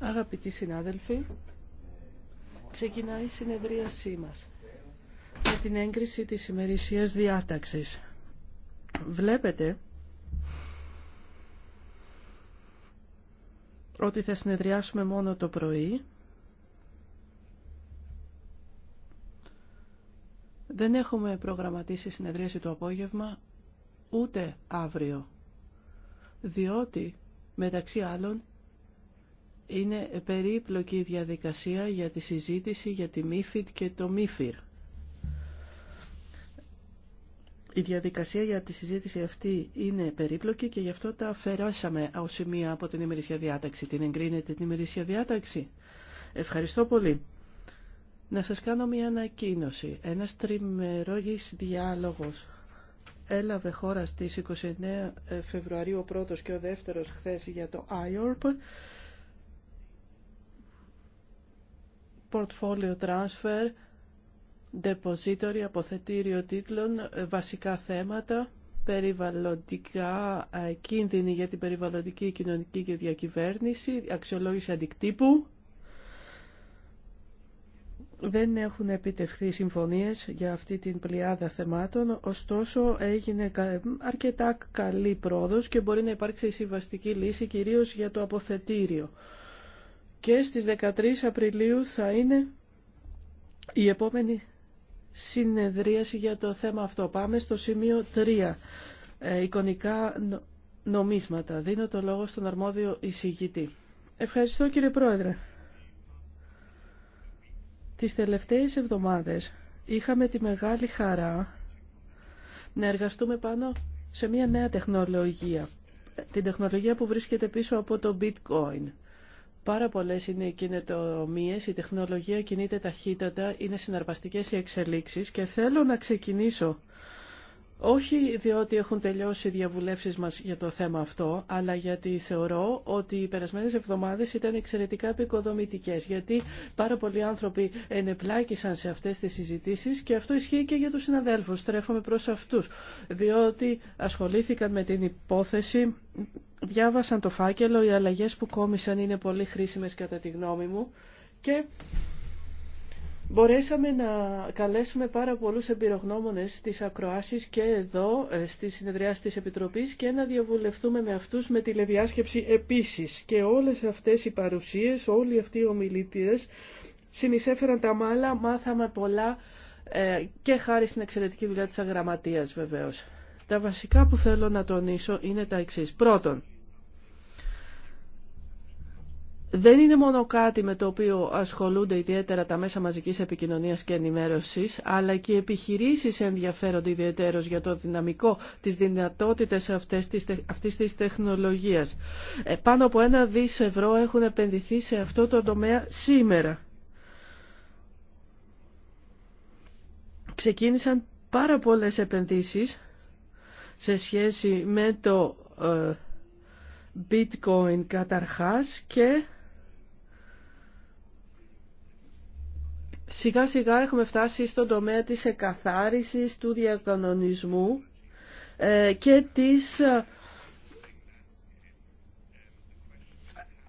Αγαπητοί συνάδελφοι, ξεκινάει η συνεδρίασή μας με την έγκριση της ημερησίας διάταξης. Βλέπετε ότι θα συνεδριάσουμε μόνο το πρωί. Δεν έχουμε προγραμματίσει συνεδρίαση το απόγευμα ούτε αύριο, διότι Μεταξύ άλλων, είναι περίπλοκη η διαδικασία για τη συζήτηση για τη ΜΥΦΙΤ και το ΜΥΦΙΡ. Η διαδικασία για τη συζήτηση αυτή είναι περίπλοκη και γι' αυτό τα αφαιράσαμε ως σημεία από την ημερήσια διάταξη. Την εγκρίνετε την ημερήσια διάταξη. Ευχαριστώ πολύ. Να σας κάνω μια ανακοίνωση. Ένας τριμερόγης διάλογος έλαβε χώρα στις 29 Φεβρουαρίου ο πρώτος και ο δεύτερος χθες για το IORP. Portfolio Transfer, Depository, Αποθετήριο Τίτλων, ε, βασικά θέματα, περιβαλλοντικά ε, κίνδυνοι για την περιβαλλοντική, κοινωνική και διακυβέρνηση, αξιολόγηση αντικτύπου, δεν έχουν επιτευχθεί συμφωνίες για αυτή την πλειάδα θεμάτων, ωστόσο έγινε αρκετά καλή πρόοδος και μπορεί να υπάρξει συμβαστική λύση κυρίως για το αποθετήριο. Και στις 13 Απριλίου θα είναι η επόμενη συνεδρίαση για το θέμα αυτό. Πάμε στο σημείο 3. Ε, εικονικά νομίσματα. Δίνω το λόγο στον αρμόδιο εισηγητή. Ευχαριστώ κύριε Πρόεδρε. Τις τελευταίες εβδομάδες είχαμε τη μεγάλη χαρά να εργαστούμε πάνω σε μια νέα τεχνολογία. Την τεχνολογία που βρίσκεται πίσω από το bitcoin. Πάρα πολλές είναι οι κινητομίες, η τεχνολογία κινείται ταχύτατα, είναι συναρπαστικές οι εξελίξεις και θέλω να ξεκινήσω όχι διότι έχουν τελειώσει οι διαβουλεύσεις μας για το θέμα αυτό, αλλά γιατί θεωρώ ότι οι περασμένες εβδομάδες ήταν εξαιρετικά επικοδομητικές, γιατί πάρα πολλοί άνθρωποι ενεπλάκησαν σε αυτές τις συζητήσεις και αυτό ισχύει και για τους συναδέλφους. Στρέφομαι προς αυτούς, διότι ασχολήθηκαν με την υπόθεση, διάβασαν το φάκελο, οι αλλαγές που κόμισαν είναι πολύ χρήσιμες κατά τη γνώμη μου και Μπορέσαμε να καλέσουμε πάρα πολλούς εμπειρογνώμονες στις ακροάσεις και εδώ ε, στη συνεδριά της Επιτροπής και να διαβουλευτούμε με αυτούς με τηλεδιάσκεψη επίσης. Και όλες αυτές οι παρουσίες, όλοι αυτοί οι ομιλήτες συνεισέφεραν τα μάλα, μάθαμε πολλά ε, και χάρη στην εξαιρετική δουλειά της αγραμματείας βεβαίως. Τα βασικά που θέλω να τονίσω είναι τα εξής. Πρώτον, δεν είναι μόνο κάτι με το οποίο ασχολούνται ιδιαίτερα τα μέσα μαζικής επικοινωνίας και ενημέρωσης, αλλά και οι επιχειρήσεις ενδιαφέρονται ιδιαίτερως για το δυναμικό, της δυνατότητας αυτές της, αυτής της τεχνολογίας. Ε, πάνω από ένα δις ευρώ έχουν επενδυθεί σε αυτό το τομέα σήμερα. Ξεκίνησαν πάρα πολλές επενδύσεις σε σχέση με το ε, bitcoin καταρχάς και Σιγά σιγά έχουμε φτάσει στον τομέα της εκαθάρισης, του διακανονισμού ε, και της ε,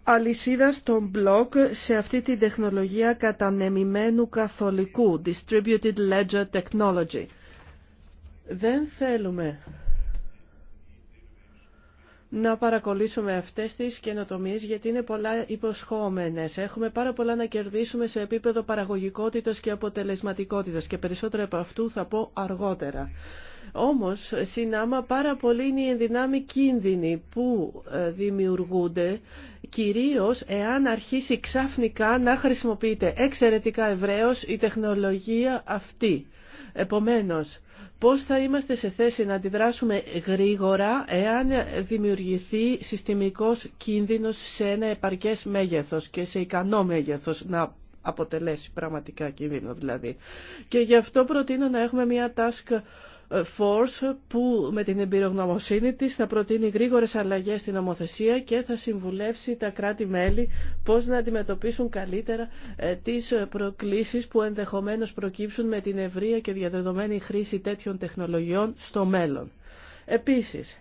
αλυσίδα των μπλοκ σε αυτή την τεχνολογία κατανεμημένου καθολικού, Distributed Ledger Technology. Δεν θέλουμε να παρακολούθησουμε αυτές τις καινοτομίες γιατί είναι πολλά υποσχόμενες. Έχουμε πάρα πολλά να κερδίσουμε σε επίπεδο παραγωγικότητας και αποτελεσματικότητας και περισσότερα από αυτού θα πω αργότερα. Όμως, συνάμα, πάρα πολύ είναι οι ενδυνάμοι κίνδυνοι που ε, δημιουργούνται, κυρίως εάν αρχίσει ξαφνικά να χρησιμοποιείται εξαιρετικά ευρέως η τεχνολογία αυτή. Επομένως, πώς θα είμαστε σε θέση να αντιδράσουμε γρήγορα εάν δημιουργηθεί συστημικός κίνδυνος σε ένα επαρκές μέγεθος και σε ικανό μέγεθος να αποτελέσει πραγματικά κίνδυνο δηλαδή. Και γι' αυτό προτείνω να έχουμε μια task Force που με την εμπειρογνωμοσύνη της θα προτείνει γρήγορες αλλαγές στην νομοθεσία και θα συμβουλεύσει τα κράτη-μέλη πώς να αντιμετωπίσουν καλύτερα ε, τις προκλήσεις που ενδεχομένως προκύψουν με την ευρεία και διαδεδομένη χρήση τέτοιων τεχνολογιών στο μέλλον. Επίσης,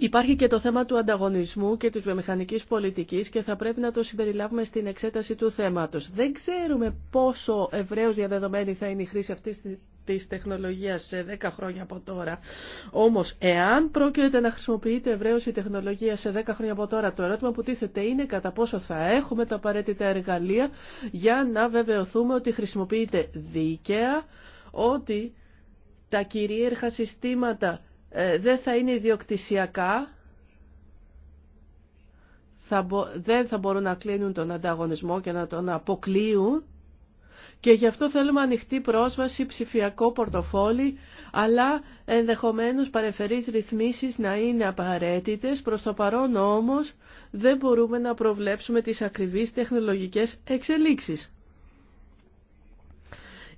Υπάρχει και το θέμα του ανταγωνισμού και της βιομηχανικής πολιτικής και θα πρέπει να το συμπεριλάβουμε στην εξέταση του θέματος. Δεν ξέρουμε πόσο ευρέως διαδεδομένη θα είναι η χρήση αυτής της τεχνολογίας σε 10 χρόνια από τώρα. Όμως, εάν πρόκειται να χρησιμοποιείται ευρέως η τεχνολογία σε 10 χρόνια από τώρα, το ερώτημα που τίθεται είναι κατά πόσο θα έχουμε τα απαραίτητα εργαλεία για να βεβαιωθούμε ότι χρησιμοποιείται δίκαια, ότι τα κυρίαρχα συστήματα ε, δεν θα είναι ιδιοκτησιακά, δεν θα μπορούν να κλείνουν τον ανταγωνισμό και να τον αποκλείουν και γι' αυτό θέλουμε ανοιχτή πρόσβαση, ψηφιακό πορτοφόλι, αλλά ενδεχομένως παρεφερείς ρυθμίσεις να είναι απαραίτητες. Προς το παρόν όμως δεν μπορούμε να προβλέψουμε τις ακριβείς τεχνολογικές εξελίξεις.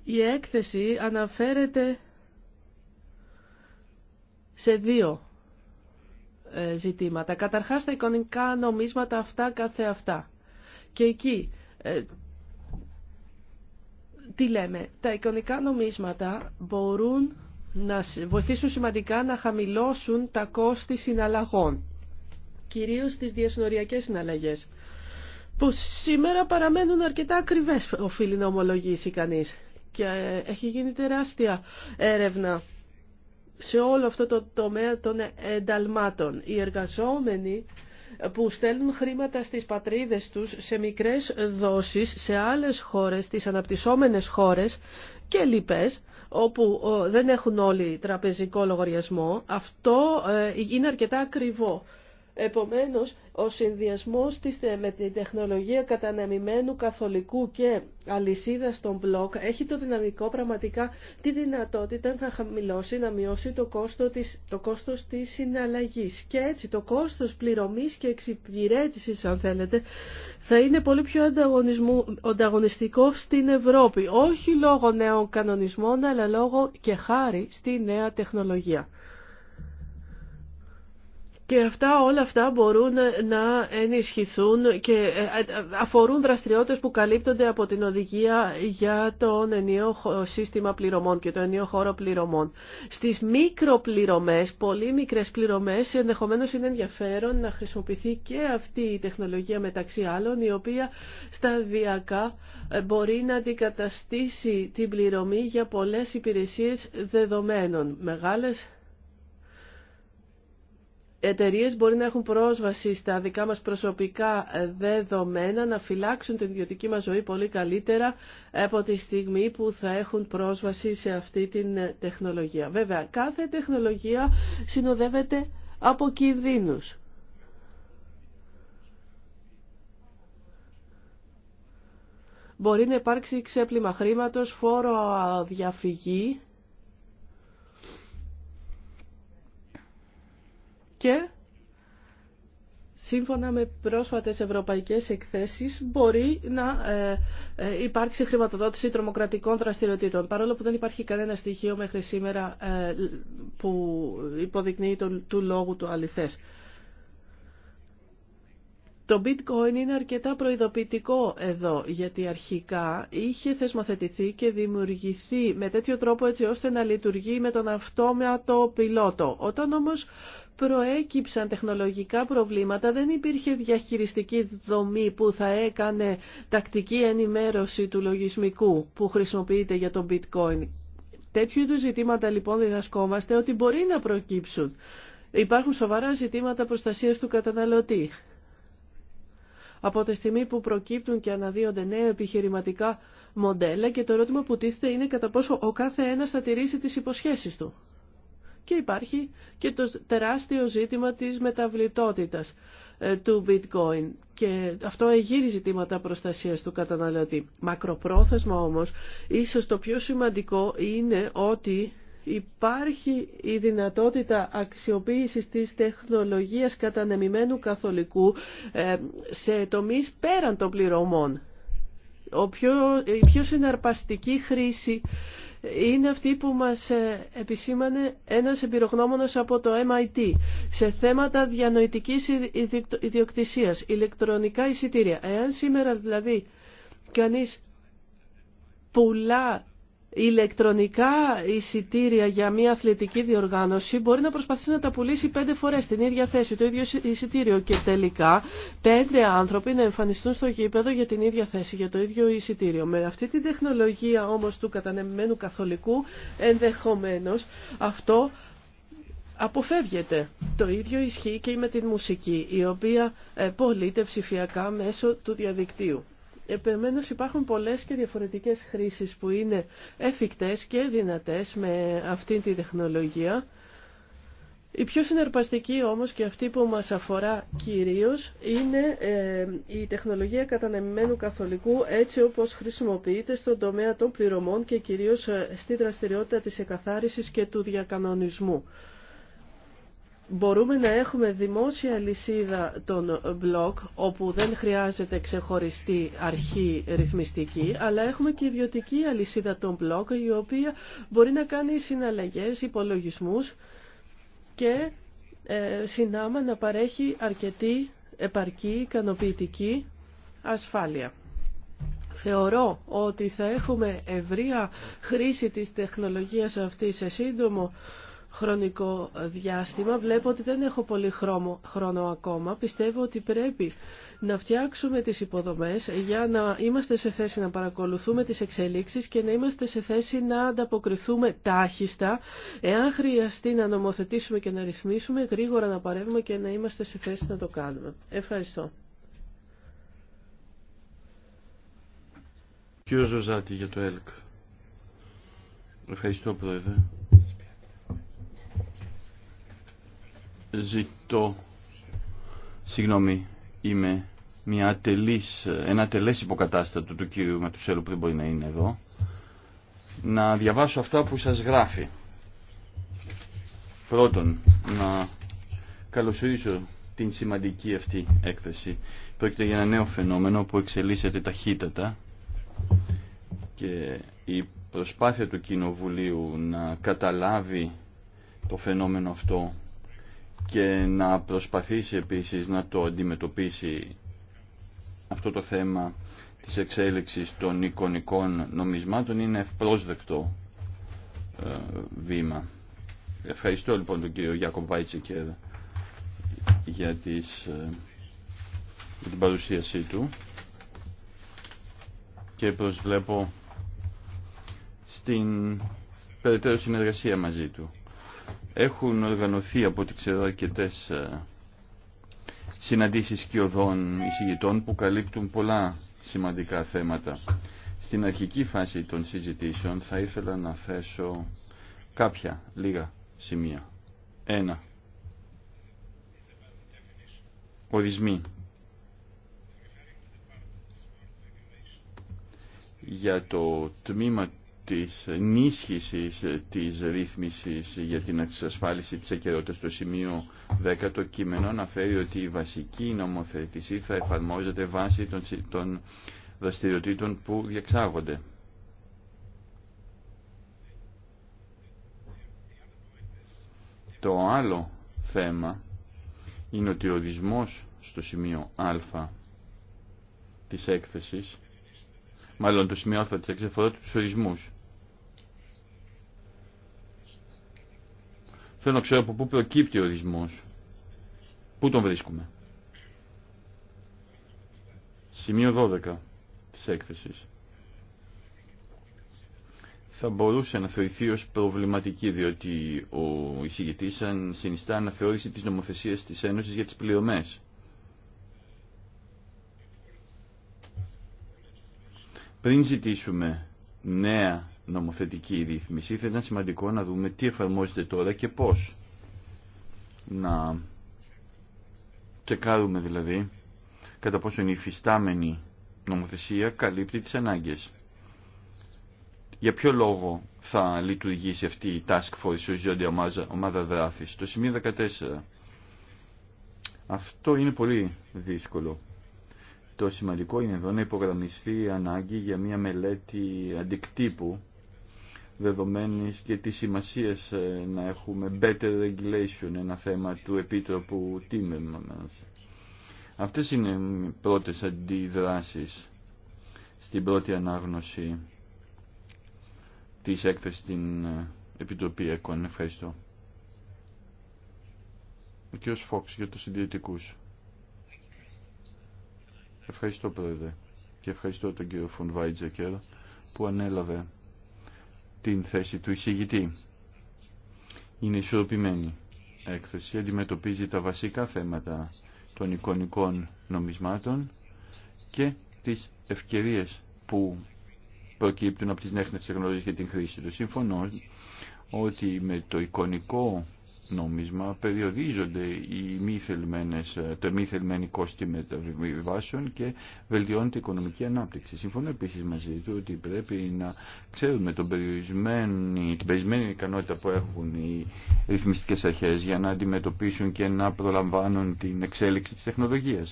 Η έκθεση αναφέρεται σε δύο ε, ζητήματα. Καταρχάς τα εικονικά νομίσματα αυτά κάθε αυτά. Και εκεί ε, τι λέμε. Τα εικονικά νομίσματα μπορούν να βοηθήσουν σημαντικά να χαμηλώσουν τα κόστη συναλλαγών, κυρίως τις διασυνοριακές συναλλαγές, που σήμερα παραμένουν αρκετά ακριβές, οφείλει να ομολογήσει κανείς. Και ε, έχει γίνει τεράστια έρευνα σε όλο αυτό το τομέα των ενταλμάτων. Οι εργαζόμενοι που στέλνουν χρήματα στις πατρίδες τους σε μικρές δόσεις σε άλλες χώρες, στις αναπτυσσόμενες χώρες και λοιπές, όπου ε, δεν έχουν όλοι τραπεζικό λογαριασμό, αυτό ε, είναι αρκετά ακριβό. Επομένως, ο συνδυασμός της με την τεχνολογία κατανεμημένου καθολικού και αλυσίδας των μπλοκ έχει το δυναμικό πραγματικά τη δυνατότητα να χαμηλώσει, να μειώσει το, κόστο της, το κόστος της συναλλαγής. Και έτσι το κόστος πληρωμής και εξυπηρέτησης, αν θέλετε, θα είναι πολύ πιο ανταγωνιστικό στην Ευρώπη. Όχι λόγω νέων κανονισμών, αλλά λόγω και χάρη στη νέα τεχνολογία. Και αυτά, όλα αυτά μπορούν να ενισχυθούν και ε, ε, αφορούν δραστηριότητες που καλύπτονται από την οδηγία για το ενίο σύστημα πληρωμών και το ενίο χώρο πληρωμών. Στις μικροπληρωμές, πολύ μικρές πληρωμές, ενδεχομένως είναι ενδιαφέρον να χρησιμοποιηθεί και αυτή η τεχνολογία μεταξύ άλλων, η οποία σταδιακά ε, μπορεί να αντικαταστήσει την πληρωμή για πολλές υπηρεσίες δεδομένων εταιρείε μπορεί να έχουν πρόσβαση στα δικά μας προσωπικά δεδομένα, να φυλάξουν την ιδιωτική μας ζωή πολύ καλύτερα από τη στιγμή που θα έχουν πρόσβαση σε αυτή την τεχνολογία. Βέβαια, κάθε τεχνολογία συνοδεύεται από κινδύνους. Μπορεί να υπάρξει ξέπλυμα χρήματος, φόρο διαφυγή, και σύμφωνα με πρόσφατες ευρωπαϊκές εκθέσεις μπορεί να ε, ε, υπάρξει χρηματοδότηση τρομοκρατικών δραστηριοτήτων. Παρόλο που δεν υπάρχει κανένα στοιχείο μέχρι σήμερα ε, που υποδεικνύει του λόγου του αληθές. Το bitcoin είναι αρκετά προειδοποιητικό εδώ, γιατί αρχικά είχε θεσμοθετηθεί και δημιουργηθεί με τέτοιο τρόπο έτσι ώστε να λειτουργεί με τον αυτόματο πιλότο. Όταν όμως προέκυψαν τεχνολογικά προβλήματα, δεν υπήρχε διαχειριστική δομή που θα έκανε τακτική ενημέρωση του λογισμικού που χρησιμοποιείται για το bitcoin. Τέτοιου είδου ζητήματα λοιπόν διδασκόμαστε ότι μπορεί να προκύψουν. Υπάρχουν σοβαρά ζητήματα προστασίας του καταναλωτή από τη στιγμή που προκύπτουν και αναδύονται νέα επιχειρηματικά μοντέλα και το ερώτημα που τίθεται είναι κατά πόσο ο κάθε ένας θα τηρήσει τις υποσχέσεις του. Και υπάρχει και το τεράστιο ζήτημα της μεταβλητότητας ε, του bitcoin και αυτό εγείρει ζητήματα προστασίας του καταναλωτή. Μακροπρόθεσμα όμως, ίσως το πιο σημαντικό είναι ότι Υπάρχει η δυνατότητα αξιοποίησης της τεχνολογίας κατανεμημένου καθολικού ε, σε τομείς πέραν των πληρωμών. Ο πιο, η πιο συναρπαστική χρήση είναι αυτή που μας ε, επισήμανε ένας εμπειρογνώμονος από το MIT σε θέματα διανοητικής ιδιοκτησίας, ηλεκτρονικά εισιτήρια. Εάν σήμερα δηλαδή κανείς πουλά ηλεκτρονικά εισιτήρια για μια αθλητική διοργάνωση μπορεί να προσπαθήσει να τα πουλήσει πέντε φορές στην ίδια θέση, το ίδιο εισιτήριο και τελικά πέντε άνθρωποι να εμφανιστούν στο γήπεδο για την ίδια θέση, για το ίδιο εισιτήριο. Με αυτή την τεχνολογία όμως του κατανεμμένου καθολικού ενδεχομένως αυτό αποφεύγεται. Το ίδιο ισχύει και με την μουσική, η οποία ε, πωλείται ψηφιακά μέσω του διαδικτύου. Επομένως υπάρχουν πολλές και διαφορετικές χρήσεις που είναι εφικτές και δυνατές με αυτή τη τεχνολογία. Η πιο συναρπαστική όμως και αυτή που μας αφορά κυρίως είναι ε, η τεχνολογία κατανεμημένου καθολικού έτσι όπως χρησιμοποιείται στον τομέα των πληρωμών και κυρίως ε, στη δραστηριότητα της εκαθάρισης και του διακανονισμού μπορούμε να έχουμε δημόσια λυσίδα των μπλοκ όπου δεν χρειάζεται ξεχωριστή αρχή ρυθμιστική αλλά έχουμε και ιδιωτική αλυσίδα των μπλοκ η οποία μπορεί να κάνει συναλλαγές, υπολογισμούς και ε, συνάμα να παρέχει αρκετή επαρκή ικανοποιητική ασφάλεια. Θεωρώ ότι θα έχουμε ευρεία χρήση της τεχνολογίας αυτής σε σύντομο χρονικό διάστημα. Βλέπω ότι δεν έχω πολύ χρόνο ακόμα. Πιστεύω ότι πρέπει να φτιάξουμε τις υποδομές για να είμαστε σε θέση να παρακολουθούμε τις εξελίξεις και να είμαστε σε θέση να ανταποκριθούμε τάχιστα εάν χρειαστεί να νομοθετήσουμε και να ρυθμίσουμε γρήγορα να παρεύουμε και να είμαστε σε θέση να το κάνουμε. Ευχαριστώ. Κύριο για το ΕΛΚ. Ευχαριστώ Πρόεδρε. ζητώ συγγνώμη είμαι μια ατελής, ένα ατελές υποκατάστατο του κύριου Ματουσέλου που δεν μπορεί να είναι εδώ να διαβάσω αυτά που σας γράφει πρώτον να καλωσορίσω την σημαντική αυτή έκθεση πρόκειται για ένα νέο φαινόμενο που εξελίσσεται ταχύτατα και η προσπάθεια του Κοινοβουλίου να καταλάβει το φαινόμενο αυτό και να προσπαθήσει επίσης να το αντιμετωπίσει αυτό το θέμα της εξέλιξης των εικονικών νομισμάτων είναι ευπρόσδεκτο ε, βήμα. Ευχαριστώ λοιπόν τον κύριο Γιάκο Βάιτσικερ για, τις, ε, για την παρουσίασή του και προσβλέπω στην περαιτέρω συνεργασία μαζί του. Έχουν οργανωθεί από ό,τι ξέρω αρκετέ ε, συναντήσεις οδών εισηγητών που καλύπτουν πολλά σημαντικά θέματα. Στην αρχική φάση των συζητήσεων θα ήθελα να θέσω κάποια λίγα σημεία. Ένα. Ορισμοί. Για το τμήμα της ενίσχυσης της ρύθμισης για την εξασφάλιση της εκαιρότητας στο σημείο 10 το κείμενο αναφέρει ότι η βασική νομοθετησή θα εφαρμόζεται βάσει των δραστηριοτήτων που διεξάγονται. Το άλλο θέμα είναι ότι ο ορισμός στο σημείο α της έκθεσης, μάλλον το σημείο α της έκθεσης αφορά τους Θέλω να ξέρω από πού προκύπτει ο ορισμός. Πού τον βρίσκουμε. Σημείο 12 της έκθεσης. Θα μπορούσε να θεωρηθεί ως προβληματική, διότι ο εισηγητής σαν συνιστά αναθεώρηση της νομοθεσίας της Ένωσης για τις πληρωμές. Πριν ζητήσουμε νέα νομοθετική ρύθμιση, θα ήταν σημαντικό να δούμε τι εφαρμόζεται τώρα και πώς. Να τσεκάρουμε δηλαδή κατά πόσο η υφιστάμενη νομοθεσία καλύπτει τις ανάγκες. Για ποιο λόγο θα λειτουργήσει αυτή η task force, η οριζόντια ομάδα, ομάδα Το σημείο 14. Αυτό είναι πολύ δύσκολο. Το σημαντικό είναι εδώ να υπογραμμιστεί η ανάγκη για μια μελέτη αντικτύπου δεδομένης και της σημασία ε, να έχουμε better regulation, ένα θέμα του Επίτροπου Τίμερμανς. Αυτές είναι οι πρώτες αντιδράσεις στην πρώτη ανάγνωση της έκθεσης στην ε, Επιτροπή ΕΚΟΝ. Ευχαριστώ. Ο κ. Φόξ για τους συντηρητικούς. Ευχαριστώ, Πρόεδρε. Και ευχαριστώ τον κύριο Φων που ανέλαβε την θέση του εισηγητή. Είναι ισορροπημένη έκθεση, αντιμετωπίζει τα βασικά θέματα των εικονικών νομισμάτων και τις ευκαιρίες που προκύπτουν από τις νέχνες τεχνολογίες και την χρήση του. Συμφωνώ ότι με το εικονικό νόμισμα περιορίζονται οι μη θελμένες, το μη κόστη μεταβιβάσεων και βελτιώνεται η οικονομική ανάπτυξη. Συμφωνώ επίση μαζί του ότι πρέπει να ξέρουμε τον περιορισμένη, την περιορισμένη ικανότητα που έχουν οι ρυθμιστικέ αρχέ για να αντιμετωπίσουν και να προλαμβάνουν την εξέλιξη τη τεχνολογία.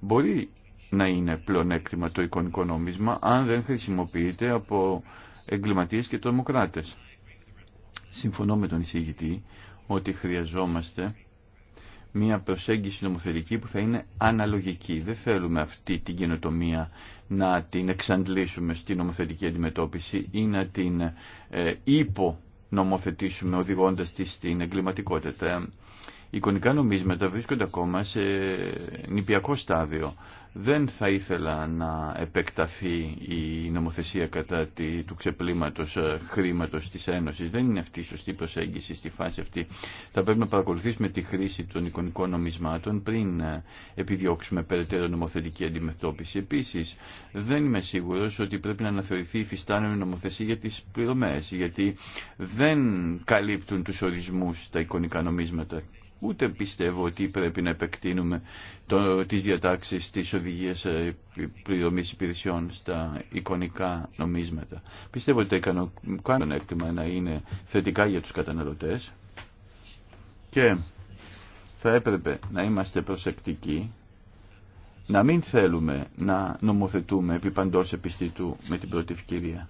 Μπορεί να είναι πλεονέκτημα το εικονικό νόμισμα αν δεν χρησιμοποιείται από εγκληματίες και τρομοκράτες. Συμφωνώ με τον εισηγητή ότι χρειαζόμαστε μια προσέγγιση νομοθετική που θα είναι αναλογική. Δεν θέλουμε αυτή την καινοτομία να την εξαντλήσουμε στην νομοθετική αντιμετώπιση ή να την ε, υπονομοθετήσουμε οδηγώντας τη στην εγκληματικότητα εικονικά νομίσματα βρίσκονται ακόμα σε νηπιακό στάδιο. Δεν θα ήθελα να επεκταθεί η νομοθεσία κατά τη, του ξεπλήματος ε, χρήματος της Ένωσης. Δεν είναι αυτή η σωστή προσέγγιση στη φάση αυτή. Θα πρέπει να παρακολουθήσουμε τη χρήση των εικονικών νομισμάτων πριν ε, επιδιώξουμε περαιτέρω νομοθετική αντιμετώπιση. Επίσης, δεν είμαι σίγουρος ότι πρέπει να αναθεωρηθεί η φυστάνομη νομοθεσία για τις πληρωμές, γιατί δεν καλύπτουν τους ορισμούς τα εικονικά νομίσματα ούτε πιστεύω ότι πρέπει να επεκτείνουμε το, τις διατάξεις της οδηγίας ε, πληρωμής υπηρεσιών στα εικονικά νομίσματα. Πιστεύω ότι έκανε κάνουν έκτημα να είναι θετικά για τους καταναλωτές και θα έπρεπε να είμαστε προσεκτικοί να μην θέλουμε να νομοθετούμε επί παντός επιστητού με την πρώτη ευκαιρία.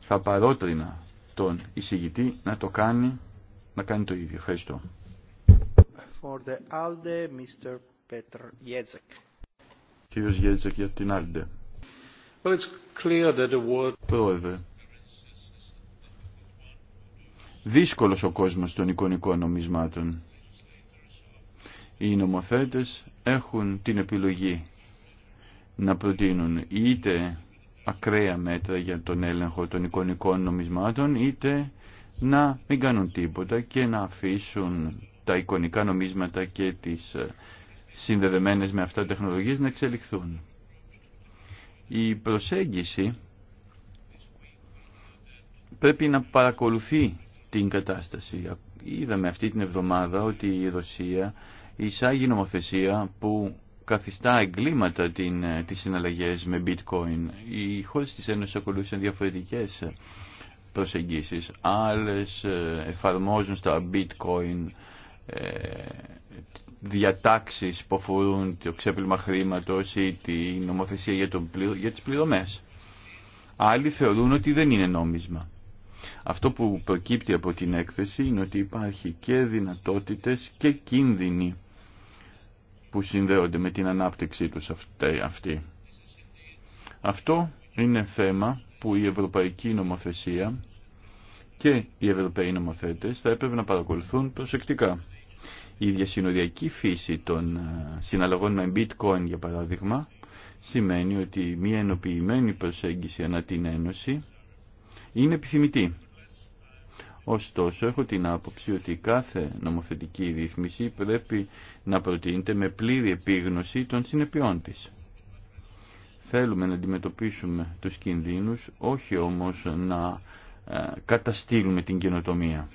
Θα παρότρινα τον εισηγητή να το κάνει να κάνει το ίδιο. Ευχαριστώ. For Κύριος Γέτζεκ για την Άλντε. Well, world... Πρόεδρε. Δύσκολος ο κόσμος των εικονικών νομισμάτων. Οι νομοθέτες έχουν την επιλογή να προτείνουν είτε ακραία μέτρα για τον έλεγχο των εικονικών νομισμάτων, είτε να μην κάνουν τίποτα και να αφήσουν τα εικονικά νομίσματα και τις ε, συνδεδεμένες με αυτά τεχνολογίες να εξελιχθούν. Η προσέγγιση πρέπει να παρακολουθεί την κατάσταση. Είδαμε αυτή την εβδομάδα ότι η Ρωσία εισάγει νομοθεσία που καθιστά εγκλήματα την, ε, τις συναλλαγές με bitcoin. Οι χώρες της Ένωσης ακολούθησαν διαφορετικές ε, προσεγγίσεις. Άλλες ε, εφαρμόζουν στα bitcoin ε, διατάξεις που αφορούν το ξέπλυμα χρήματος ή τη νομοθεσία για, για τις πληρωμές. Άλλοι θεωρούν ότι δεν είναι νόμισμα. Αυτό που προκύπτει από την έκθεση είναι ότι υπάρχει και δυνατότητες και κίνδυνοι που συνδέονται με την ανάπτυξή τους αυτή. Αυτό είναι θέμα που η ευρωπαϊκή νομοθεσία και οι ευρωπαίοι νομοθέτες θα έπρεπε να παρακολουθούν προσεκτικά. Η διασυνοριακή φύση των ε, συναλλαγών με bitcoin για παράδειγμα σημαίνει ότι μια ενοποιημένη προσέγγιση ανά την Ένωση είναι επιθυμητή. Ωστόσο, έχω την άποψη ότι κάθε νομοθετική ρύθμιση πρέπει να προτείνεται με πλήρη επίγνωση των συνεπειών της. Θέλουμε να αντιμετωπίσουμε τους κινδύνους, όχι όμως να ε, καταστήλουμε την καινοτομία.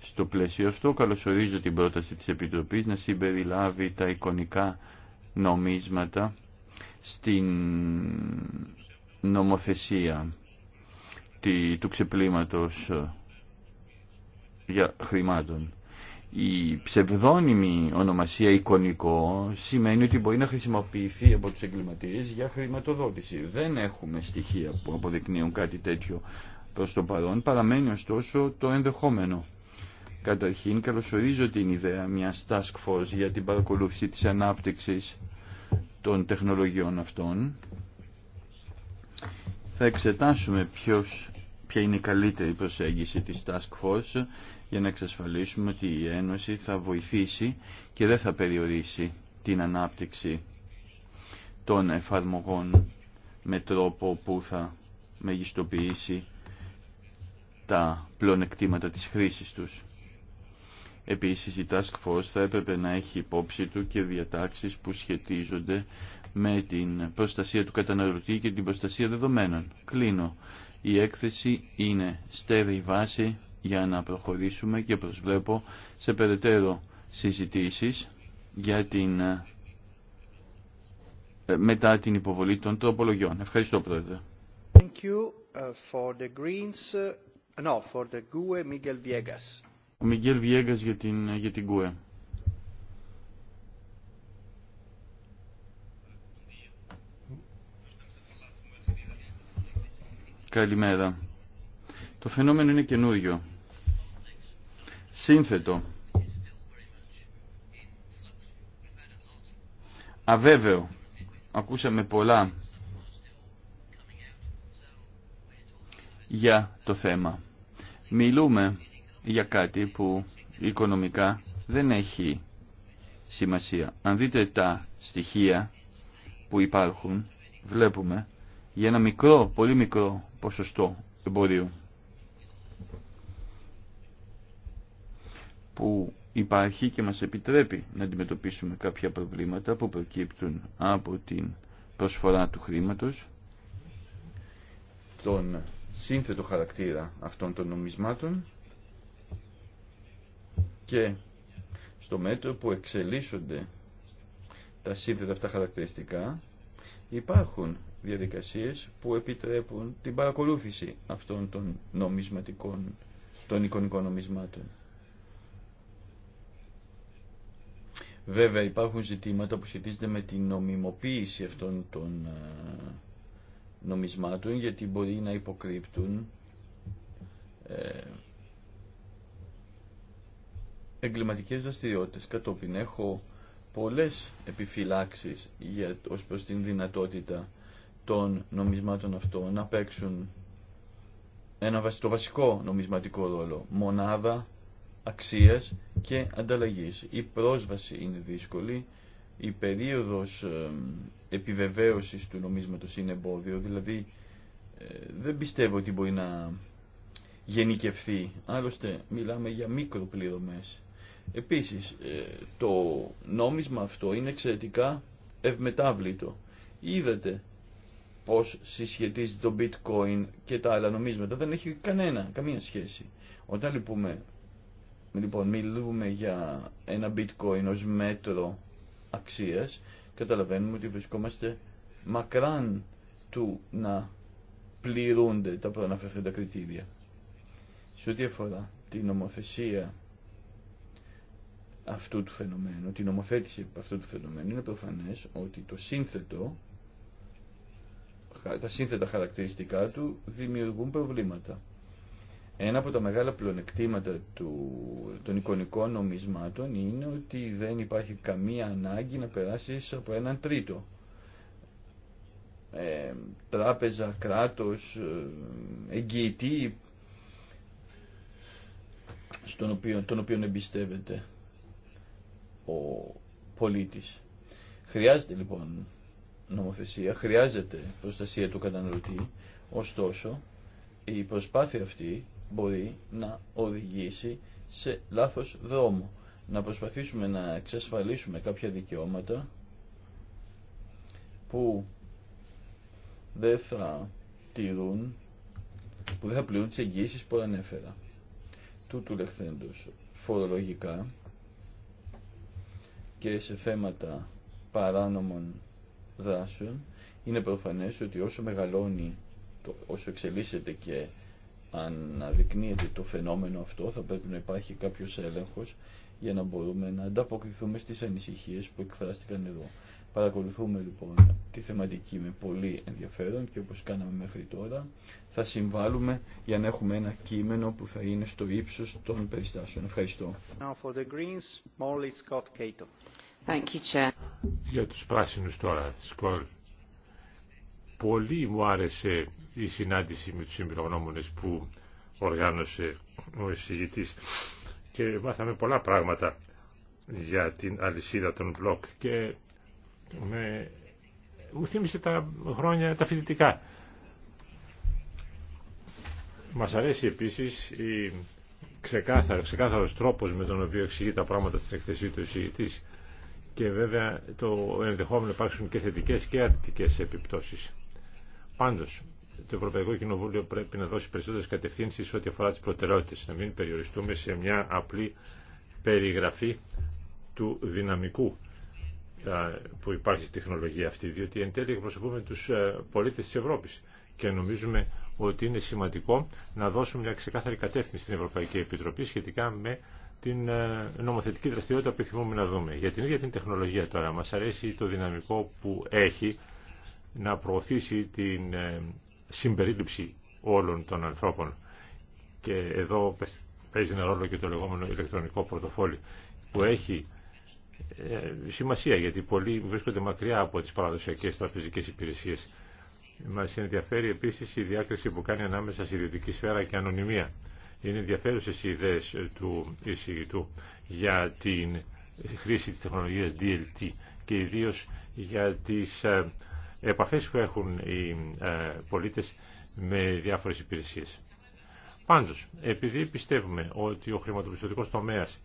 Στο πλαίσιο αυτό καλωσορίζω την πρόταση της Επιτροπής να συμπεριλάβει τα εικονικά νομίσματα στην νομοθεσία του ξεπλήματος ε, για χρημάτων. Η ψευδόνιμη ονομασία εικονικό σημαίνει ότι μπορεί να χρησιμοποιηθεί από τους εγκληματίες για χρηματοδότηση. Δεν έχουμε στοιχεία που αποδεικνύουν κάτι τέτοιο προς το παρόν, παραμένει ωστόσο το ενδεχόμενο. Καταρχήν καλωσορίζω την ιδέα μιας task force για την παρακολούθηση της ανάπτυξης των τεχνολογιών αυτών. Θα εξετάσουμε ποιος, ποια είναι η καλύτερη προσέγγιση της task force για να εξασφαλίσουμε ότι η Ένωση θα βοηθήσει και δεν θα περιορίσει την ανάπτυξη των εφαρμογών με τρόπο που θα μεγιστοποιήσει τα πλονεκτήματα της χρήσης τους. Επίσης η Task Force θα έπρεπε να έχει υπόψη του και διατάξεις που σχετίζονται με την προστασία του καταναλωτή και την προστασία δεδομένων. Κλείνω. Η έκθεση είναι στέρη βάση για να προχωρήσουμε και προσβλέπω σε περαιτέρω συζητήσεις για την, ε, μετά την υποβολή των τροπολογιών. Ευχαριστώ Πρόεδρε. E, Ο Μιγγέλ Βιέγκας για την, ε, για την e. Καλημέρα. Το φαινόμενο είναι καινούριο σύνθετο, αβέβαιο. Ακούσαμε πολλά για το θέμα. Μιλούμε για κάτι που οικονομικά δεν έχει σημασία. Αν δείτε τα στοιχεία που υπάρχουν, βλέπουμε για ένα μικρό, πολύ μικρό ποσοστό εμπορίου. που υπάρχει και μας επιτρέπει να αντιμετωπίσουμε κάποια προβλήματα που προκύπτουν από την προσφορά του χρήματος, τον σύνθετο χαρακτήρα αυτών των νομισμάτων και στο μέτρο που εξελίσσονται τα σύνθετα αυτά χαρακτηριστικά υπάρχουν διαδικασίες που επιτρέπουν την παρακολούθηση αυτών των νομισματικών των εικονικών νομισμάτων. Βέβαια υπάρχουν ζητήματα που σχετίζονται με την νομιμοποίηση αυτών των ε, νομισμάτων γιατί μπορεί να υποκρύπτουν ε, εγκληματικές δραστηριότητες. Κατόπιν έχω πολλές επιφυλάξεις για, ως προς την δυνατότητα των νομισμάτων αυτών να παίξουν ένα, το βασικό νομισματικό ρόλο. Μονάδα αξίας και ανταλλαγής. Η πρόσβαση είναι δύσκολη, η περίοδος ε, επιβεβαίωσης του νομίσματος είναι εμπόδιο, δηλαδή ε, δεν πιστεύω ότι μπορεί να γενικευθεί. Άλλωστε μιλάμε για μικροπληρωμές. Επίσης, ε, το νόμισμα αυτό είναι εξαιρετικά ευμετάβλητο. Είδατε πώς συσχετίζεται το bitcoin και τα άλλα νομίσματα. Δεν έχει κανένα, καμία σχέση. Όταν λοιπόν Λοιπόν, μιλούμε για ένα bitcoin ως μέτρο αξίας. Καταλαβαίνουμε ότι βρισκόμαστε μακράν του να πληρούνται τα προαναφερθέντα κριτήρια. Σε ό,τι αφορά την νομοθεσία αυτού του φαινομένου, την νομοθέτηση αυτού του φαινομένου, είναι προφανές ότι το σύνθετο, τα σύνθετα χαρακτηριστικά του δημιουργούν προβλήματα. Ένα από τα μεγάλα πλονεκτήματα του, των εικονικών νομισμάτων είναι ότι δεν υπάρχει καμία ανάγκη να περάσεις από έναν τρίτο. Ε, τράπεζα, κράτος, ε, εγγυητή, στον οποίο, τον οποίο εμπιστεύεται ο πολίτης. Χρειάζεται λοιπόν νομοθεσία, χρειάζεται προστασία του καταναλωτή, ωστόσο η προσπάθεια αυτή μπορεί να οδηγήσει σε λάθος δρόμο. Να προσπαθήσουμε να εξασφαλίσουμε κάποια δικαιώματα που δεν θα τηρούν, που δεν θα πληρούν τις εγγύσει που ανέφερα. Τούτου λεχθέντος φορολογικά και σε θέματα παράνομων δράσεων είναι προφανές ότι όσο μεγαλώνει, όσο εξελίσσεται και αν αναδεικνύεται το φαινόμενο αυτό θα πρέπει να υπάρχει κάποιος έλεγχος για να μπορούμε να ανταποκριθούμε στις ανησυχίες που εκφράστηκαν εδώ. Παρακολουθούμε λοιπόν τη θεματική με πολύ ενδιαφέρον και όπως κάναμε μέχρι τώρα θα συμβάλλουμε για να έχουμε ένα κείμενο που θα είναι στο ύψος των περιστάσεων. Ευχαριστώ. Greens, Scott Thank you, Chair. Για τους πράσινους τώρα, Πολύ μου άρεσε η συνάντηση με τους εμπειρογνώμονες που οργάνωσε ο εισηγητής και μάθαμε πολλά πράγματα για την αλυσίδα των μπλοκ και με... μου θύμισε τα χρόνια τα φοιτητικά. Μας αρέσει επίσης η ξεκάθαρο, ξεκάθαρος τρόπος με τον οποίο εξηγεί τα πράγματα στην εκθεσή του εισηγητής και βέβαια το ενδεχόμενο υπάρξουν και θετικές και αρνητικές επιπτώσεις. Πάντω, το Ευρωπαϊκό Κοινοβούλιο πρέπει να δώσει περισσότερε κατευθύνσει ό,τι αφορά τι προτεραιότητε να μην περιοριστούμε σε μια απλή περιγραφή του δυναμικού που υπάρχει στη τεχνολογία αυτή, διότι εν τέλει εκπροσωπούμε του πολίτε τη Ευρώπη και νομίζουμε ότι είναι σημαντικό να δώσουμε μια ξεκάθαρη κατεύθυνση στην Ευρωπαϊκή Επιτροπή σχετικά με την νομοθετική δραστηριότητα που επιθυμούμε να δούμε. Για την ίδια την τεχνολογία τώρα, μας αρέσει το δυναμικό που έχει να προωθήσει την ε, συμπερίληψη όλων των ανθρώπων. Και εδώ παίζει ένα ρόλο και το λεγόμενο ηλεκτρονικό πορτοφόλι που έχει ε, σημασία γιατί πολλοί βρίσκονται μακριά από τις παραδοσιακές τραπεζικές υπηρεσίες. Μας ενδιαφέρει επίσης η διάκριση που κάνει ανάμεσα στη ιδιωτική σφαίρα και ανωνυμία. Είναι ενδιαφέρουσε οι ιδέες του εισηγητού για την χρήση της τεχνολογίας DLT και ιδίως για τις ε, επαφές που έχουν οι ε, πολίτες με διάφορες υπηρεσίες. Πάντως, επειδή πιστεύουμε ότι ο χρηματοπιστωτικός τομέας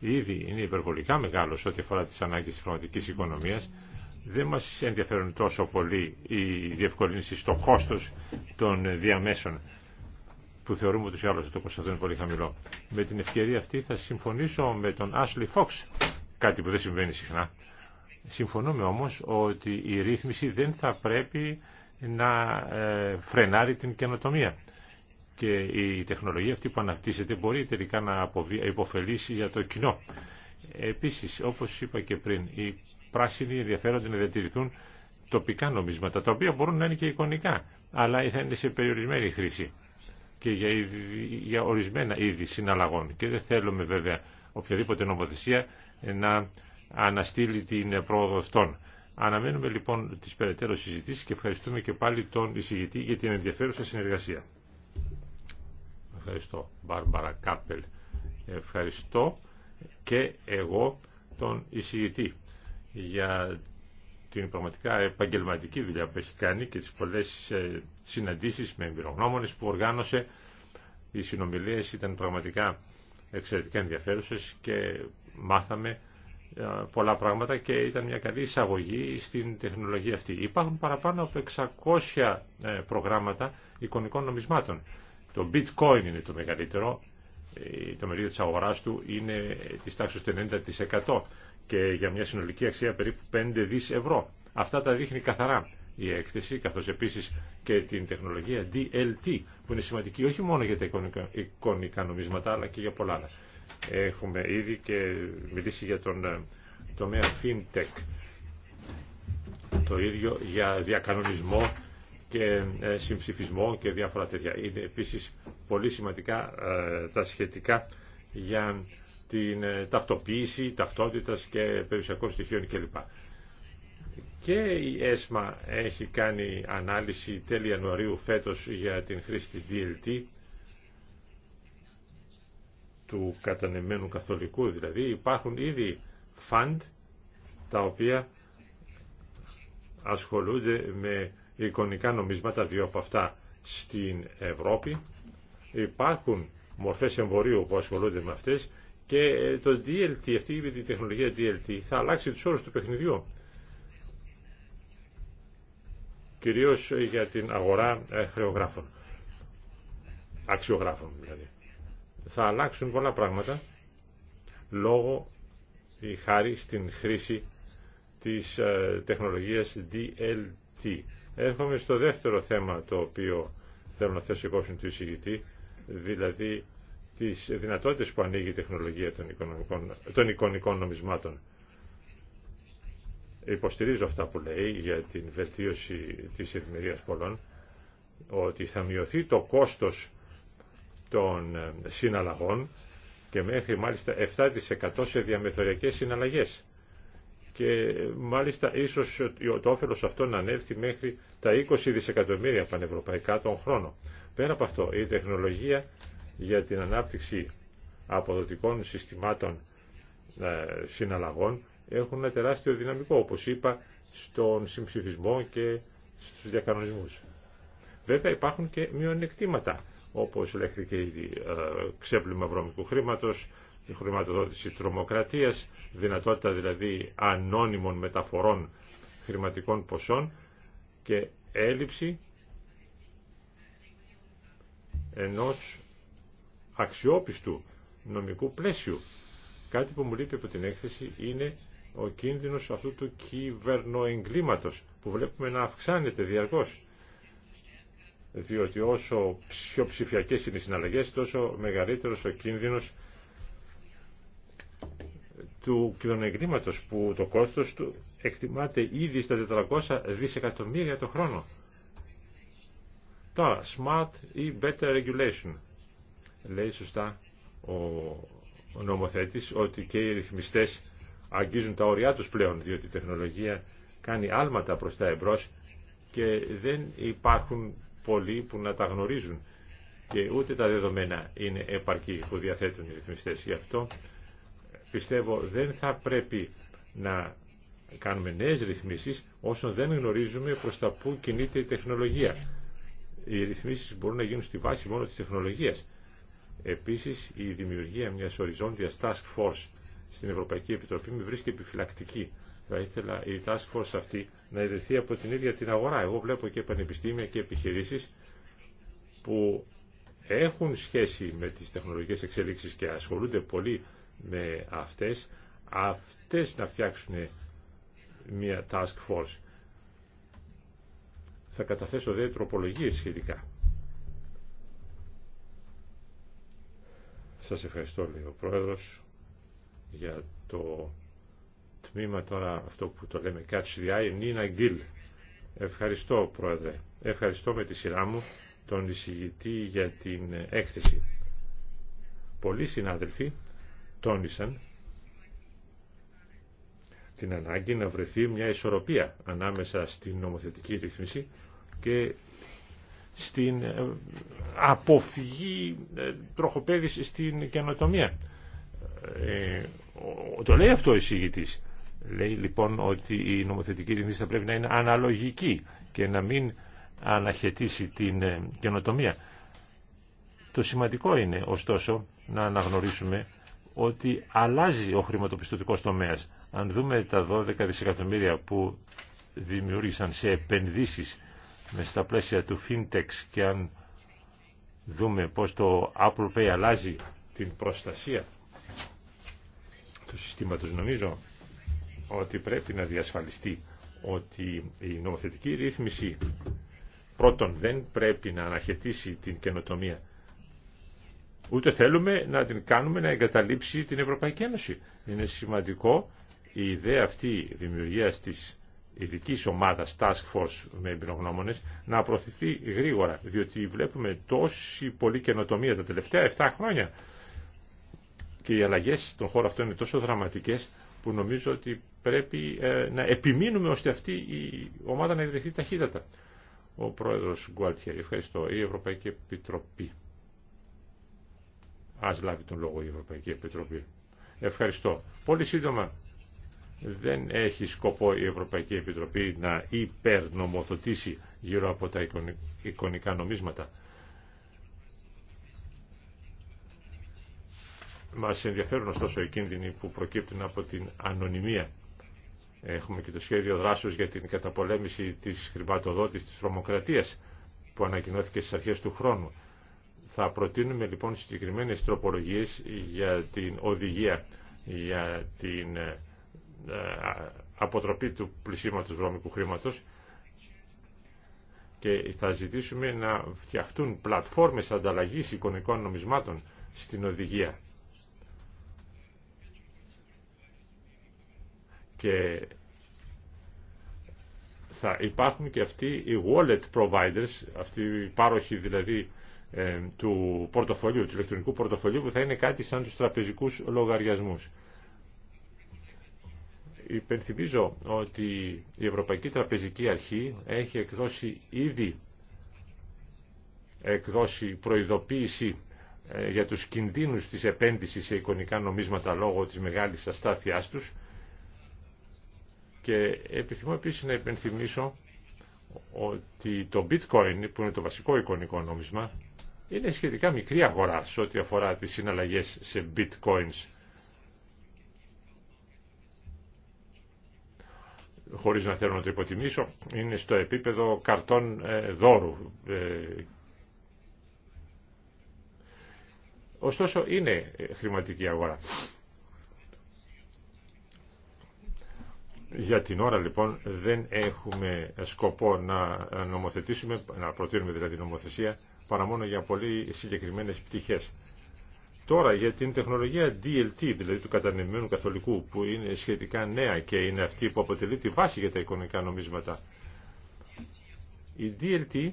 ήδη είναι υπερβολικά μεγάλος ό,τι αφορά τις ανάγκες της πραγματικής οικονομίας, δεν μας ενδιαφέρουν τόσο πολύ οι διευκολύνσεις στο κόστος των διαμέσων που θεωρούμε τους άλλους το κόστος είναι πολύ χαμηλό. Με την ευκαιρία αυτή θα συμφωνήσω με τον Ashley Fox, κάτι που δεν συμβαίνει συχνά, Συμφωνούμε όμως ότι η ρύθμιση δεν θα πρέπει να ε, φρενάρει την καινοτομία. Και η τεχνολογία αυτή που αναπτύσσεται μπορεί τελικά να υποφελήσει για το κοινό. Επίσης, όπως είπα και πριν, οι πράσινοι ενδιαφέρονται να διατηρηθούν τοπικά νομίσματα, τα οποία μπορούν να είναι και εικονικά, αλλά θα είναι σε περιορισμένη χρήση και για, για ορισμένα είδη συναλλαγών. Και δεν θέλουμε βέβαια οποιαδήποτε νομοθεσία να αναστείλει την πρόοδο αυτών. Αναμένουμε λοιπόν τις περαιτέρω συζητήσεις και ευχαριστούμε και πάλι τον εισηγητή για την ενδιαφέρουσα συνεργασία. Ευχαριστώ, Μπάρμπαρα Κάπελ. Ευχαριστώ και εγώ τον εισηγητή για την πραγματικά επαγγελματική δουλειά που έχει κάνει και τις πολλές ε, συναντήσεις με εμπειρογνώμονες που οργάνωσε. Οι συνομιλίες ήταν πραγματικά εξαιρετικά ενδιαφέρουσες και μάθαμε ε, πολλά πράγματα και ήταν μια καλή εισαγωγή στην τεχνολογία αυτή. Υπάρχουν παραπάνω από 600 ε, προγράμματα εικονικών νομισμάτων. Το bitcoin είναι το μεγαλύτερο, ε, το μερίδιο της αγοράς του είναι της τάξης του 90% και για μια συνολική αξία περίπου 5 δις ευρώ. Αυτά τα δείχνει καθαρά η έκθεση, καθώς επίσης και την τεχνολογία DLT, που είναι σημαντική όχι μόνο για τα εικονικά νομίσματα, αλλά και για πολλά άλλα. Έχουμε ήδη και μιλήσει για τον ε, τομέα FinTech. Το ίδιο για διακανονισμό και ε, συμψηφισμό και διάφορα τέτοια. Είναι επίσης πολύ σημαντικά ε, τα σχετικά για την ταυτοποίηση, ταυτότητας και περιουσιακών στοιχείων κλπ. Και η ΕΣΜΑ έχει κάνει ανάλυση τέλη Ιανουαρίου φέτος για την χρήση της DLT του κατανεμένου καθολικού, δηλαδή υπάρχουν ήδη φαντ τα οποία ασχολούνται με εικονικά νομίσματα, δύο από αυτά στην Ευρώπη. Υπάρχουν μορφές εμπορίου που ασχολούνται με αυτές και ε, το DLT, αυτή η τεχνολογία DLT θα αλλάξει τους όρους του παιχνιδιού. Κυρίως ε, για την αγορά ε, χρεογράφων. Αξιογράφων δηλαδή θα αλλάξουν πολλά πράγματα λόγω ή χάρη στην χρήση της ε, τεχνολογίας DLT. Έρχομαι στο δεύτερο θέμα το οποίο θέλω να θέσω υπόψη του εισηγητή, δηλαδή τις δυνατότητες που ανοίγει η τεχνολογία των, οικονομικών, των εικονικών νομισμάτων. Υποστηρίζω αυτά που ανοιγει η τεχνολογια των των εικονικων νομισματων υποστηριζω αυτα που λεει για την βελτίωση της ευημερίας πολλών, ότι θα μειωθεί το κόστος των ε, συναλλαγών και μέχρι μάλιστα 7% σε διαμεθοριακές συναλλαγές. Και μάλιστα ίσως το όφελο αυτό να ανέλθει μέχρι τα 20 δισεκατομμύρια πανευρωπαϊκά τον χρόνο. Πέρα από αυτό, η τεχνολογία για την ανάπτυξη αποδοτικών συστημάτων ε, συναλλαγών έχουν ένα τεράστιο δυναμικό, όπως είπα, στον συμψηφισμό και στους διακανονισμούς. Βέβαια υπάρχουν και μειονεκτήματα όπως λέχθηκε και ε, ξέπλυμα βρώμικου χρήματος, η χρηματοδότηση τρομοκρατίας, δυνατότητα δηλαδή ανώνυμων μεταφορών χρηματικών ποσών και έλλειψη ενός αξιόπιστου νομικού πλαίσιου. Κάτι που μου λείπει από την έκθεση είναι ο κίνδυνος αυτού του κυβερνοεγκλήματος που βλέπουμε να αυξάνεται διαρκώς διότι όσο πιο ψηφιακές είναι οι συναλλαγές, τόσο μεγαλύτερος ο κίνδυνος του κοινωνεγκλήματος που το κόστος του εκτιμάται ήδη στα 400 δισεκατομμύρια το χρόνο. Τώρα, smart ή better regulation. Λέει σωστά ο νομοθέτης ότι και οι ρυθμιστές αγγίζουν τα όρια τους πλέον, διότι η τεχνολογία κάνει άλματα προς τα εμπρός και δεν υπάρχουν πολλοί που να τα γνωρίζουν και ούτε τα δεδομένα είναι επαρκή που διαθέτουν οι ρυθμιστές. Γι' αυτό πιστεύω δεν θα πρέπει να κάνουμε νέες ρυθμίσεις όσο δεν γνωρίζουμε προς τα που κινείται η τεχνολογία. Οι ρυθμίσεις μπορούν να γίνουν στη βάση μόνο της τεχνολογίας. Επίσης, η δημιουργία μιας οριζόντιας task force στην Ευρωπαϊκή Επιτροπή με βρίσκει επιφυλακτική θα ήθελα η task force αυτή να ιδρυθεί από την ίδια την αγορά. Εγώ βλέπω και πανεπιστήμια και επιχειρήσεις που έχουν σχέση με τις τεχνολογικές εξέλιξεις και ασχολούνται πολύ με αυτές, αυτές να φτιάξουν μια task force. Θα καταθέσω δε τροπολογίες σχετικά. Σας ευχαριστώ, λέει ο Πρόεδρος, για το τμήμα τώρα αυτό που το λέμε Catch the Eye, Νίνα Γκίλ. Ευχαριστώ πρόεδρε. Ευχαριστώ με τη σειρά μου τον εισηγητή για την έκθεση. Πολλοί συνάδελφοι τόνισαν την ανάγκη να βρεθεί μια ισορροπία ανάμεσα στην νομοθετική ρύθμιση και στην ε, αποφυγή ε, τροχοπέδηση στην καινοτομία. Ε, το λέει αυτό ο εισηγητής. Λέει λοιπόν ότι η νομοθετική ρυθμίση θα πρέπει να είναι αναλογική και να μην αναχαιτήσει την ε, καινοτομία. Το σημαντικό είναι ωστόσο να αναγνωρίσουμε ότι αλλάζει ο χρηματοπιστωτικός τομέας. Αν δούμε τα 12 δισεκατομμύρια που δημιούργησαν σε επενδύσεις με στα πλαίσια του Fintech και αν δούμε πώς το Apple Pay αλλάζει την προστασία του συστήματος νομίζω ότι πρέπει να διασφαλιστεί ότι η νομοθετική ρύθμιση πρώτον δεν πρέπει να αναχαιτήσει την καινοτομία ούτε θέλουμε να την κάνουμε να εγκαταλείψει την Ευρωπαϊκή Ένωση. Είναι σημαντικό η ιδέα αυτή δημιουργία της ειδική ομάδα Task Force με εμπειρογνώμονε να προωθηθεί γρήγορα, διότι βλέπουμε τόση πολλή καινοτομία τα τελευταία 7 χρόνια και οι αλλαγέ στον χώρο αυτό είναι τόσο δραματικέ που νομίζω ότι πρέπει ε, να επιμείνουμε ώστε αυτή η ομάδα να ιδρυθεί ταχύτατα. Ο πρόεδρος Γκουαλτιέρη, ευχαριστώ. Η Ευρωπαϊκή Επιτροπή. Ας λάβει τον λόγο η Ευρωπαϊκή Επιτροπή. Ευχαριστώ. Πολύ σύντομα. Δεν έχει σκοπό η Ευρωπαϊκή Επιτροπή να υπερνομοθετήσει γύρω από τα εικονικά νομίσματα. Μας ενδιαφέρουν ωστόσο οι κίνδυνοι που προκύπτουν από την ανωνυμία. Έχουμε και το σχέδιο δράσεως για την καταπολέμηση της χρηματοδότησης της τρομοκρατίας που ανακοινώθηκε στις αρχές του χρόνου. Θα προτείνουμε λοιπόν συγκεκριμένες τροπολογίες για την οδηγία, για την ε, ε, αποτροπή του πλησίματος βρώμικου χρήματος και θα ζητήσουμε να φτιαχτούν πλατφόρμες ανταλλαγής εικονικών νομισμάτων στην οδηγία. και θα υπάρχουν και αυτοί οι wallet providers, αυτοί οι πάροχοι δηλαδή ε, του πορτοφολίου, του ηλεκτρονικού πορτοφολίου που θα είναι κάτι σαν τους τραπεζικούς λογαριασμούς. Υπενθυμίζω ότι η Ευρωπαϊκή Τραπεζική Αρχή έχει εκδώσει ήδη εκδώσει προειδοποίηση ε, για τους κινδύνους της επένδυσης σε εικονικά νομίσματα λόγω της μεγάλης αστάθειάς τους και επιθυμώ επίσης να υπενθυμίσω ότι το bitcoin που είναι το βασικό εικονικό νόμισμα είναι σχετικά μικρή αγορά σε ό,τι αφορά τις συναλλαγές σε bitcoins. Χωρίς να θέλω να το υποτιμήσω, είναι στο επίπεδο καρτών ε, δώρου. Ε, ωστόσο είναι χρηματική αγορά. Για την ώρα λοιπόν δεν έχουμε σκοπό να νομοθετήσουμε, να προτείνουμε δηλαδή νομοθεσία, παρά μόνο για πολύ συγκεκριμένες πτυχές. Τώρα για την τεχνολογία DLT, δηλαδή του κατανεμμένου καθολικού, που είναι σχετικά νέα και είναι αυτή που αποτελεί τη βάση για τα εικονικά νομίσματα. Η DLT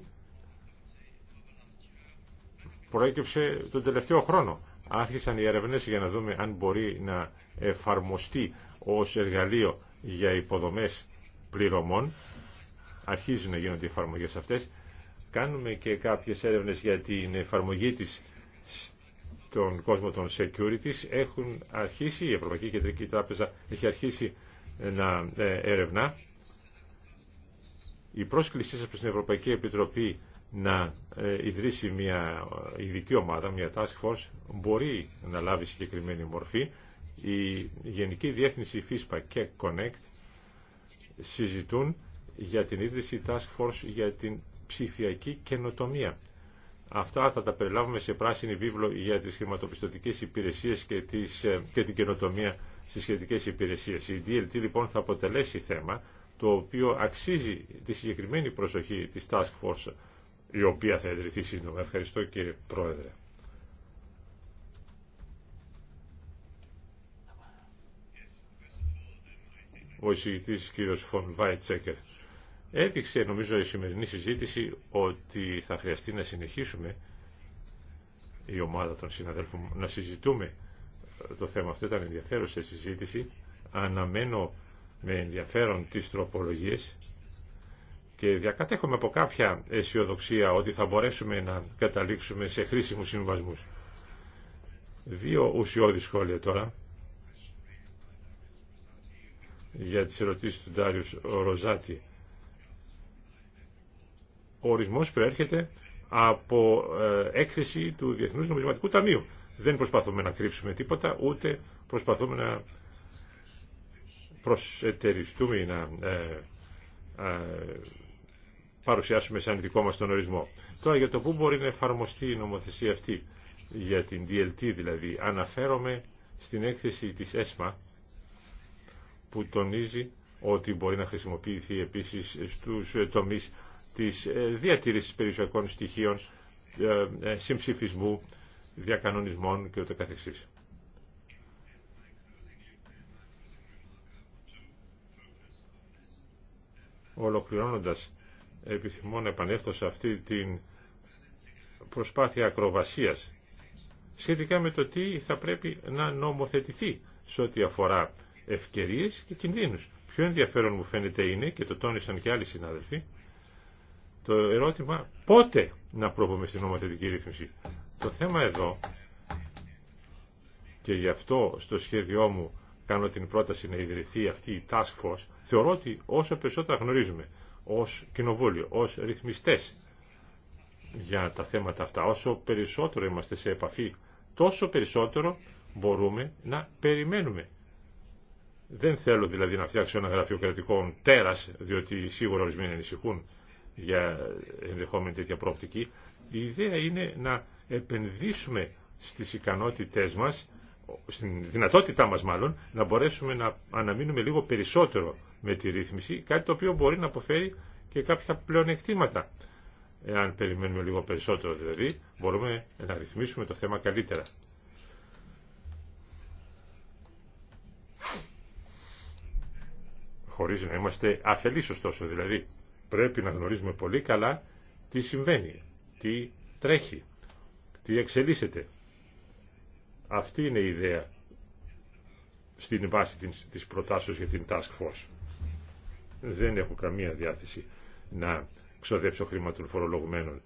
προέκυψε τον τελευταίο χρόνο. Άρχισαν οι ερευνές για να δούμε αν μπορεί να εφαρμοστεί ως εργαλείο για υποδομές πληρωμών. Αρχίζουν να γίνονται οι εφαρμογές αυτές. Κάνουμε και κάποιες έρευνες για την εφαρμογή της στον κόσμο των securities. Έχουν αρχίσει, η Ευρωπαϊκή Κεντρική Τράπεζα έχει αρχίσει να ερευνά. Η πρόσκλησή σας προς την Ευρωπαϊκή Επιτροπή να ε, ιδρύσει μια ε, ειδική ομάδα, μια task force, μπορεί να λάβει συγκεκριμένη μορφή η Γενική Διεύθυνση Φυσπα και Connect συζητούν για την ίδρυση Task Force για την ψηφιακή καινοτομία. Αυτά θα τα περιλάβουμε σε πράσινη βίβλο για τις χρηματοπιστωτικές υπηρεσίες και, τις, ε, και την καινοτομία στις σχετικές υπηρεσίες. Η DLT λοιπόν θα αποτελέσει θέμα το οποίο αξίζει τη συγκεκριμένη προσοχή της Task Force η οποία θα ιδρυθεί σύντομα. Ευχαριστώ κύριε Πρόεδρε. ο εισηγητή κ. Φων Βάιτσέκερ. Έδειξε νομίζω η σημερινή συζήτηση ότι θα χρειαστεί να συνεχίσουμε η ομάδα των συναδέλφων να συζητούμε το θέμα αυτό ήταν σε συζήτηση αναμένω με ενδιαφέρον τις τροπολογίες και διακατέχομαι από κάποια αισιοδοξία ότι θα μπορέσουμε να καταλήξουμε σε χρήσιμους συμβασμούς. Δύο ουσιώδη σχόλια τώρα για τις ερωτήσεις του Ντάριους Ροζάτη. Ο ορισμός προέρχεται από ε, έκθεση του Διεθνούς Νομισματικού Ταμείου. Δεν προσπαθούμε να κρύψουμε τίποτα, ούτε προσπαθούμε να προσετεριστούμε ή να ε, ε, παρουσιάσουμε σαν δικό μας τον ορισμό. Τώρα για το πού μπορεί να εφαρμοστεί η νομοθεσία αυτή, για την DLT δηλαδή, αναφέρομαι στην έκθεση της ΕΣΜΑ, που τονίζει ότι μπορεί να χρησιμοποιηθεί επίσης στους τομείς της ε, διατήρησης περιουσιακών στοιχείων, ε, ε, συμψηφισμού, διακανονισμών και ούτε καθεξής. Ολοκληρώνοντας, επιθυμώ να επανέλθω σε αυτή την προσπάθεια ακροβασίας σχετικά με το τι θα πρέπει να νομοθετηθεί σε ό,τι αφορά ευκαιρίες και κινδύνους. Πιο ενδιαφέρον μου φαίνεται είναι, και το τόνισαν και άλλοι συνάδελφοι, το ερώτημα πότε να προβούμε στην νομοθετική ρύθμιση. Το θέμα εδώ, και γι' αυτό στο σχέδιό μου κάνω την πρόταση να ιδρυθεί αυτή η task force, θεωρώ ότι όσο περισσότερα γνωρίζουμε ως κοινοβούλιο, ως ρυθμιστές για τα θέματα αυτά, όσο περισσότερο είμαστε σε επαφή, τόσο περισσότερο μπορούμε να περιμένουμε δεν θέλω δηλαδή να φτιάξω ένα γραφείο κρατικών τέρας, διότι σίγουρα ορισμένοι ανησυχούν για ενδεχόμενη τέτοια πρόπτικη. Η ιδέα είναι να επενδύσουμε στις ικανότητές μας, στην δυνατότητά μας μάλλον, να μπορέσουμε να αναμείνουμε λίγο περισσότερο με τη ρύθμιση, κάτι το οποίο μπορεί να αποφέρει και κάποια πλεονεκτήματα. Εάν περιμένουμε λίγο περισσότερο δηλαδή, μπορούμε να ρυθμίσουμε το θέμα καλύτερα. χωρίς να είμαστε αφελείς ωστόσο. Δηλαδή πρέπει να γνωρίζουμε πολύ καλά τι συμβαίνει, τι τρέχει, τι εξελίσσεται. Αυτή είναι η ιδέα στην βάση της προτάσεως για την Task Force. Δεν έχω καμία διάθεση να ξοδέψω χρήματα των φορολογουμένων.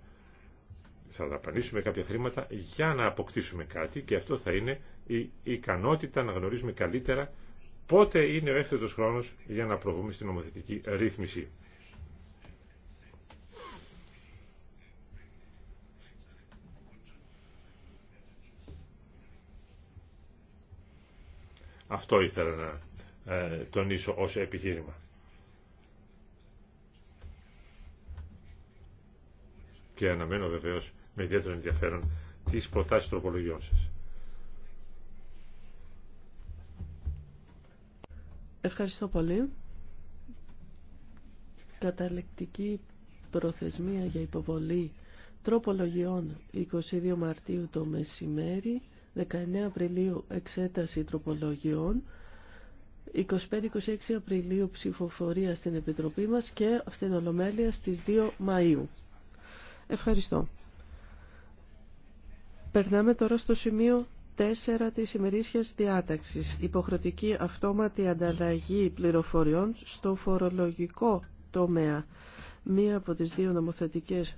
Θα δαπανίσουμε κάποια χρήματα για να αποκτήσουμε κάτι και αυτό θα είναι η ικανότητα να γνωρίζουμε καλύτερα πότε είναι ο έκθετος χρόνος για να προβούμε στην νομοθετική ρύθμιση. Αυτό ήθελα να ε, τονίσω ως επιχείρημα. Και αναμένω βεβαίως με ιδιαίτερο ενδιαφέρον τις προτάσεις τροπολογιών σας. Ευχαριστώ πολύ. Καταληκτική προθεσμία για υποβολή τροπολογιών 22 Μαρτίου το μεσημέρι, 19 Απριλίου εξέταση τροπολογιών, 25-26 Απριλίου ψηφοφορία στην Επιτροπή μας και στην Ολομέλεια στις 2 Μαΐου. Ευχαριστώ. Περνάμε τώρα στο σημείο Τέσσερα της ημερήσιας διάταξης. Υποχρεωτική αυτόματη ανταλλαγή πληροφοριών στο φορολογικό τομέα. Μία από τις δύο νομοθετικές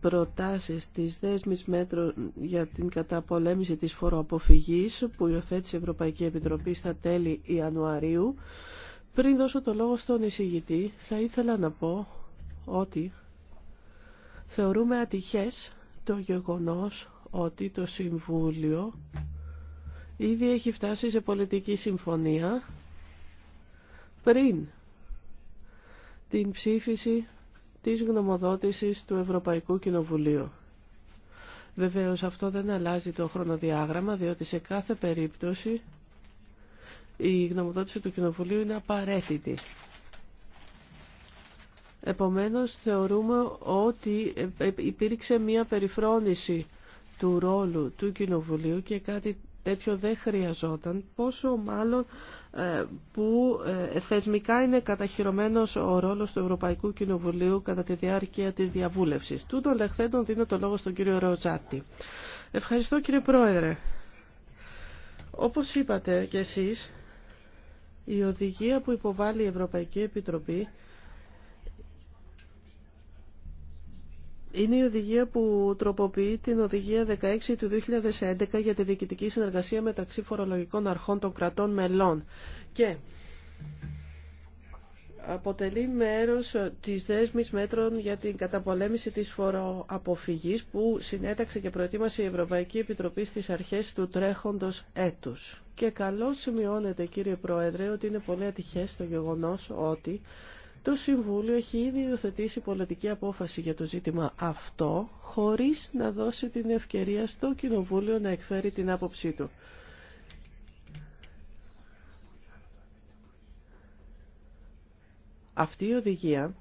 προτάσεις της δέσμης μέτρων για την καταπολέμηση της φοροαποφυγής που υιοθέτησε η Ευρωπαϊκή Επιτροπή στα τέλη Ιανουαρίου. Πριν δώσω το λόγο στον εισηγητή, θα ήθελα να πω ότι θεωρούμε ατυχές το γεγονός ότι το Συμβούλιο ήδη έχει φτάσει σε πολιτική συμφωνία πριν την ψήφιση της γνωμοδότησης του Ευρωπαϊκού Κοινοβουλίου. Βεβαίως αυτό δεν αλλάζει το χρονοδιάγραμμα, διότι σε κάθε περίπτωση η γνωμοδότηση του Κοινοβουλίου είναι απαραίτητη. Επομένως θεωρούμε ότι υπήρξε μία περιφρόνηση του ρόλου του Κοινοβουλίου και κάτι τέτοιο δεν χρειαζόταν, πόσο μάλλον ε, που ε, θεσμικά είναι καταχυρωμένος ο ρόλος του Ευρωπαϊκού Κοινοβουλίου κατά τη διάρκεια της διαβούλευσης. Τούτων λεχθέντων δίνω το λόγο στον κύριο Ροτζάτη. Ευχαριστώ κύριε Πρόεδρε. Όπως είπατε και εσείς, η οδηγία που υποβάλλει η Ευρωπαϊκή Επιτροπή είναι η οδηγία που τροποποιεί την οδηγία 16 του 2011 για τη διοικητική συνεργασία μεταξύ φορολογικών αρχών των κρατών μελών και αποτελεί μέρος της δέσμης μέτρων για την καταπολέμηση της φοροαποφυγής που συνέταξε και προετοίμασε η Ευρωπαϊκή Επιτροπή στις αρχές του τρέχοντος έτους. Και καλώς σημειώνεται κύριε Πρόεδρε ότι είναι πολύ ατυχές το γεγονός ότι το Συμβούλιο έχει ήδη υιοθετήσει πολιτική απόφαση για το ζήτημα αυτό, χωρίς να δώσει την ευκαιρία στο Κοινοβούλιο να εκφέρει την άποψή του. Αυτή η οδηγία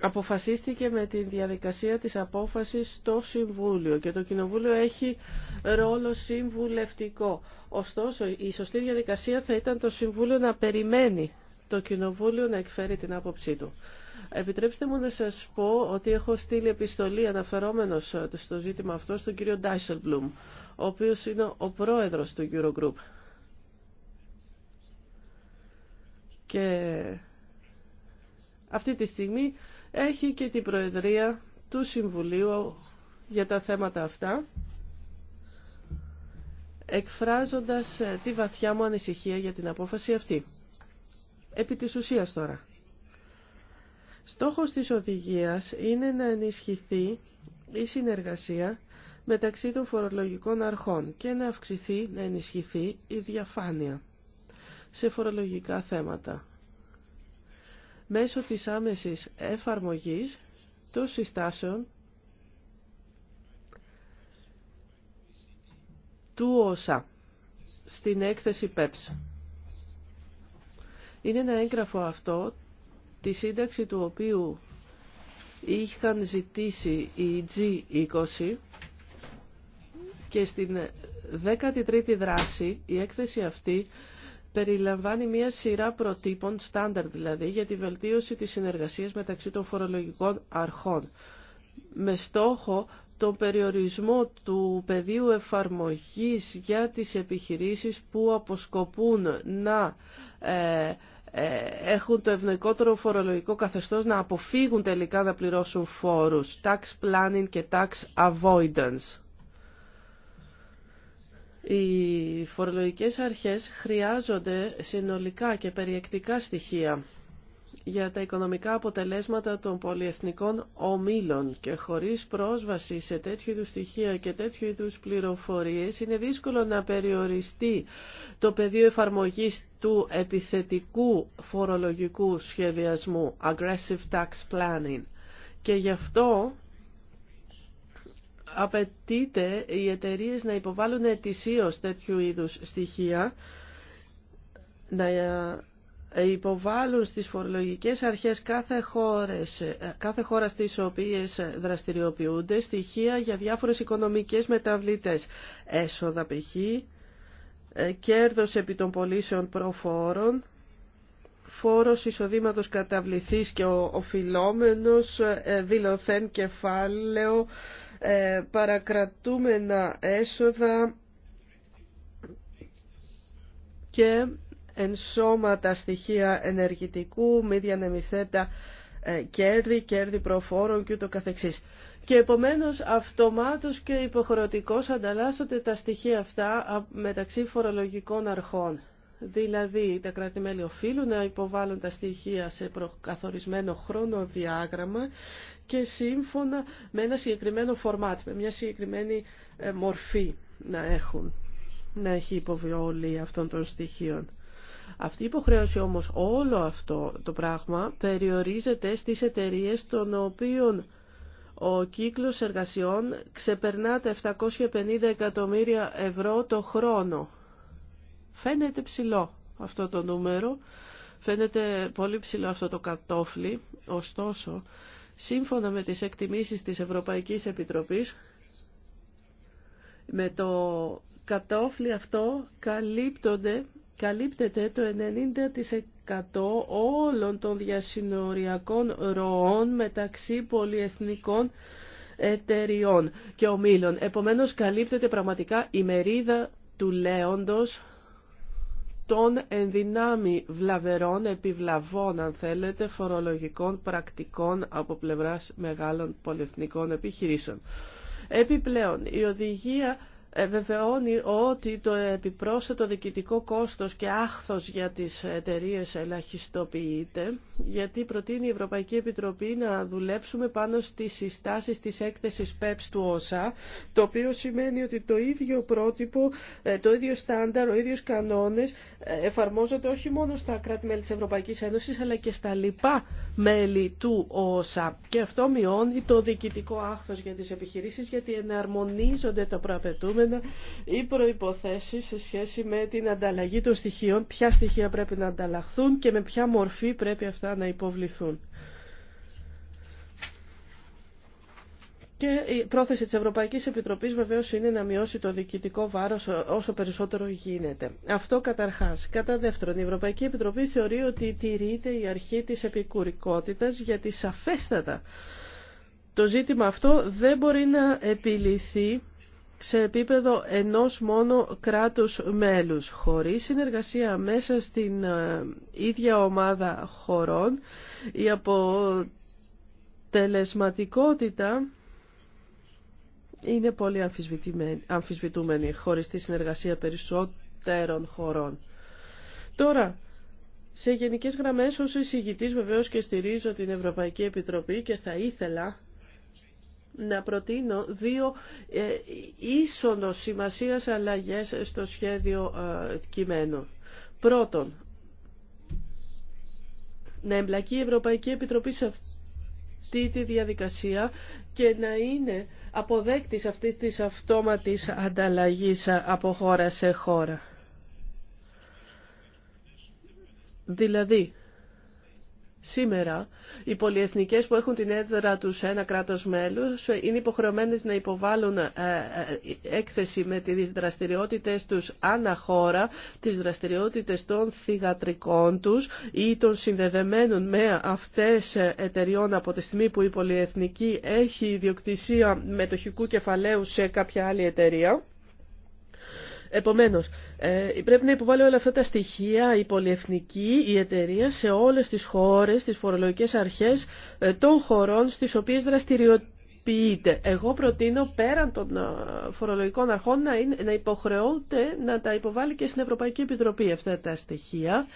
αποφασίστηκε με τη διαδικασία της απόφασης το Συμβούλιο και το Κοινοβούλιο έχει ρόλο συμβουλευτικό. Ωστόσο, η σωστή διαδικασία θα ήταν το Συμβούλιο να περιμένει το Κοινοβούλιο να εκφέρει την άποψή του. Επιτρέψτε μου να σας πω ότι έχω στείλει επιστολή αναφερόμενος στο ζήτημα αυτό στον κύριο Ντάισελμπλουμ, ο οποίος είναι ο πρόεδρος του Eurogroup. Και αυτή τη στιγμή έχει και την Προεδρία του Συμβουλίου για τα θέματα αυτά εκφράζοντας ε, τη βαθιά μου ανησυχία για την απόφαση αυτή. Επί της ουσίας τώρα. Στόχος της οδηγίας είναι να ενισχυθεί η συνεργασία μεταξύ των φορολογικών αρχών και να αυξηθεί, να ενισχυθεί η διαφάνεια σε φορολογικά θέματα μέσω της άμεσης εφαρμογής των συστάσεων του ΟΣΑ στην έκθεση ΠΕΠΣ. Είναι ένα έγγραφο αυτό, τη σύνταξη του οποίου είχαν ζητήσει οι G20 και στην 13η δράση η έκθεση αυτή περιλαμβάνει μία σειρά προτύπων, στάνταρ δηλαδή, για τη βελτίωση της συνεργασίας μεταξύ των φορολογικών αρχών. Με στόχο τον περιορισμό του πεδίου εφαρμογής για τις επιχειρήσεις που αποσκοπούν να ε, ε, έχουν το ευνοϊκότερο φορολογικό καθεστώς να αποφύγουν τελικά να πληρώσουν φόρους, tax planning και tax avoidance. Οι φορολογικές αρχές χρειάζονται συνολικά και περιεκτικά στοιχεία για τα οικονομικά αποτελέσματα των πολυεθνικών ομίλων και χωρίς πρόσβαση σε τέτοιου είδους στοιχεία και τέτοιου είδους πληροφορίες είναι δύσκολο να περιοριστεί το πεδίο εφαρμογής του επιθετικού φορολογικού σχεδιασμού, aggressive tax planning. Και γι' αυτό απαιτείται οι εταιρείες να υποβάλουν ετησίως τέτοιου είδους στοιχεία, να ε, υποβάλουν στις φορολογικές αρχές κάθε, χώρες, ε, κάθε χώρα στις οποίες δραστηριοποιούνται στοιχεία για διάφορες οικονομικές μεταβλητές. Έσοδα π.χ., ε, κέρδος επί των πωλήσεων προφόρων, φόρος εισοδήματος καταβληθής και ο οφειλόμενος, δηλωθέν κεφάλαιο, ε, παρακρατούμενα έσοδα και ενσώματα στοιχεία ενεργητικού, μη διανεμηθέντα ε, κέρδη, κέρδη προφόρων και ούτω καθεξής. Και επομένως αυτομάτως και υποχρεωτικώς ανταλλάσσονται τα στοιχεία αυτά μεταξύ φορολογικών αρχών δηλαδή τα κράτη-μέλη οφείλουν να υποβάλουν τα στοιχεία σε προκαθορισμένο χρονοδιάγραμμα και σύμφωνα με ένα συγκεκριμένο φορμάτ, με μια συγκεκριμένη ε, μορφή να έχουν, να έχει υποβιώλη αυτών των στοιχείων. Αυτή η υποχρέωση όμως όλο αυτό το πράγμα περιορίζεται στις εταιρείε των οποίων ο κύκλος εργασιών ξεπερνά τα 750 εκατομμύρια ευρώ το χρόνο. Φαίνεται ψηλό αυτό το νούμερο, φαίνεται πολύ ψηλό αυτό το κατόφλι, ωστόσο, σύμφωνα με τις εκτιμήσεις της Ευρωπαϊκής Επιτροπής, με το κατόφλι αυτό καλύπτεται το 90% όλων των διασυνοριακών ροών μεταξύ πολυεθνικών εταιριών και ομίλων. Επομένως καλύπτεται πραγματικά η μερίδα του λέοντος των ενδυνάμει βλαβερών, επιβλαβών αν θέλετε, φορολογικών πρακτικών από πλευράς μεγάλων πολυεθνικών επιχειρήσεων. Επιπλέον, η οδηγία βεβαιώνει ότι το επιπρόσθετο διοικητικό κόστος και άχθος για τις εταιρείε ελαχιστοποιείται, γιατί προτείνει η Ευρωπαϊκή Επιτροπή να δουλέψουμε πάνω στις συστάσεις της έκθεσης ΠΕΠΣ e του ΩΣΑ, το οποίο σημαίνει ότι το ίδιο πρότυπο, ε, το ίδιο στάνταρ, ο ίδιος κανόνες ε, εφαρμόζονται όχι μόνο στα κράτη-μέλη της Ευρωπαϊκής Ένωσης, αλλά και στα λοιπά μέλη του ΩΣΑ. Και αυτό μειώνει το διοικητικό άχθος για τις επιχειρήσεις, γιατί εναρμονίζονται τα προαπαιτούμενα κείμενα ή προϋποθέσεις σε σχέση με την ανταλλαγή των στοιχείων, ποια στοιχεία πρέπει να ανταλλαχθούν και με ποια μορφή πρέπει αυτά να υποβληθούν. Και η πρόθεση της Ευρωπαϊκής Επιτροπής βεβαίως είναι να μειώσει το διοικητικό βάρος όσο περισσότερο γίνεται. Αυτό καταρχάς. Κατά δεύτερον, η Ευρωπαϊκή Επιτροπή θεωρεί ότι τηρείται η αρχή της επικουρικότητας γιατί σαφέστατα το ζήτημα αυτό δεν μπορεί να επιληθεί σε επίπεδο ενός μόνο κράτους μέλους, χωρίς συνεργασία μέσα στην ε, ίδια ομάδα χωρών, η αποτελεσματικότητα είναι πολύ αμφισβητούμενη χωρίς τη συνεργασία περισσότερων χωρών. Τώρα, σε γενικές γραμμές ως εισηγητής βεβαίως και στηρίζω την Ευρωπαϊκή Επιτροπή και θα ήθελα να προτείνω δύο ε, ίσονος σημασίας αλλαγές στο σχέδιο ε, κειμένου. Πρώτον, να εμπλακεί η Ευρωπαϊκή Επιτροπή σε αυτή τη διαδικασία και να είναι αποδέκτης αυτής της αυτόματης ανταλλαγής από χώρα σε χώρα. Δηλαδή, Σήμερα, οι πολυεθνικές που έχουν την έδρα τους σε ένα κράτος μέλους ε, είναι υποχρεωμένες να υποβάλουν ε, ε, έκθεση με τις δραστηριότητες τους αναχώρα, τις δραστηριότητες των θυγατρικών τους ή των συνδεδεμένων με αυτές εταιριών από τη στιγμή που η πολυεθνική έχει ιδιοκτησία μετοχικού κεφαλαίου σε κάποια άλλη εταιρεία. Επομένως, ε, πρέπει να υποβάλει όλα αυτά τα στοιχεία η πολυεθνική, η εταιρεία σε όλες τις χώρες, τις φορολογικές αρχές ε, των χωρών στις οποίες δραστηριοποιείται εγώ προτείνω πέραν των ε, φορολογικών αρχών να, είναι, να να τα υποβάλει και στην Ευρωπαϊκή Επιτροπή αυτά τα στοιχεία,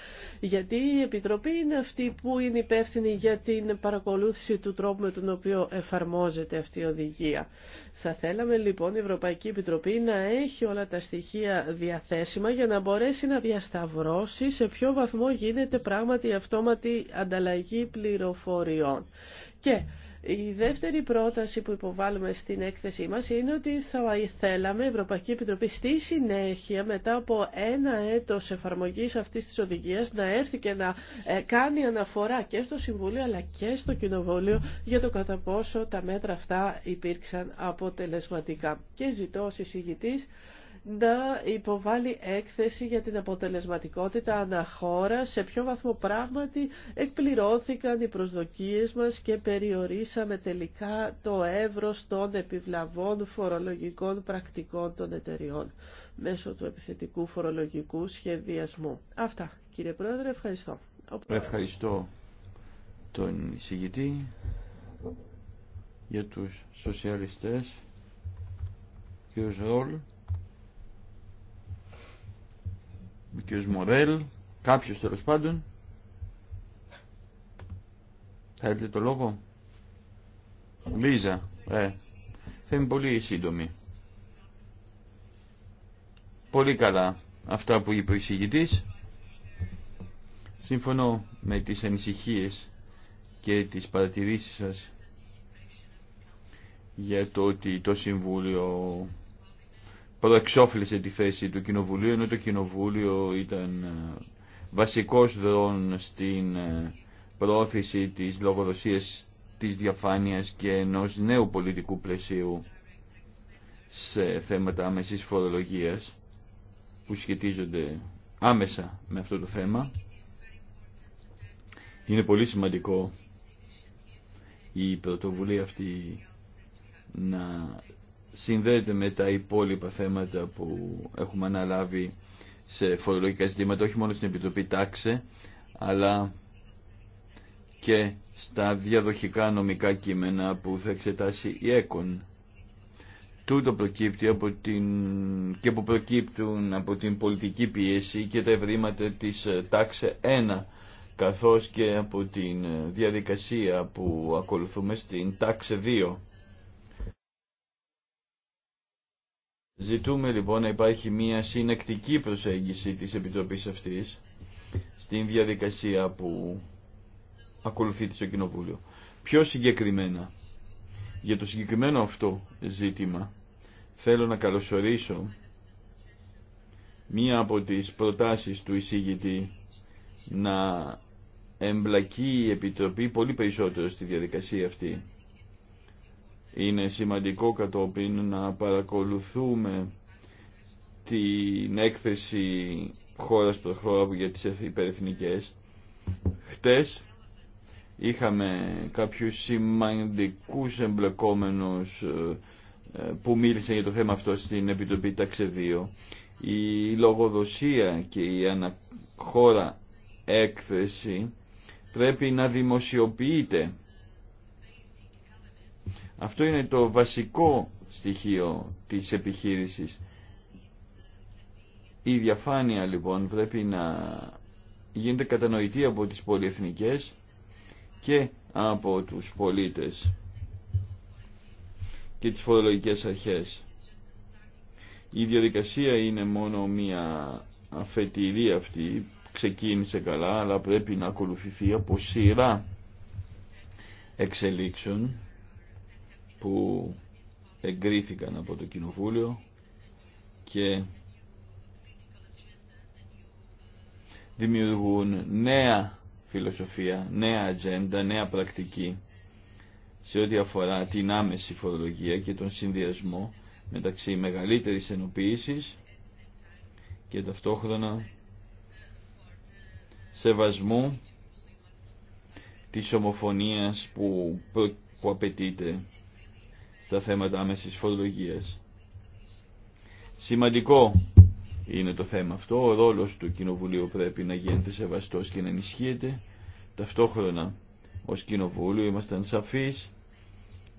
γιατί η Επιτροπή είναι αυτή που είναι υπεύθυνη για την παρακολούθηση του τρόπου με τον οποίο εφαρμόζεται αυτή η οδηγία. Θα θέλαμε λοιπόν η Ευρωπαϊκή Επιτροπή να έχει όλα τα στοιχεία διαθέσιμα για να μπορέσει να διασταυρώσει σε ποιο βαθμό γίνεται πράγματι η αυτόματη ανταλλαγή πληροφοριών. Και η δεύτερη πρόταση που υποβάλλουμε στην έκθεσή μας είναι ότι θα θέλαμε η Ευρωπαϊκή Επιτροπή στη συνέχεια μετά από ένα έτος εφαρμογής αυτής της οδηγίας να έρθει και να ε, κάνει αναφορά και στο Συμβούλιο αλλά και στο Κοινοβούλιο για το κατά πόσο τα μέτρα αυτά υπήρξαν αποτελεσματικά. Και ζητώ ως εισηγητής να υποβάλει έκθεση για την αποτελεσματικότητα αναχώρα, σε ποιο βαθμό πράγματι εκπληρώθηκαν οι προσδοκίες μας και περιορίσαμε τελικά το εύρος των επιβλαβών φορολογικών πρακτικών των εταιριών μέσω του επιθετικού φορολογικού σχεδιασμού. Αυτά. Κύριε Πρόεδρε, ευχαριστώ. Ευχαριστώ τον εισηγητή για τους σοσιαλιστές και ο ο κ. Μορέλ, κάποιος τέλο πάντων. Θέλετε το λόγο. Λίζα, ε, θα είμαι πολύ σύντομη. Πολύ καλά αυτά που είπε ο εισηγητής. Σύμφωνο με τις ανησυχίες και τις παρατηρήσεις σας για το ότι το Συμβούλιο προεξόφλησε τη θέση του Κοινοβουλίου, ενώ το Κοινοβούλιο ήταν ε, βασικός δρόν στην ε, πρόθεση της λογοδοσίας της διαφάνειας και ενός νέου πολιτικού πλαισίου σε θέματα άμεσης φορολογίας που σχετίζονται άμεσα με αυτό το θέμα. Είναι πολύ σημαντικό η πρωτοβουλία αυτή να συνδέεται με τα υπόλοιπα θέματα που έχουμε αναλάβει σε φορολογικά ζητήματα, όχι μόνο στην Επιτροπή Τάξε, αλλά και στα διαδοχικά νομικά κείμενα που θα εξετάσει η ΕΚΟΝ. Τούτο προκύπτει από την... και που προκύπτουν από την πολιτική πίεση και τα ευρήματα της τάξε 1 καθώς και από την διαδικασία που ακολουθούμε στην τάξε 2. Ζητούμε λοιπόν να υπάρχει μια συνεκτική προσέγγιση της Επιτροπής αυτής στην διαδικασία που ακολουθείται στο Κοινοβούλιο. Πιο συγκεκριμένα, για το συγκεκριμένο αυτό ζήτημα, θέλω να καλωσορίσω μία από τις προτάσεις του εισήγητη να εμπλακεί η Επιτροπή πολύ περισσότερο στη διαδικασία αυτή. Είναι σημαντικό κατόπιν να παρακολουθούμε την έκθεση χώρας προς χώρα για τις υπερεθνικές. Χτες είχαμε κάποιους σημαντικούς εμπλεκόμενους ε, ε, που μίλησαν για το θέμα αυτό στην Επιτροπή 2. Η λογοδοσία και η αναχώρα έκθεση πρέπει να δημοσιοποιείται αυτό είναι το βασικό στοιχείο της επιχείρησης. Η διαφάνεια λοιπόν πρέπει να γίνεται κατανοητή από τις πολυεθνικές και από τους πολίτες και τις φορολογικές αρχές. Η διαδικασία είναι μόνο μία αφετηρία αυτή, ξεκίνησε καλά, αλλά πρέπει να ακολουθηθεί από σειρά εξελίξεων που εγκρίθηκαν από το Κοινοβούλιο και δημιουργούν νέα φιλοσοφία, νέα ατζέντα, νέα πρακτική σε ό,τι αφορά την άμεση φορολογία και τον συνδυασμό μεταξύ μεγαλύτερης ενοποίησης και ταυτόχρονα σεβασμού της ομοφωνίας που, που απαιτείται στα θέματα άμεσης φορολογίας. Σημαντικό είναι το θέμα αυτό. Ο ρόλος του Κοινοβουλίου πρέπει να γίνεται σεβαστός και να ενισχύεται. Ταυτόχρονα ως Κοινοβούλιο ήμασταν σαφείς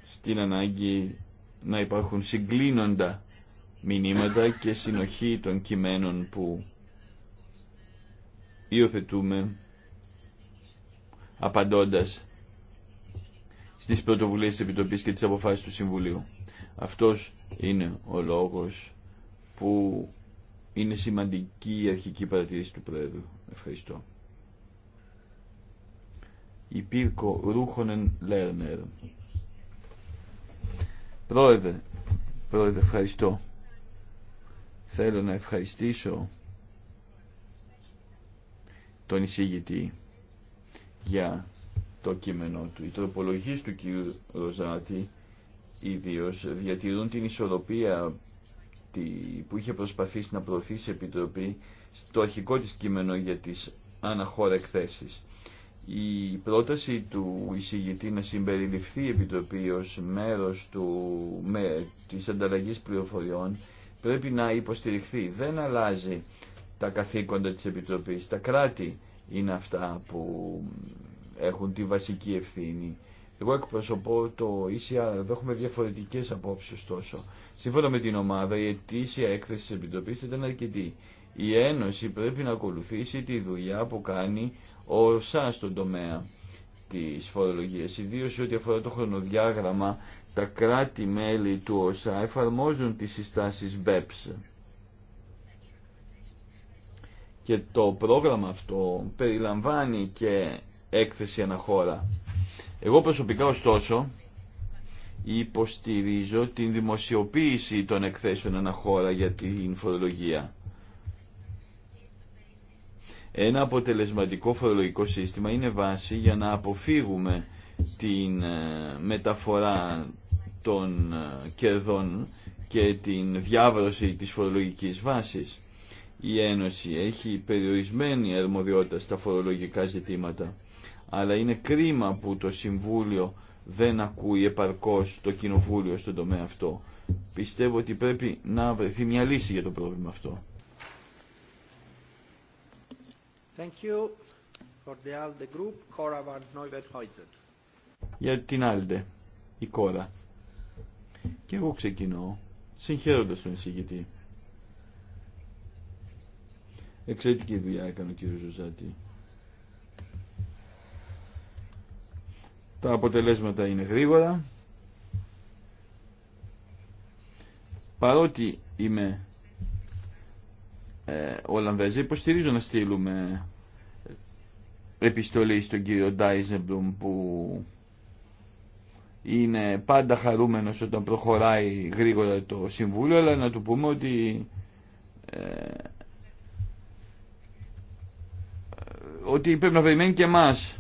στην ανάγκη να υπάρχουν συγκλίνοντα μηνύματα και συνοχή των κειμένων που υιοθετούμε απαντώντας Στι πρωτοβουλίε τη Επιτροπή και τι αποφάσεις του Συμβουλίου. Αυτό είναι ο λόγο που είναι σημαντική η αρχική παρατηρήση του Πρόεδρου. Ευχαριστώ. Υπήρκο Ρούχονεν Λέρνερ. Πρόεδρε, Πρόεδρε, ευχαριστώ. Θέλω να ευχαριστήσω τον εισηγητή για το κείμενό του. Οι τροπολογίε του κ. Ροζάτη ιδίω διατηρούν την ισορροπία που είχε προσπαθήσει να προωθήσει η Επιτροπή στο αρχικό της κείμενο για τις αναχώρα εκθέσεις. Η πρόταση του εισηγητή να συμπεριληφθεί η Επιτροπή ως μέρος του, με, της ανταλλαγής πληροφοριών πρέπει να υποστηριχθεί. Δεν αλλάζει τα καθήκοντα της Επιτροπής. Τα κράτη είναι αυτά που έχουν τη βασική ευθύνη. Εγώ εκπροσωπώ το ίσια, εδώ έχουμε διαφορετικές απόψεις ωστόσο. Σύμφωνα με την ομάδα η αιτήσια έκθεση της Επιτροπής ήταν αρκετή. Η Ένωση πρέπει να ακολουθήσει τη δουλειά που κάνει ο ΣΑ στον τομέα της φορολογίας, ιδίως ό,τι αφορά το χρονοδιάγραμμα, τα κράτη-μέλη του ΟΣΑ εφαρμόζουν τις συστάσεις BEPS. Και το πρόγραμμα αυτό περιλαμβάνει και έκθεση αναχώρα. Εγώ προσωπικά ωστόσο υποστηρίζω την δημοσιοποίηση των εκθέσεων αναχώρα για την φορολογία. Ένα αποτελεσματικό φορολογικό σύστημα είναι βάση για να αποφύγουμε την ε, μεταφορά των ε, κερδών και την διάβρωση της φορολογικής βάσης. Η Ένωση έχει περιορισμένη αρμοδιότητα στα φορολογικά ζητήματα αλλά είναι κρίμα που το Συμβούλιο δεν ακούει επαρκώς το Κοινοβούλιο στον τομέα αυτό. Πιστεύω ότι πρέπει να βρεθεί μια λύση για το πρόβλημα αυτό. Thank you for the ALDE group, για την Άλντε, η κόρα. Και εγώ ξεκινώ συγχαίροντας τον εισηγητή. Εξαιρετική δουλειά έκανε ο κ. Ζουζάτη. Τα αποτελέσματα είναι γρήγορα. Παρότι είμαι ε, υποστηρίζω να στείλουμε επιστολή στον κύριο Ντάιζεμπλουμ που είναι πάντα χαρούμενος όταν προχωράει γρήγορα το Συμβούλιο, αλλά να του πούμε ότι ε, ότι πρέπει να περιμένει και εμάς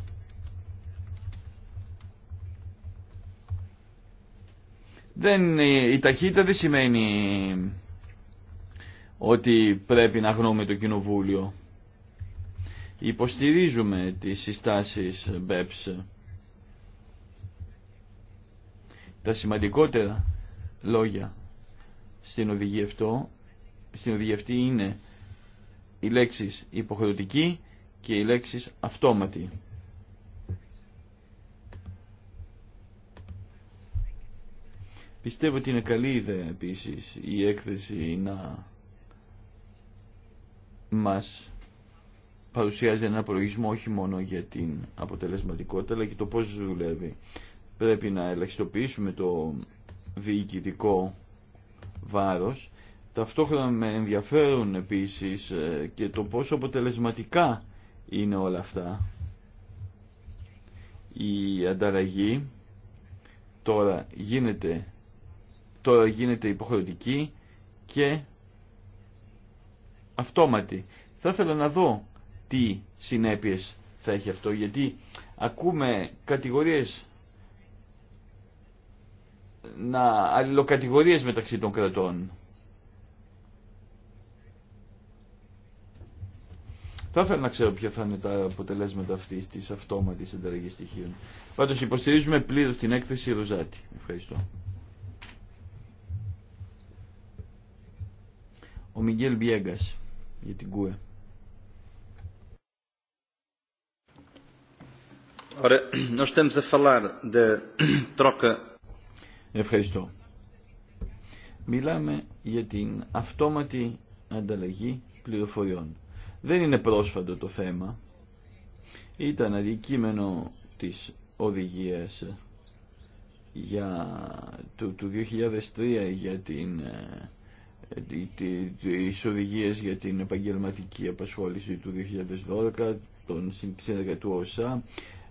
Δεν, ε, η ταχύτητα δεν σημαίνει ότι πρέπει να γνώμε το Κοινοβούλιο. Υποστηρίζουμε τις συστάσεις BEPS. Τα σημαντικότερα λόγια στην οδηγία, στην οδηγία αυτή είναι οι λέξεις υποχρεωτική και οι λέξεις αυτόματη. Πιστεύω ότι είναι καλή ιδέα επίσης η έκθεση να μας παρουσιάζει ένα απολογισμό όχι μόνο για την αποτελεσματικότητα αλλά και το πώς δουλεύει. Πρέπει να ελαχιστοποιήσουμε το διοικητικό βάρος. Ταυτόχρονα με ενδιαφέρουν επίσης ε, και το πόσο αποτελεσματικά είναι όλα αυτά. Η ανταλλαγή τώρα γίνεται τώρα γίνεται υποχρεωτική και αυτόματη. Θα ήθελα να δω τι συνέπειες θα έχει αυτό, γιατί ακούμε κατηγορίες να αλληλοκατηγορίες μεταξύ των κρατών. Θα ήθελα να ξέρω ποια θα είναι τα αποτελέσματα αυτή τη αυτόματης ανταλλαγή στοιχείων. Πάντω υποστηρίζουμε πλήρω την έκθεση Ροζάτη. Ευχαριστώ. Ο Μιγγέλ Μπιέγκας για την ΚΟΕ. Ευχαριστώ. Μιλάμε για την αυτόματη ανταλλαγή πληροφοριών. Δεν είναι πρόσφατο το θέμα. Ήταν αντικείμενο της οδηγίας για, του, 2003 για την ε, οι ε, οδηγίε για την επαγγελματική απασχόληση του 2012, τον συνεργατών του ΩΣΑ.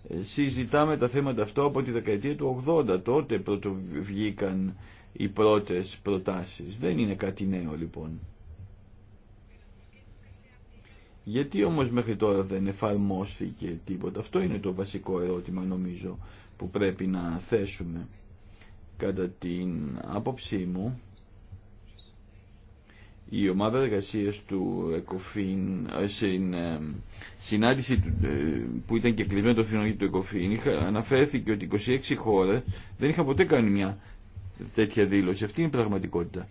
Ε, συζητάμε τα θέματα αυτά από τη δεκαετία του 80, τότε πρωτοβγήκαν οι πρώτες προτάσεις. Δεν είναι κάτι νέο λοιπόν. Γιατί όμως μέχρι τώρα δεν εφαρμόστηκε τίποτα. Αυτό είναι το βασικό ερώτημα νομίζω που πρέπει να θέσουμε. Κατά την άποψή μου, η ομάδα εργασίας του ΕΚΟΦΗΝ ε, στην ε, συνάντηση ε, που ήταν και κλεισμένο το φινογείο του ΕΚΟΦΗΝ αναφέρθηκε ότι 26 χώρε δεν είχαν ποτέ κάνει μια τέτοια δήλωση. Αυτή είναι η πραγματικότητα.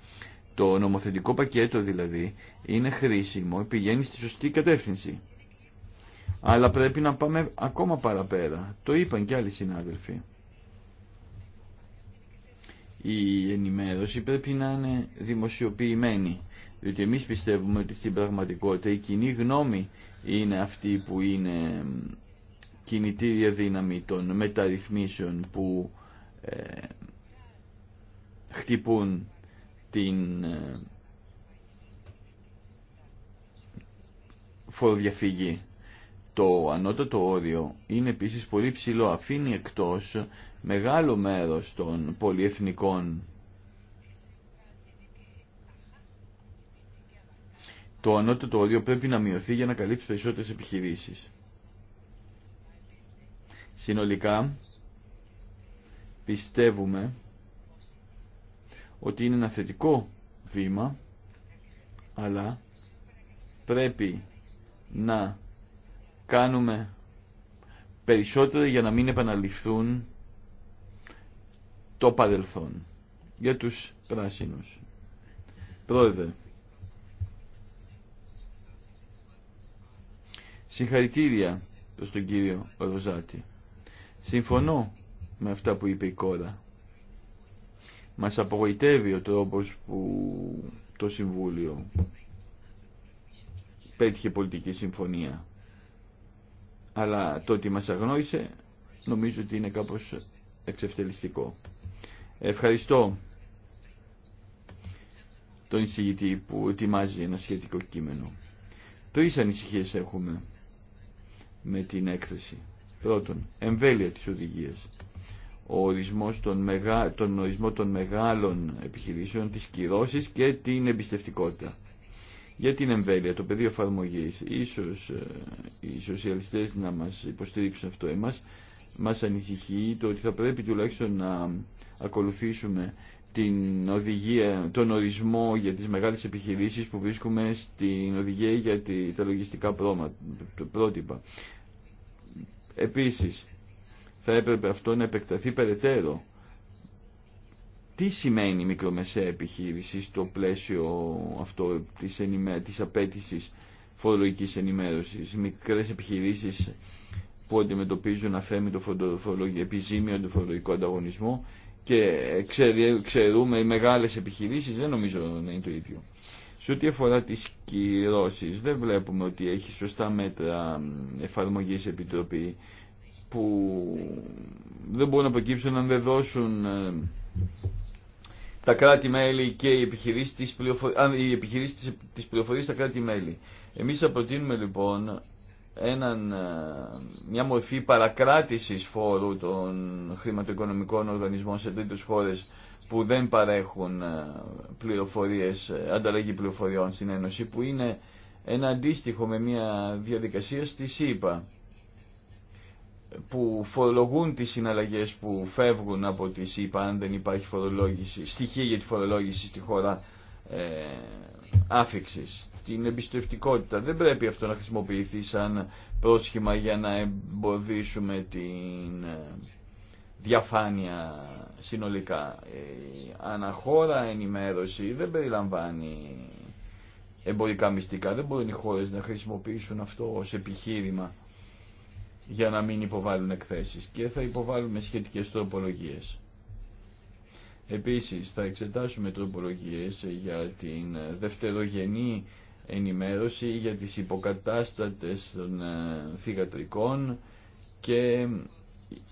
Το νομοθετικό πακέτο δηλαδή είναι χρήσιμο, πηγαίνει στη σωστή κατεύθυνση. Αλλά πρέπει να πάμε ακόμα παραπέρα. Το είπαν και άλλοι συνάδελφοι. Η ενημέρωση πρέπει να είναι δημοσιοποιημένη διότι εμείς πιστεύουμε ότι στην πραγματικότητα η κοινή γνώμη είναι αυτή που είναι κινητήρια δύναμη των μεταρρυθμίσεων που ε, χτυπούν την ε, φοροδιαφυγή. Το ανώτατο όριο είναι επίσης πολύ ψηλό, αφήνει εκτός μεγάλο μέρος των πολυεθνικών το ανώτατο όριο πρέπει να μειωθεί για να καλύψει περισσότερες επιχειρήσεις. Συνολικά, πιστεύουμε ότι είναι ένα θετικό βήμα, αλλά πρέπει να κάνουμε περισσότερο για να μην επαναληφθούν το παρελθόν για τους πράσινους. Πρόεδρε, Συγχαρητήρια προς τον κύριο Ροζάτη. Συμφωνώ με αυτά που είπε η κόρα. Μας απογοητεύει ο τρόπος που το Συμβούλιο πέτυχε πολιτική συμφωνία. Αλλά το ότι μας αγνόησε νομίζω ότι είναι κάπως εξευτελιστικό. Ευχαριστώ τον εισηγητή που ετοιμάζει ένα σχετικό κείμενο. Τρεις ανησυχίες έχουμε με την έκθεση. Πρώτον, εμβέλεια της οδηγίας. Ο ορισμός των μεγα... τον ορισμό των μεγάλων επιχειρήσεων, τις κυρώσεις και την εμπιστευτικότητα. Για την εμβέλεια, το πεδίο εφαρμογή. ίσως ε, οι σοσιαλιστές να μας υποστηρίξουν αυτό εμάς, μας ανησυχεί το ότι θα πρέπει τουλάχιστον να ακολουθήσουμε την οδηγία, τον ορισμό για τις μεγάλες επιχειρήσεις που βρίσκουμε στην οδηγία για τα λογιστικά πρότυπα. Επίσης, θα έπρεπε αυτό να επεκταθεί περαιτέρω. Τι σημαίνει μικρομεσαία επιχείρηση στο πλαίσιο αυτό της, ενημέ... της απέτησης φορολογικής ενημέρωσης. Μικρές επιχειρήσεις που αντιμετωπίζουν αφέμητο φορολογικό επιζήμιο, φορολογικό ανταγωνισμό και ξέρουμε οι μεγάλες επιχειρήσεις δεν νομίζω να είναι το ίδιο. Σε ό,τι αφορά τις κυρώσεις δεν βλέπουμε ότι έχει σωστά μέτρα εφαρμογής επιτροπή που δεν μπορούν να προκύψουν αν δεν δώσουν ε, τα κράτη-μέλη και οι επιχειρήσεις της πληροφορίας, οι επιχειρήσεις της στα κράτη-μέλη. Εμείς θα προτείνουμε λοιπόν έναν, ε, μια μορφή παρακράτησης φόρου των χρηματοοικονομικών οργανισμών σε τρίτους χώρες που δεν παρέχουν ε, πληροφορίες, ε, ανταλλαγή πληροφοριών στην Ένωση που είναι ένα αντίστοιχο με μια διαδικασία στη ΣΥΠΑ που φορολογούν τις συναλλαγές που φεύγουν από τη ΣΥΠΑ αν δεν υπάρχει φορολόγηση, στοιχεία για τη φορολόγηση στη χώρα ε, άφηξης, την εμπιστευτικότητα. Δεν πρέπει αυτό να χρησιμοποιηθεί σαν πρόσχημα για να εμποδίσουμε την ε, διαφάνεια συνολικά. Η αναχώρα ενημέρωση δεν περιλαμβάνει εμπορικά μυστικά. Δεν μπορούν οι χώρες να χρησιμοποιήσουν αυτό ως επιχείρημα για να μην υποβάλουν εκθέσεις και θα υποβάλουμε σχετικές τροπολογίες. Επίσης θα εξετάσουμε τροπολογίες για την δευτερογενή ενημέρωση για τις υποκατάστατες των ε, θηγατρικών και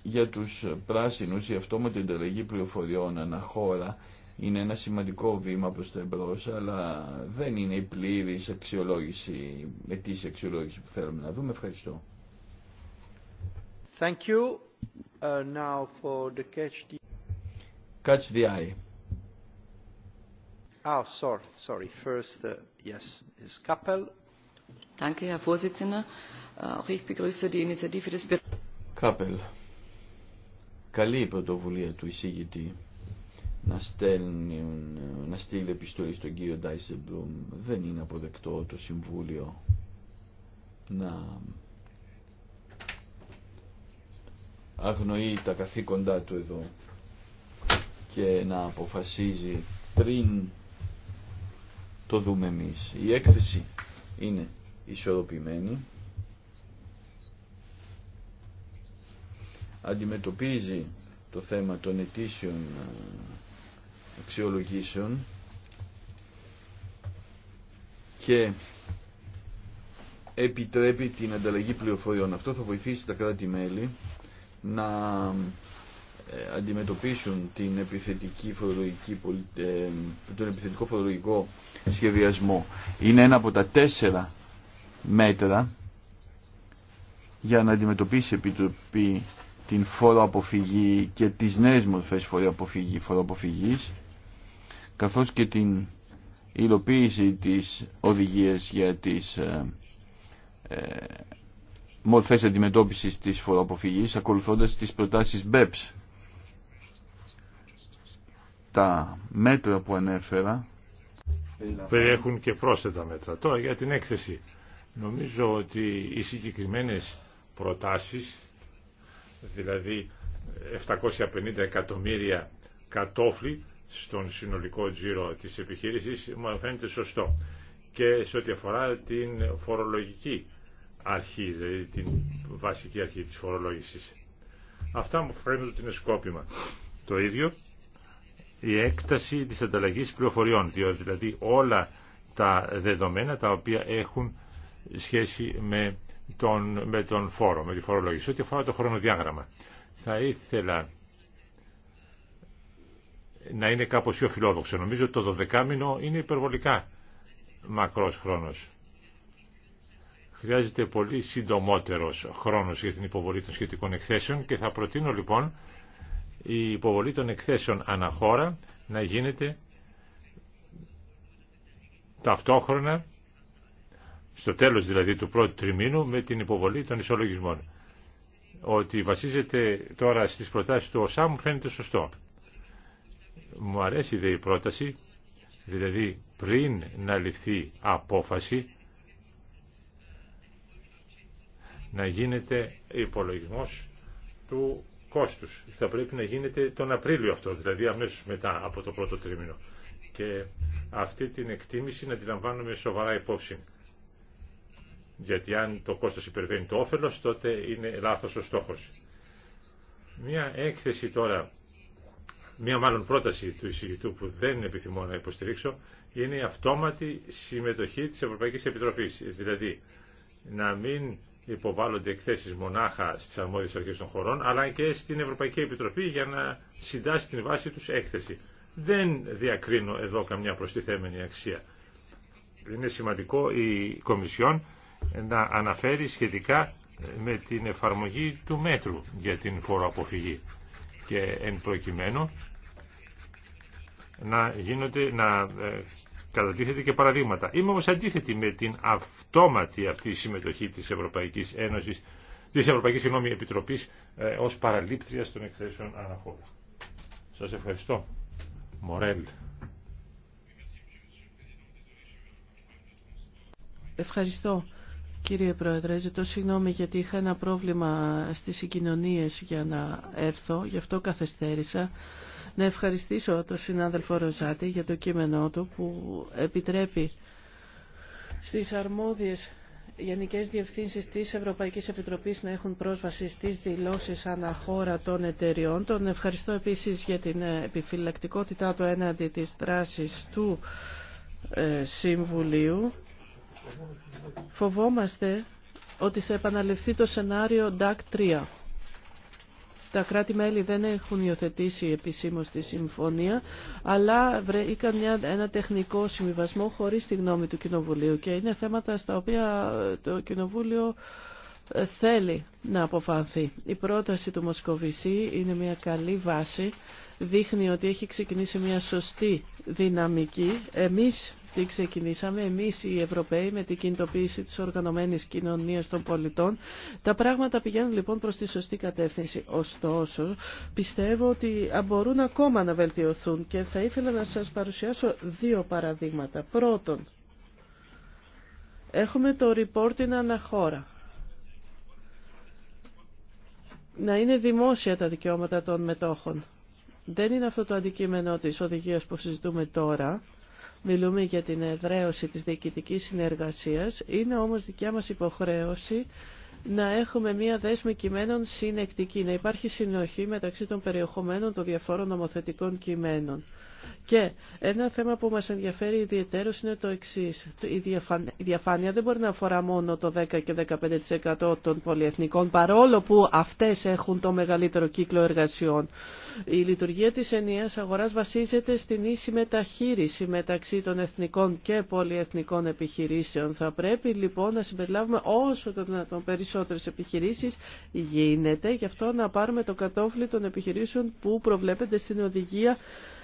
για τους πράσινους η αυτόματη ενταλλαγή πληροφοριών αναχώρα είναι ένα σημαντικό βήμα προς τα εμπρός, αλλά δεν είναι η πλήρης αξιολόγηση, ετήσια αξιολόγηση που θέλουμε να δούμε. Ευχαριστώ. Uh, Catch the Eye. Oh, sorry, sorry. First, uh, yes, is Kappel. Danke, Herr Vorsitzender. Äh, auch ich begrüße die Initiative des Kappel. Καλή η πρωτοβουλία του εισηγητή να, στέλνει, να στείλει επιστολή στον κύριο Ντάισεμπλουμ. Δεν είναι αποδεκτό το Συμβούλιο να αγνοεί τα καθήκοντά του εδώ και να αποφασίζει πριν το δούμε εμείς. Η έκθεση είναι ισορροπημένη. Αντιμετωπίζει το θέμα των αιτήσεων ε, αξιολογήσεων και επιτρέπει την ανταλλαγή πληροφοριών. Αυτό θα βοηθήσει τα κράτη-μέλη να αντιμετωπίσουν την επιθετική φορολογική, ε, τον επιθετικό φορολογικό σχεδιασμό. Είναι ένα από τα τέσσερα μέτρα για να αντιμετωπίσει η Επιτροπή την φοροαποφυγή και τις νέες μορφές φοροαποφυγή, φοροαποφυγής καθώς και την υλοποίηση της οδηγίας για τις ε, ε, μορφές αντιμετώπισης της φοροαποφυγής ακολουθώντας τις προτάσεις BEPS τα μέτρα που ανέφερα περιέχουν και πρόσθετα μέτρα. Τώρα για την έκθεση. Νομίζω ότι οι συγκεκριμένες προτάσεις, δηλαδή 750 εκατομμύρια κατόφλι στον συνολικό τζίρο της επιχείρησης, μου φαίνεται σωστό. Και σε ό,τι αφορά την φορολογική αρχή, δηλαδή την βασική αρχή της φορολόγησης. Αυτά μου φαίνεται ότι είναι σκόπιμα. Το ίδιο η έκταση της ανταλλαγής πληροφοριών, διότι δηλαδή όλα τα δεδομένα τα οποία έχουν σχέση με τον, με τον φόρο, με τη φορολογήση, ό,τι αφορά το χρονοδιάγραμμα. Θα ήθελα να είναι κάπως πιο φιλόδοξο. Νομίζω ότι το 12 μήνο είναι υπερβολικά μακρός χρόνος. Χρειάζεται πολύ συντομότερος χρόνος για την υποβολή των σχετικών εκθέσεων και θα προτείνω λοιπόν η υποβολή των εκθέσεων αναχώρα να γίνεται ταυτόχρονα, στο τέλος δηλαδή του πρώτου τριμήνου, με την υποβολή των ισολογισμών. Ότι βασίζεται τώρα στις προτάσεις του ΟΣΑ μου φαίνεται σωστό. Μου αρέσει δε η πρόταση, δηλαδή πριν να ληφθεί απόφαση, να γίνεται υπολογισμός του κόστους. Θα πρέπει να γίνεται τον Απρίλιο αυτό, δηλαδή αμέσως μετά από το πρώτο τρίμηνο. Και αυτή την εκτίμηση να τη λαμβάνουμε σοβαρά υπόψη. Γιατί αν το κόστος υπερβαίνει το όφελος, τότε είναι λάθος ο στόχος. Μια έκθεση τώρα, μια μάλλον πρόταση του εισηγητού που δεν επιθυμώ να υποστηρίξω, είναι η αυτόματη συμμετοχή της Ευρωπαϊκής Επιτροπής. Δηλαδή, να μην υποβάλλονται εκθέσεις μονάχα στις αρμόδιες αρχές των χωρών, αλλά και στην Ευρωπαϊκή Επιτροπή για να συντάσει την βάση τους έκθεση. Δεν διακρίνω εδώ καμιά προστιθέμενη αξία. Είναι σημαντικό η Κομισιόν να αναφέρει σχετικά με την εφαρμογή του μέτρου για την φοροαποφυγή και εν προκειμένου να, γίνονται, να ε, κατατίθεται και παραδείγματα. Είμαι όμως αντίθετη με την αυτόματη αυτή συμμετοχή της Ευρωπαϊκής Ένωσης, της Ευρωπαϊκής Συγγνώμη Επιτροπής ε, ως παραλήπτρια των εκθέσεων αναχώρα. Σας ευχαριστώ. Μορέλ. Ευχαριστώ. Κύριε Πρόεδρε, ζητώ συγγνώμη γιατί είχα ένα πρόβλημα στις συγκοινωνίες για να έρθω, γι' αυτό καθυστέρησα. Να ευχαριστήσω τον συνάδελφο Ροζάτη για το κείμενό του που επιτρέπει στις αρμόδιες γενικές διευθύνσεις της Ευρωπαϊκής Επιτροπής να έχουν πρόσβαση στις δηλώσεις αναχώρα των εταιριών. Τον ευχαριστώ επίσης για την επιφυλακτικότητά του έναντι της δράσης του ε, Συμβουλίου. Φοβόμαστε ότι θα επαναληφθεί το σενάριο DAC 3 τα κράτη-μέλη δεν έχουν υιοθετήσει επισήμως τη συμφωνία, αλλά βρήκαν ένα τεχνικό συμβιβασμό χωρίς τη γνώμη του Κοινοβουλίου και είναι θέματα στα οποία ε, το Κοινοβούλιο ε, θέλει να αποφανθεί. Η πρόταση του Μοσκοβισή είναι μια καλή βάση, δείχνει ότι έχει ξεκινήσει μια σωστή δυναμική. Εμείς τι ξεκινήσαμε εμείς οι Ευρωπαίοι με την κινητοποίηση της οργανωμένης κοινωνίας των πολιτών. Τα πράγματα πηγαίνουν λοιπόν προς τη σωστή κατεύθυνση. Ωστόσο, πιστεύω ότι μπορούν ακόμα να βελτιωθούν και θα ήθελα να σας παρουσιάσω δύο παραδείγματα. Πρώτον, έχουμε το reporting αναχώρα. Να είναι δημόσια τα δικαιώματα των μετόχων. Δεν είναι αυτό το αντικείμενο της οδηγίας που συζητούμε τώρα, Μιλούμε για την εδραίωση της διοικητικής συνεργασίας. Είναι όμως δικιά μας υποχρέωση να έχουμε μία δέσμη κειμένων συνεκτική, να υπάρχει συνοχή μεταξύ των περιεχομένων των διαφόρων νομοθετικών κειμένων. Και ένα θέμα που μας ενδιαφέρει ιδιαιτέρως είναι το εξής. Η διαφάνεια δεν μπορεί να αφορά μόνο το 10 και 15% των πολυεθνικών, παρόλο που αυτές έχουν το μεγαλύτερο κύκλο εργασιών. Η λειτουργία της ενιαίας αγοράς βασίζεται στην ίση μεταχείριση μεταξύ των εθνικών και πολυεθνικών επιχειρήσεων. Θα πρέπει λοιπόν να συμπεριλάβουμε όσο το δυνατόν περισσότερες επιχειρήσεις γίνεται. Γι' αυτό να πάρουμε το κατόφλι των επιχειρήσεων που προβλέπεται στην οδηγία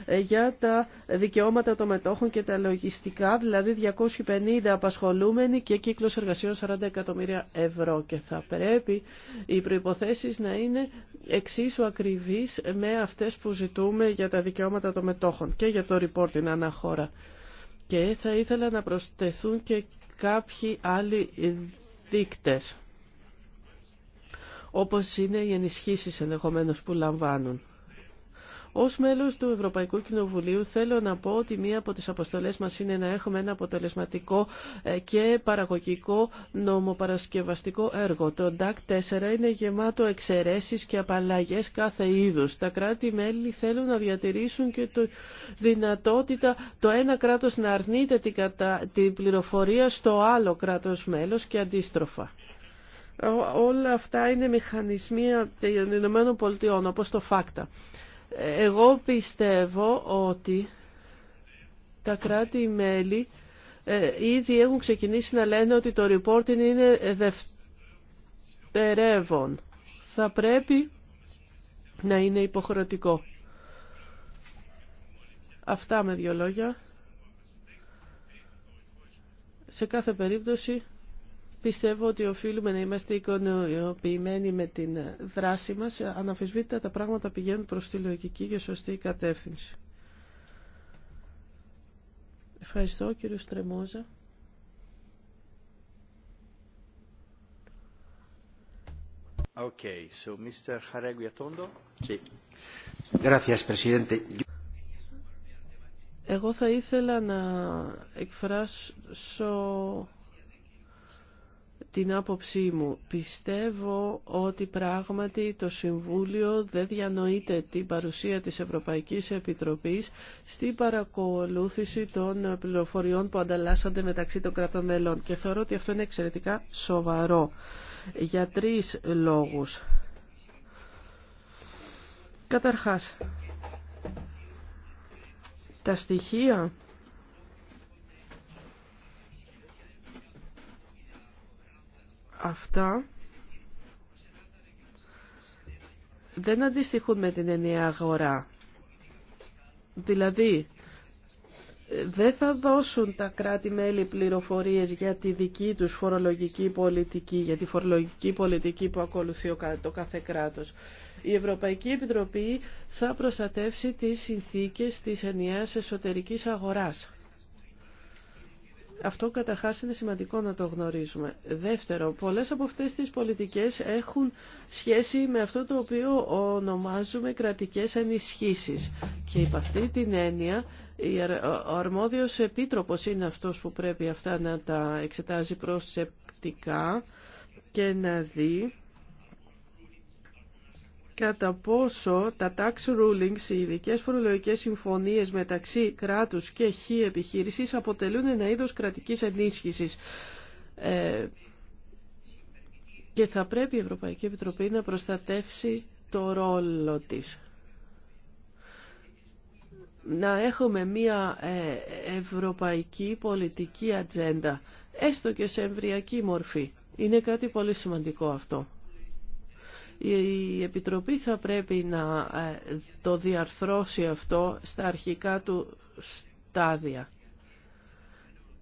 ε, για τα δικαιώματα των μετόχων και τα λογιστικά, δηλαδή 250 απασχολούμενοι και κύκλος εργασιών 40 εκατομμύρια ευρώ. Και θα πρέπει οι προϋποθέσεις να είναι εξίσου ακριβείς με αυτές που ζητούμε για τα δικαιώματα των μετόχων και για το reporting αναχώρα. Και θα ήθελα να προσθεθούν και κάποιοι άλλοι δείκτες, όπως είναι οι ενισχύσεις ενδεχομένως που λαμβάνουν. Ως μέλος του Ευρωπαϊκού Κοινοβουλίου θέλω να πω ότι μία από τις αποστολές μας είναι να έχουμε ένα αποτελεσματικό ε, και παραγωγικό νομοπαρασκευαστικό έργο. Το DAC 4 είναι γεμάτο εξαιρέσεις και απαλλαγές κάθε είδους. Τα κράτη-μέλη θέλουν να διατηρήσουν και τη δυνατότητα το ένα κράτος να αρνείται την, κατα... την πληροφορία στο άλλο κράτος μέλος και αντίστροφα. Όλα αυτά είναι μηχανισμοί των Ηνωμένων Πολιτειών, όπως το FACTA. Εγώ πιστεύω ότι τα κράτη-μέλη ε, ήδη έχουν ξεκινήσει να λένε ότι το reporting είναι δευτερεύον. Θα πρέπει να είναι υποχρεωτικό. Αυτά με δύο λόγια. Σε κάθε περίπτωση Πιστεύω ότι οφείλουμε να είμαστε εικονοποιημένοι με την δράση μας. Αναφεσβήτητα τα πράγματα πηγαίνουν προς τη λογική και σωστή κατεύθυνση. Ευχαριστώ κύριο Στρεμόζα. Okay, so Mr. Sí. Gracias, Presidente. Εγώ θα ήθελα να εκφράσω την άποψή μου. Πιστεύω ότι πράγματι το Συμβούλιο δεν διανοείται την παρουσία της Ευρωπαϊκής Επιτροπής στην παρακολούθηση των πληροφοριών που ανταλλάσσονται μεταξύ των κρατών μελών και θεωρώ ότι αυτό είναι εξαιρετικά σοβαρό για τρεις λόγους. Καταρχάς, τα στοιχεία αυτά δεν αντιστοιχούν με την ενιαία αγορά. Δηλαδή, δεν θα δώσουν τα κράτη-μέλη πληροφορίες για τη δική τους φορολογική πολιτική, για τη φορολογική πολιτική που ακολουθεί το κάθε κράτος. Η Ευρωπαϊκή Επιτροπή θα προστατεύσει τις συνθήκες της ενιαίας εσωτερικής αγοράς. Αυτό καταρχάς είναι σημαντικό να το γνωρίζουμε. Δεύτερο, πολλές από αυτές τις πολιτικές έχουν σχέση με αυτό το οποίο ονομάζουμε κρατικές ανισχύσεις. Και υπ' αυτή την έννοια ο αρμόδιος επίτροπος είναι αυτός που πρέπει αυτά να τα εξετάζει προσεκτικά και να δει κατά πόσο τα tax rulings, οι ειδικές φορολογικές συμφωνίες μεταξύ κράτους και χι επιχείρησης αποτελούν ένα είδος κρατικής ενίσχυσης. Ε, και θα πρέπει η Ευρωπαϊκή Επιτροπή να προστατεύσει το ρόλο της να έχουμε μία ε, ευρωπαϊκή πολιτική ατζέντα, έστω και σε εμβριακή μορφή. Είναι κάτι πολύ σημαντικό αυτό. Η Επιτροπή θα πρέπει να ε, το διαρθρώσει αυτό στα αρχικά του στάδια.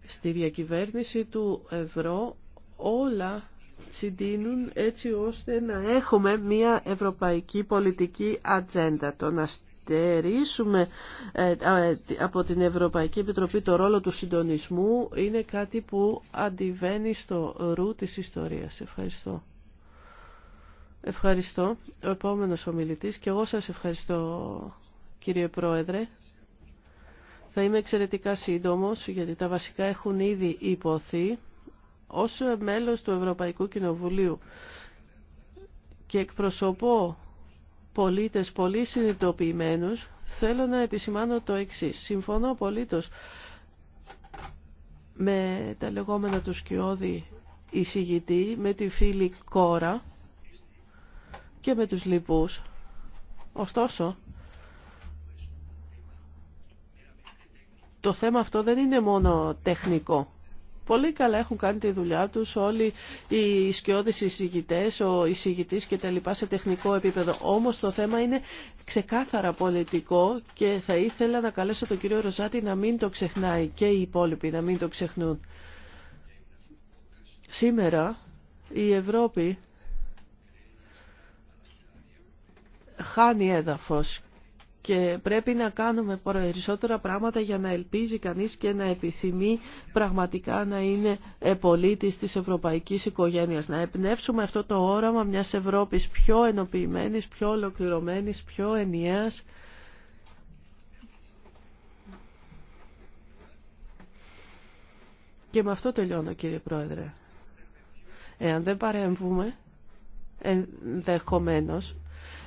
Στη διακυβέρνηση του ευρώ όλα συντείνουν έτσι ώστε να έχουμε μια ευρωπαϊκή πολιτική ατζέντα. Το να στερήσουμε ε, ε, από την Ευρωπαϊκή Επιτροπή το ρόλο του συντονισμού είναι κάτι που αντιβαίνει στο ρου της ιστορίας. Ευχαριστώ. Ευχαριστώ. Ο επόμενος ομιλητής και εγώ σας ευχαριστώ κύριε Πρόεδρε. Θα είμαι εξαιρετικά σύντομος γιατί τα βασικά έχουν ήδη υποθεί ως μέλος του Ευρωπαϊκού Κοινοβουλίου και εκπροσωπώ πολίτες πολύ συνειδητοποιημένους θέλω να επισημάνω το εξής. Συμφωνώ απολύτως με τα λεγόμενα του Σκιώδη εισηγητή, με τη φίλη Κόρα και με τους λοιπούς. Ωστόσο, το θέμα αυτό δεν είναι μόνο τεχνικό. Πολύ καλά έχουν κάνει τη δουλειά τους όλοι οι σκιώδεις εισηγητές, ο εισηγητής και τα λοιπά σε τεχνικό επίπεδο. Όμως το θέμα είναι ξεκάθαρα πολιτικό και θα ήθελα να καλέσω τον κύριο Ροζάτη να μην το ξεχνάει και οι υπόλοιποι να μην το ξεχνούν. Σήμερα η Ευρώπη χάνει έδαφος και πρέπει να κάνουμε περισσότερα πράγματα για να ελπίζει κανείς και να επιθυμεί πραγματικά να είναι πολίτης της ευρωπαϊκής οικογένειας. Να εμπνεύσουμε αυτό το όραμα μιας Ευρώπης πιο ενοποιημένης, πιο ολοκληρωμένης, πιο ενιαίας. Και με αυτό τελειώνω κύριε Πρόεδρε. Εάν δεν παρέμβουμε, ενδεχομένως,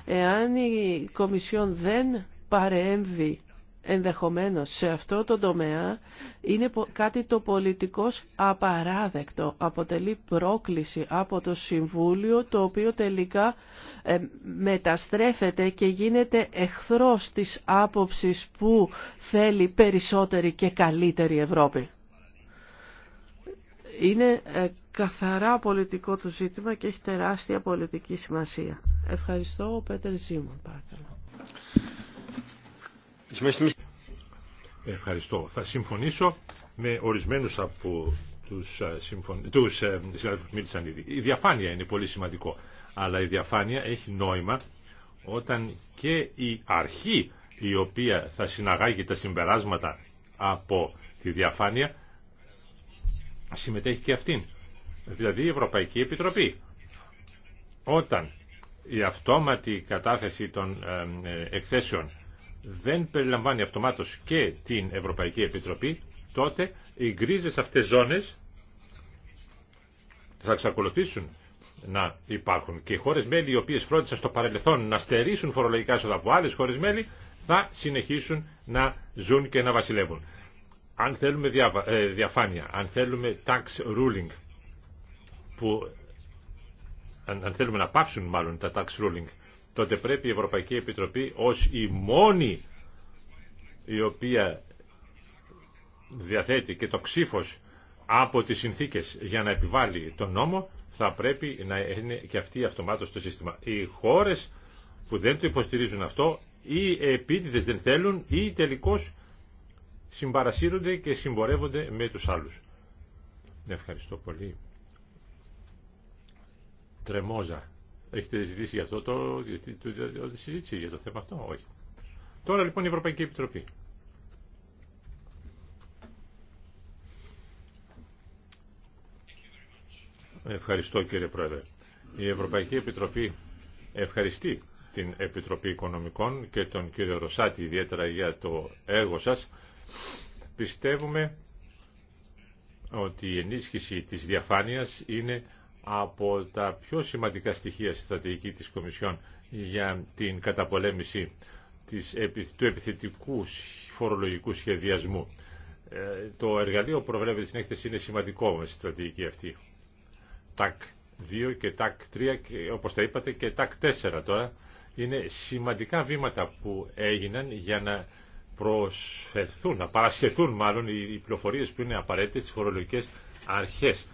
Εάν η Κομισιόν δεν παρέμβει ενδεχομένως σε αυτό το τομέα είναι κάτι το πολιτικός απαράδεκτο. Αποτελεί πρόκληση από το Συμβούλιο το οποίο τελικά ε, μεταστρέφεται και γίνεται εχθρός της άποψης που θέλει περισσότερη και καλύτερη Ευρώπη. Ε, καθαρά πολιτικό του ζήτημα και έχει τεράστια πολιτική σημασία. Ευχαριστώ, ο Πέτερ Ζήμων, παρακαλώ. Ευχαριστώ. Θα συμφωνήσω με ορισμένους από τους, συμφων... τους ε, Η διαφάνεια είναι πολύ σημαντικό, αλλά η διαφάνεια έχει νόημα όταν και η αρχή η οποία θα συναγάγει τα συμπεράσματα από τη διαφάνεια συμμετέχει και αυτήν δηλαδή η Ευρωπαϊκή Επιτροπή. Όταν η αυτόματη κατάθεση των ε, εκθέσεων δεν περιλαμβάνει αυτομάτως και την Ευρωπαϊκή Επιτροπή, τότε οι γκρίζες αυτές ζώνες θα εξακολουθήσουν να υπάρχουν και οι χώρες μέλη οι οποίες φρόντισαν στο παρελθόν να στερήσουν φορολογικά έσοδα από άλλες χώρες μέλη θα συνεχίσουν να ζουν και να βασιλεύουν. Αν θέλουμε ε, διαφάνεια, αν θέλουμε tax ruling, που αν θέλουμε να πάψουν μάλλον τα tax ruling, τότε πρέπει η Ευρωπαϊκή Επιτροπή ως η μόνη η οποία διαθέτει και το ξύφος από τις συνθήκες για να επιβάλλει τον νόμο, θα πρέπει να είναι και αυτή αυτομάτως το σύστημα. Οι χώρες που δεν το υποστηρίζουν αυτό, ή επίτηδες δεν θέλουν, ή τελικώς συμπαρασύρονται και συμπορεύονται με τους άλλους. Ευχαριστώ πολύ. Τρεμόζα. Έχετε ζητήσει για αυτό το, συζήτηση για το θέμα αυτό, όχι. Τώρα λοιπόν η Ευρωπαϊκή Επιτροπή. Ευχαριστώ κύριε Πρόεδρε. Η Ευρωπαϊκή Επιτροπή ευχαριστεί την Επιτροπή Οικονομικών και τον κύριο Ρωσάτη ιδιαίτερα για το έργο σας. Πιστεύουμε ότι η ενίσχυση της διαφάνειας είναι από τα πιο σημαντικά στοιχεία στη στρατηγική της Κομισιόν για την καταπολέμηση της, του επιθετικού φορολογικού σχεδιασμού. Ε, το εργαλείο που προβλέπεται στην έκθεση είναι σημαντικό με στη στρατηγική αυτή. ΤΑΚ 2 και ΤΑΚ 3, και, όπως τα είπατε, και ΤΑΚ 4 τώρα, είναι σημαντικά βήματα που έγιναν για να προσφερθούν, να παρασχεθούν μάλλον οι πληροφορίες που είναι απαραίτητες στις φορολογικές αρχές.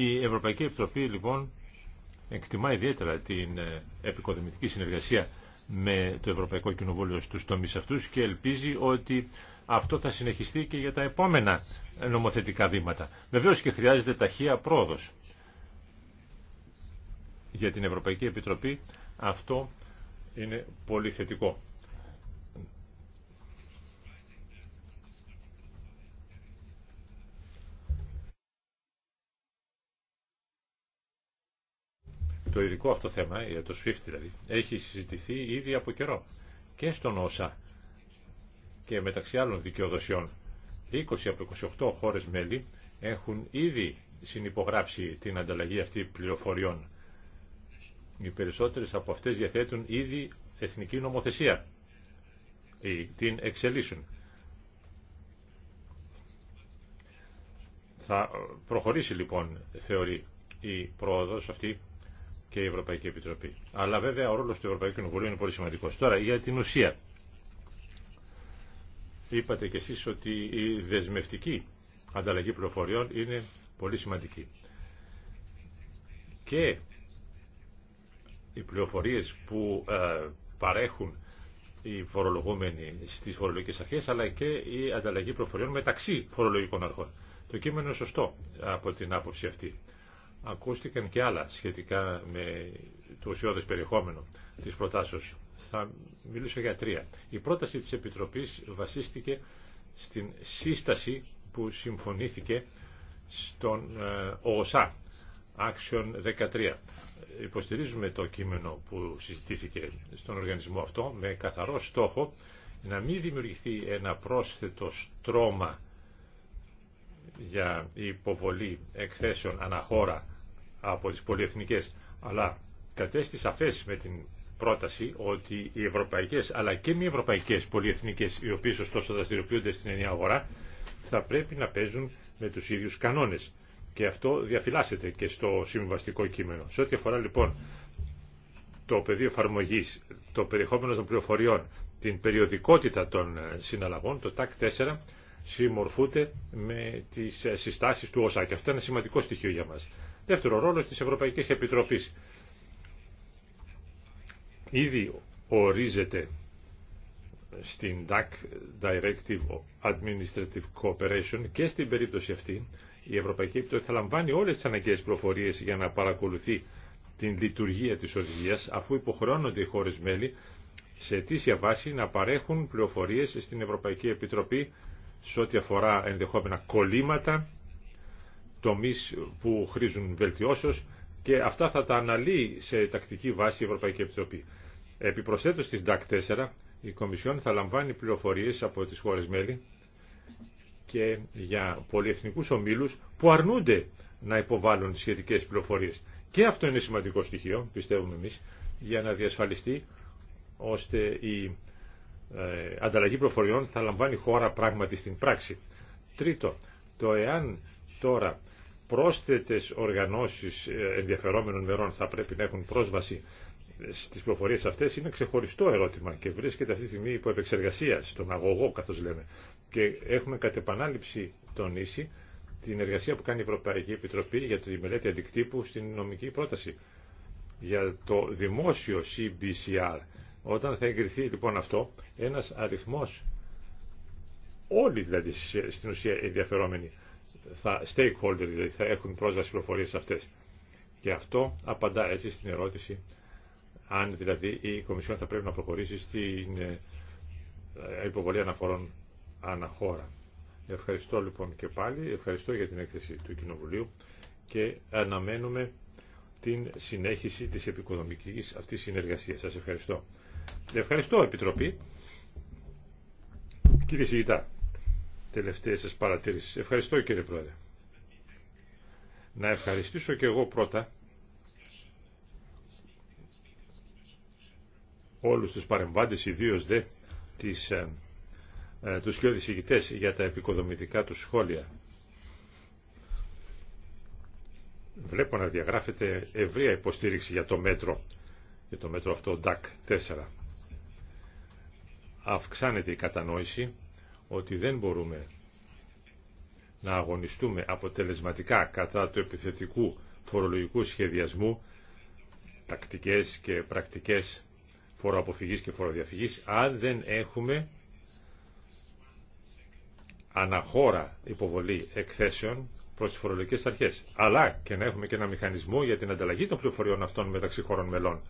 Η Ευρωπαϊκή Επιτροπή λοιπόν εκτιμά ιδιαίτερα την ε, επικοδομητική συνεργασία με το Ευρωπαϊκό Κοινοβούλιο στους τομείς αυτούς και ελπίζει ότι αυτό θα συνεχιστεί και για τα επόμενα νομοθετικά βήματα. Βεβαίω και χρειάζεται ταχεία πρόοδος. Για την Ευρωπαϊκή Επιτροπή αυτό είναι πολύ θετικό. Το ειδικό αυτό θέμα, για το SWIFT δηλαδή, έχει συζητηθεί ήδη από καιρό και στον ΩΣΑ και μεταξύ άλλων δικαιοδοσιών. 20 από 28 χώρες μέλη έχουν ήδη συνυπογράψει την ανταλλαγή αυτή πληροφοριών. Οι περισσότερες από αυτές διαθέτουν ήδη εθνική νομοθεσία ή την εξελίσσουν. Θα προχωρήσει λοιπόν, θεωρεί η πρόοδος αυτή, και η Ευρωπαϊκή Επιτροπή. Αλλά βέβαια ο ρόλος του Ευρωπαϊκού Κοινοβουλίου είναι πολύ σημαντικό. Τώρα για την ουσία. Είπατε κι εσεί ότι η δεσμευτική ανταλλαγή πληροφοριών είναι πολύ σημαντική. Και οι πληροφορίε που ε, παρέχουν οι φορολογούμενοι στις φορολογικές αρχές, αλλά και η ανταλλαγή πληροφοριών μεταξύ φορολογικών αρχών. Το κείμενο είναι σωστό από την άποψη αυτή ακούστηκαν και άλλα σχετικά με το ουσιώδες περιεχόμενο της προτάσεως. Θα μιλήσω για τρία. Η πρόταση της Επιτροπής βασίστηκε στην σύσταση που συμφωνήθηκε στον ΟΟΣΑ, ε, Action 13. Υποστηρίζουμε το κείμενο που συζητήθηκε στον οργανισμό αυτό με καθαρό στόχο να μην δημιουργηθεί ένα πρόσθετο στρώμα για υποβολή εκθέσεων αναχώρα από τις πολυεθνικές. Αλλά κατέστη σαφές με την πρόταση ότι οι ευρωπαϊκές αλλά και μη ευρωπαϊκές πολυεθνικές οι οποίες ωστόσο δραστηριοποιούνται στην ενιαία αγορά θα πρέπει να παίζουν με τους ίδιους κανόνες. Και αυτό διαφυλάσσεται και στο συμβαστικό κείμενο. Σε ό,τι αφορά λοιπόν το πεδίο εφαρμογή, το περιεχόμενο των πληροφοριών, την περιοδικότητα των ε, συναλλαγών, το ΤΑΚ 4 συμμορφούνται με τις ε, συστάσεις του ΩΣΑ και αυτό είναι ένα σημαντικό στοιχείο για μας. Δεύτερο, ρόλο της Ευρωπαϊκής Επιτροπής. Ήδη ορίζεται στην DAC Directive Administrative Cooperation και στην περίπτωση αυτή η Ευρωπαϊκή Επιτροπή θα λαμβάνει όλες τις αναγκαίες πληροφορίες για να παρακολουθεί την λειτουργία της οδηγίας αφού υποχρεώνονται οι χώρες μέλη σε αιτήσια βάση να παρέχουν πληροφορίες στην Ευρωπαϊκή Επιτροπή σε ό,τι αφορά ενδεχόμενα κολλήματα τομείς που χρήζουν βελτιώσεως και αυτά θα τα αναλύει σε τακτική βάση η Ευρωπαϊκή Επιτροπή. Επιπροσθέτως στις DAC 4 η Κομισιόν θα λαμβάνει πληροφορίες από τις χώρες μέλη και για πολυεθνικούς ομίλους που αρνούνται να υποβάλουν σχετικές πληροφορίες. Και αυτό είναι σημαντικό στοιχείο, πιστεύουμε εμείς, για να διασφαλιστεί ώστε η ε, ανταλλαγή πληροφοριών θα λαμβάνει χώρα πράγματι στην πράξη. Τρίτο, το εάν Τώρα, πρόσθετες οργανώσεις ε, ενδιαφερόμενων μερών θα πρέπει να έχουν πρόσβαση ε, στις προφορίες αυτές είναι ξεχωριστό ερώτημα και βρίσκεται αυτή τη στιγμή υπό επεξεργασία στον αγωγό καθώς λέμε και έχουμε κατ' επανάληψη τονίσει την εργασία που κάνει η Ευρωπαϊκή Επιτροπή για τη μελέτη αντικτύπου στην νομική πρόταση για το δημόσιο CBCR. Όταν θα εγκριθεί λοιπόν αυτό, ένας αριθμός όλοι δηλαδή στην ουσία ενδιαφερόμενοι θα, stakeholder δηλαδή, θα έχουν πρόσβαση πληροφορίες αυτές. Και αυτό απαντά έτσι στην ερώτηση αν δηλαδή η Κομισιόν θα πρέπει να προχωρήσει στην ε, υποβολή αναφορών αναχώρα. Ευχαριστώ λοιπόν και πάλι, ευχαριστώ για την έκθεση του Κοινοβουλίου και αναμένουμε την συνέχιση της επικοδομικής αυτής συνεργασίας. Σας ευχαριστώ. Ευχαριστώ Επιτροπή. Κύριε Σιγητά τελευταίες σας παρατηρήσεις. Ευχαριστώ κύριε Πρόεδρε. Να ευχαριστήσω και εγώ πρώτα όλους τους παρεμβάντες, ιδίως δε τις, ε, ε τους ηγητές για τα επικοδομητικά του σχόλια. Βλέπω να διαγράφεται ευρεία υποστήριξη για το μέτρο, για το μέτρο αυτό DAC 4. Αυξάνεται η κατανόηση ότι δεν μπορούμε να αγωνιστούμε αποτελεσματικά κατά του επιθετικού φορολογικού σχεδιασμού, τακτικές και πρακτικές φοροαποφυγής και φοροδιαφυγής, αν δεν έχουμε αναχώρα υποβολή εκθέσεων προς τις φορολογικές αρχές, αλλά και να έχουμε και ένα μηχανισμό για την ανταλλαγή των πληροφοριών αυτών μεταξύ χωρών μελών.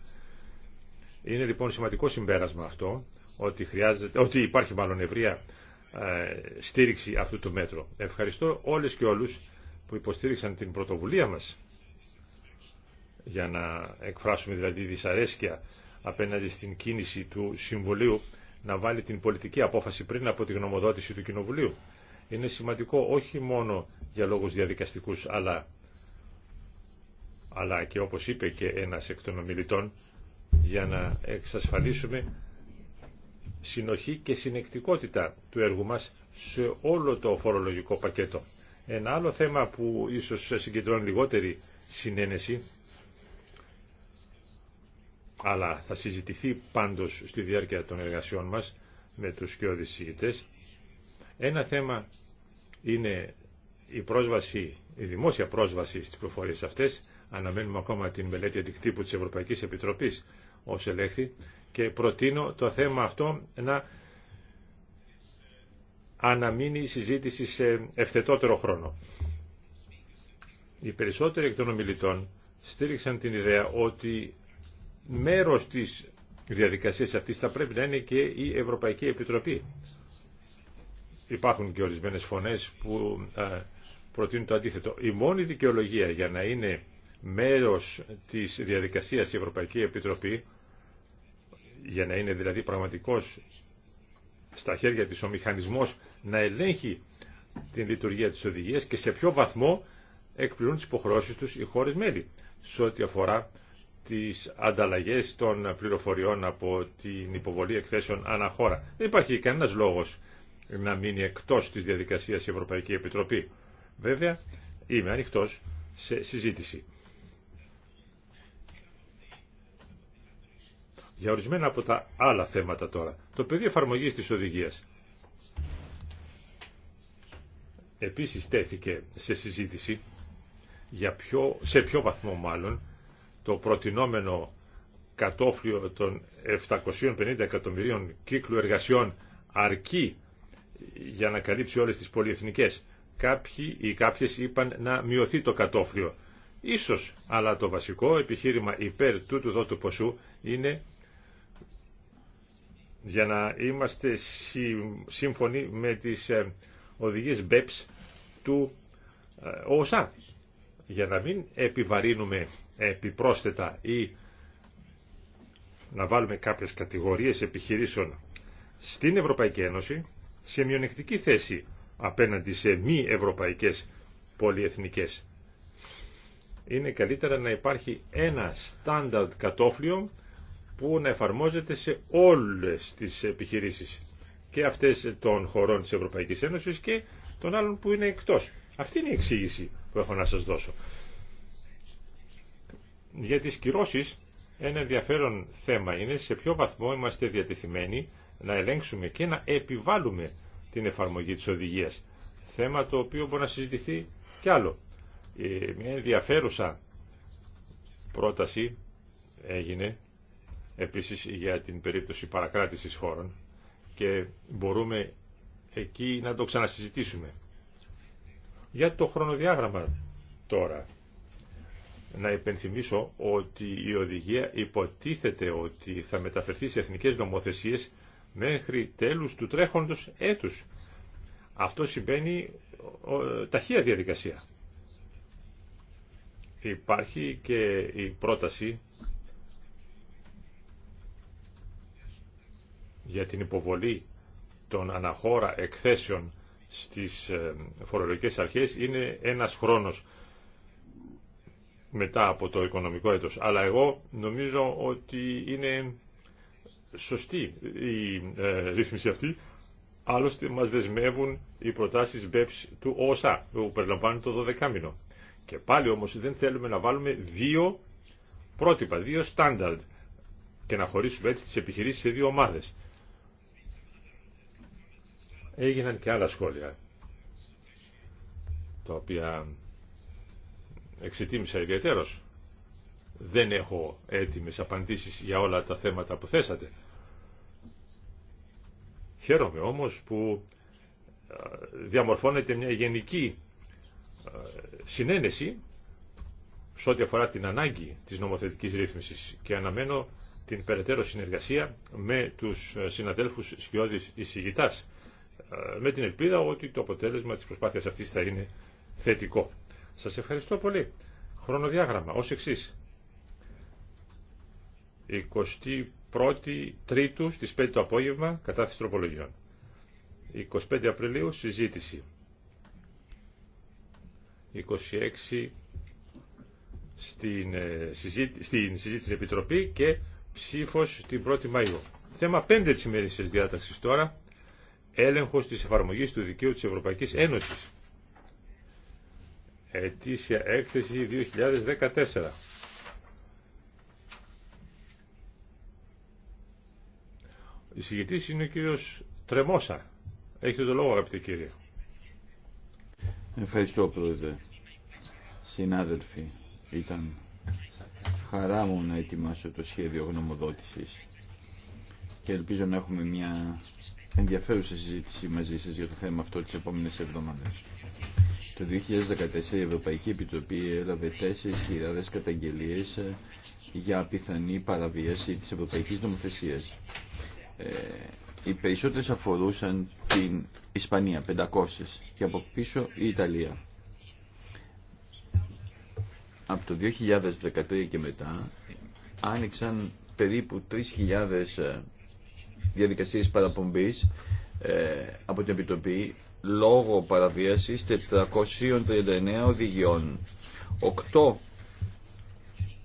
Είναι λοιπόν σημαντικό συμπέρασμα αυτό, ότι, χρειάζεται, ότι υπάρχει μάλλον ευρεία ε, στήριξη αυτού του μέτρου. Ευχαριστώ όλες και όλους που υποστήριξαν την πρωτοβουλία μας για να εκφράσουμε δηλαδή δυσαρέσκεια απέναντι στην κίνηση του Συμβουλίου να βάλει την πολιτική απόφαση πριν από τη γνωμοδότηση του Κοινοβουλίου. Είναι σημαντικό όχι μόνο για λόγους διαδικαστικούς αλλά, αλλά και όπως είπε και ένας εκ των ομιλητών για να εξασφαλίσουμε συνοχή και συνεκτικότητα του έργου μας σε όλο το φορολογικό πακέτο. Ένα άλλο θέμα που ίσως συγκεντρώνει λιγότερη συνένεση, αλλά θα συζητηθεί πάντως στη διάρκεια των εργασιών μας με τους και Ένα θέμα είναι η πρόσβαση, η δημόσια πρόσβαση στις προφορίες αυτές. Αναμένουμε ακόμα την μελέτη αντικτύπου της Ευρωπαϊκής Επιτροπής ως ελέγχθη και προτείνω το θέμα αυτό να αναμείνει η συζήτηση σε ευθετότερο χρόνο. Οι περισσότεροι εκ των ομιλητών στήριξαν την ιδέα ότι μέρος της διαδικασίας αυτής θα πρέπει να είναι και η Ευρωπαϊκή Επιτροπή. Υπάρχουν και ορισμένες φωνές που προτείνουν το αντίθετο. Η μόνη δικαιολογία για να είναι μέρος της διαδικασίας η Ευρωπαϊκή Επιτροπή για να είναι δηλαδή πραγματικός στα χέρια της ο μηχανισμός να ελέγχει την λειτουργία της οδηγίας και σε ποιο βαθμό εκπληρούν τις υποχρεώσεις τους οι χώρες μέλη σε ό,τι αφορά τις ανταλλαγές των πληροφοριών από την υποβολή εκθέσεων αναχώρα. Δεν υπάρχει κανένας λόγος να μείνει εκτός της διαδικασίας η Ευρωπαϊκή Επιτροπή. Βέβαια, είμαι ανοιχτός σε συζήτηση. για ορισμένα από τα άλλα θέματα τώρα. Το πεδίο εφαρμογή της οδηγίας. Επίσης τέθηκε σε συζήτηση για πιο σε ποιο βαθμό μάλλον το προτινόμενο κατόφλιο των 750 εκατομμυρίων κύκλου εργασιών αρκεί για να καλύψει όλες τις πολυεθνικές. Κάποιοι ή κάποιες είπαν να μειωθεί το κατόφλιο. Ίσως, αλλά το βασικό επιχείρημα υπέρ τούτου δότου ποσού είναι για να είμαστε σύμφωνοι με τις ε, οδηγίες BEPS του ε, ΟΣΑ για να μην επιβαρύνουμε επιπρόσθετα ή να βάλουμε κάποιες κατηγορίες επιχειρήσεων στην Ευρωπαϊκή Ένωση σε μειονεκτική θέση απέναντι σε μη ευρωπαϊκές πολυεθνικές. Είναι καλύτερα να υπάρχει ένα στάνταρτ κατόφλιο που να εφαρμόζεται σε όλες τις επιχειρήσεις και αυτές των χωρών της Ευρωπαϊκής Ένωσης και των άλλων που είναι εκτός. Αυτή είναι η εξήγηση που έχω να σας δώσω. Για τις κυρώσεις ένα ενδιαφέρον θέμα είναι σε ποιο βαθμό είμαστε διατεθειμένοι να ελέγξουμε και να επιβάλλουμε την εφαρμογή της οδηγίας. Θέμα το οποίο μπορεί να συζητηθεί κι άλλο. Ε, μια ενδιαφέρουσα πρόταση έγινε επίσης για την περίπτωση παρακράτησης χώρων και μπορούμε εκεί να το ξανασυζητήσουμε. Για το χρονοδιάγραμμα τώρα, να υπενθυμίσω ότι η οδηγία υποτίθεται ότι θα μεταφερθεί σε εθνικές νομοθεσίες μέχρι τέλους του τρέχοντος έτους. Αυτό συμβαίνει ταχεία διαδικασία. Υπάρχει και η πρόταση για την υποβολή των αναχώρα εκθέσεων στις ε, φορολογικές αρχές είναι ένας χρόνος μετά από το οικονομικό έτος. Αλλά εγώ νομίζω ότι είναι σωστή η ε, ρύθμιση αυτή. Άλλωστε μας δεσμεύουν οι προτάσεις BEPS του ΩΣΑ που περιλαμβάνουν το 12 μήνο. Και πάλι όμως δεν θέλουμε να βάλουμε δύο πρότυπα, δύο στάνταρτ και να χωρίσουμε έτσι τις επιχειρήσεις σε δύο ομάδες έγιναν και άλλα σχόλια τα οποία εξετίμησα ιδιαίτερος. Δεν έχω έτοιμες απαντήσεις για όλα τα θέματα που θέσατε. Χαίρομαι όμως που ε, διαμορφώνεται μια γενική ε, συνένεση σε ό,τι αφορά την ανάγκη της νομοθετικής ρύθμισης και αναμένω την περαιτέρω συνεργασία με τους ε, συναδέλφους Σκιώδης Ισηγητάς ε, με την ελπίδα ότι το αποτέλεσμα της προσπάθειας αυτής θα είναι θετικό. Σας ευχαριστώ πολύ. Χρονοδιάγραμμα ως εξής. 21η Τρίτου στις 5 το απόγευμα κατάθεση τροπολογιών. 25 Απριλίου συζήτηση. 26 στην, ε, στην συζήτηση Επιτροπή και ψήφος την 1η Μαΐου. Θέμα 5 της ημερήσιας διάταξης τώρα έλεγχος της εφαρμογής του δικαίου της Ευρωπαϊκής Ένωσης. Ετήσια έκθεση 2014. Η συγκεκριτής είναι ο κύριος Τρεμόσα. Έχετε το λόγο αγαπητέ κύριε. Ευχαριστώ πρόεδρε. Συνάδελφοι, ήταν χαρά μου να ετοιμάσω το σχέδιο γνωμοδότησης και ελπίζω να έχουμε μια ενδιαφέρουσα συζήτηση μαζί σας για το θέμα αυτό τις επόμενες εβδομάδες. Το 2014 η Ευρωπαϊκή Επιτροπή έλαβε 4.000 καταγγελίες για πιθανή παραβίαση της Ευρωπαϊκής Νομοθεσίας. Ε, οι περισσότερες αφορούσαν την Ισπανία, 500, και από πίσω η Ιταλία. Από το 2013 και μετά άνοιξαν περίπου 3.000 διαδικασίες παραπομπής ε, από την Επιτροπή λόγω παραβίαση 439 οδηγιών. Οκτώ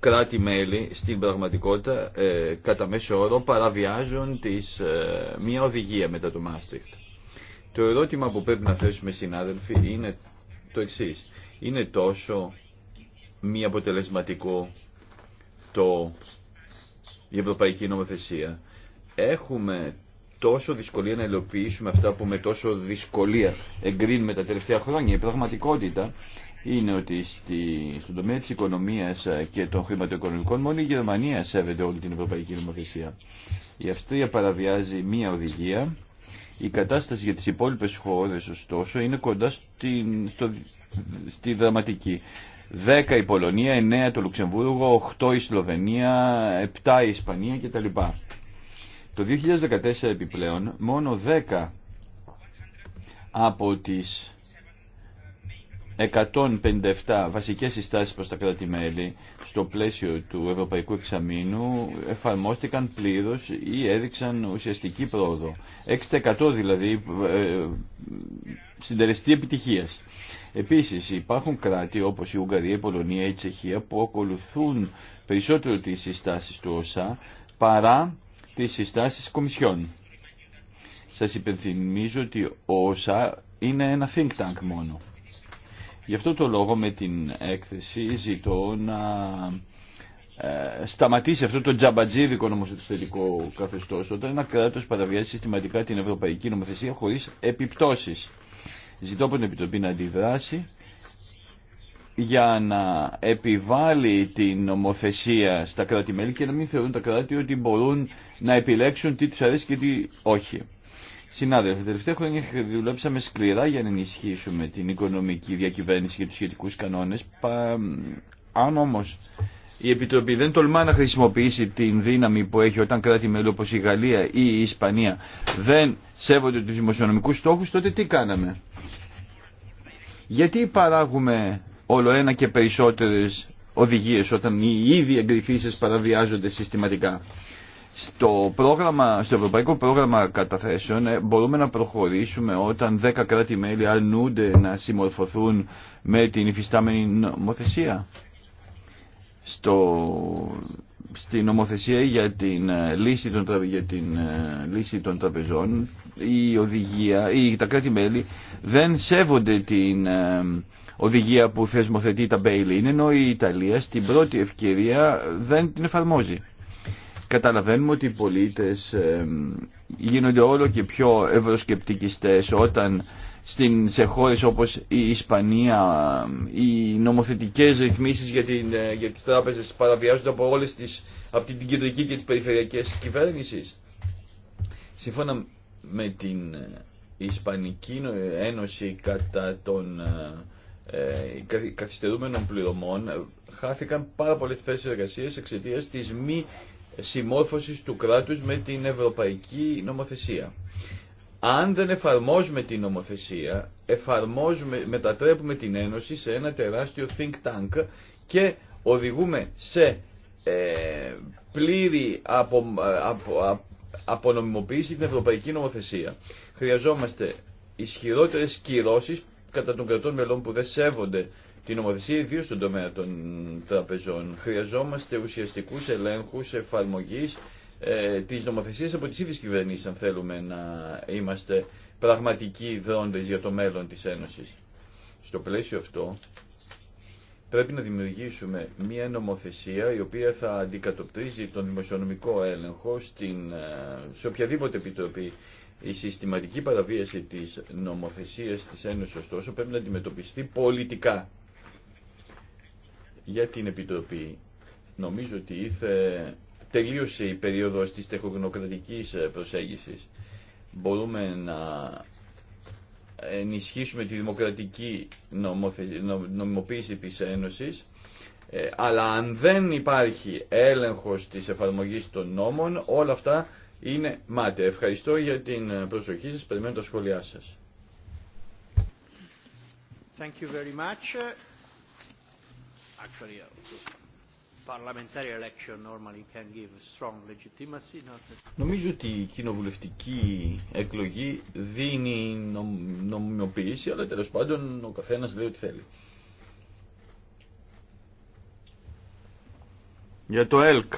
κράτη-μέλη στην πραγματικότητα ε, κατά μέσο όρο παραβιάζουν τις, ε, μια οδηγία μετά το Μάστριχτ. Το ερώτημα που πρέπει να θέσουμε συνάδελφοι είναι το εξή: Είναι τόσο μη αποτελεσματικό το, η ευρωπαϊκή νομοθεσία έχουμε τόσο δυσκολία να υλοποιήσουμε αυτά που με τόσο δυσκολία εγκρίνουμε τα τελευταία χρόνια. Η πραγματικότητα είναι ότι στη, στον τομέα της οικονομίας και των χρηματοοικονομικών μόνο η Γερμανία σέβεται όλη την ευρωπαϊκή νομοθεσία. Η Αυστρία παραβιάζει μία οδηγία. Η κατάσταση για τις υπόλοιπες χώρες ωστόσο είναι κοντά στην, στη δραματική. 10 η Πολωνία, 9 το Λουξεμβούργο, 8 η Σλοβενία, 7 η Ισπανία κτλ. Το 2014 επιπλέον μόνο 10 από τις 157 βασικές συστάσεις προς τα κράτη-μέλη στο πλαίσιο του Ευρωπαϊκού Εξαμήνου εφαρμόστηκαν πλήρως ή έδειξαν ουσιαστική πρόοδο. 6% δηλαδή ε, συντελεστή επιτυχίας. Επίσης υπάρχουν κράτη όπως η Ουγγαρία, η Πολωνία, η Τσεχία που ακολουθούν περισσότερο τις συστάσεις του ΩΣΑ παρά τις συστάσεις κομισιών. Σας υπενθυμίζω ότι όσα είναι ένα think tank μόνο. Γι' αυτό το λόγο με την έκθεση ζητώ να ε, σταματήσει αυτό το τζαμπατζίδικο νομοθετικό καθεστώς όταν ένα κράτο παραβιάζει συστηματικά την ευρωπαϊκή νομοθεσία χωρίς επιπτώσεις. Ζητώ από την Επιτροπή να αντιδράσει για να επιβάλλει την νομοθεσία στα κράτη-μέλη και να μην θεωρούν τα κράτη ότι μπορούν να επιλέξουν τι τους αρέσει και τι όχι. Συνάδελφοι, τα τελευταία χρόνια δουλέψαμε σκληρά για να ενισχύσουμε την οικονομική διακυβέρνηση και τους σχετικούς κανόνες. Αν όμως η Επιτροπή δεν τολμά να χρησιμοποιήσει την δύναμη που έχει όταν κράτη-μέλη όπως η Γαλλία ή η Ισπανία δεν σέβονται τους δημοσιονομικούς στόχους, τότε τι κάναμε. Γιατί παράγουμε όλο ένα και περισσότερες οδηγίες όταν οι ήδη εγκριφίσεις παραβιάζονται συστηματικά. Στο, πρόγραμμα, στο Ευρωπαϊκό Πρόγραμμα Καταθέσεων ε, μπορούμε να προχωρήσουμε όταν 10 κράτη-μέλη αρνούνται να συμμορφωθούν με την υφιστάμενη νομοθεσία. Στο, στην νομοθεσία για την, ε, λύση των, για την ε, λύση των τραπεζών η οδηγία, η, τα κράτη-μέλη δεν σέβονται την οδηγία που θεσμοθετεί τα bail-in, ενώ η Ιταλία στην πρώτη ευκαιρία δεν την εφαρμόζει. Καταλαβαίνουμε ότι οι πολίτες γίνονται όλο και πιο ευρωσκεπτικιστές όταν στην, σε χώρες όπως η Ισπανία οι νομοθετικές ρυθμίσεις για, την, ε, για τις τράπεζες παραβιάζονται από όλες τις, από την κεντρική και τις περιφερειακές κυβέρνησεις. Σύμφωνα με την ε, Ισπανική Ένωση κατά τον ε, ε, καθυστερούμενων πληρωμών ε, χάθηκαν πάρα πολλές θέσεις εργασίας εξαιτία της μη συμμόρφωσης του κράτους με την ευρωπαϊκή νομοθεσία. Αν δεν εφαρμόζουμε την νομοθεσία, εφαρμόζουμε, μετατρέπουμε την Ένωση σε ένα τεράστιο think tank και οδηγούμε σε ε, πλήρη απο, ε, απονομιμοποίηση την ευρωπαϊκή νομοθεσία. Χρειαζόμαστε ισχυρότερες κυρώσεις κατά των κρατών μελών που δεν σέβονται την νομοθεσία, ιδίω στον τομέα των τραπεζών. Χρειαζόμαστε ουσιαστικού ελέγχου εφαρμογή ε, τη νομοθεσία από τι ίδιε κυβερνήσει, αν θέλουμε να είμαστε πραγματικοί δρόντε για το μέλλον τη Ένωση. Στο πλαίσιο αυτό, πρέπει να δημιουργήσουμε μια νομοθεσία η οποία θα αντικατοπτρίζει τον δημοσιονομικό έλεγχο ε, σε οποιαδήποτε επιτροπή η συστηματική παραβίαση της νομοθεσίας της Ένωσης ωστόσο πρέπει να αντιμετωπιστεί πολιτικά. Για την Επιτροπή νομίζω ότι ήρθε, τελείωσε η περίοδος της τεχνοκρατικής ε, προσέγγισης. Μπορούμε να ενισχύσουμε τη δημοκρατική νομιμοποίηση της Ένωσης ε, αλλά αν δεν υπάρχει έλεγχος της εφαρμογής των νόμων όλα αυτά είναι μάτι. Ευχαριστώ για την ε, προσοχή σας. Περιμένω τα σχόλιά σας. Thank you very much. Actually, uh, parliamentary election normally can give strong legitimacy. Νομίζω ότι η κοινοβουλευτική εκλογή δίνει νομιμοποίηση, αλλά τέλος πάντων ο καθένας λέει ό,τι θέλει. Για το ΕΛΚ.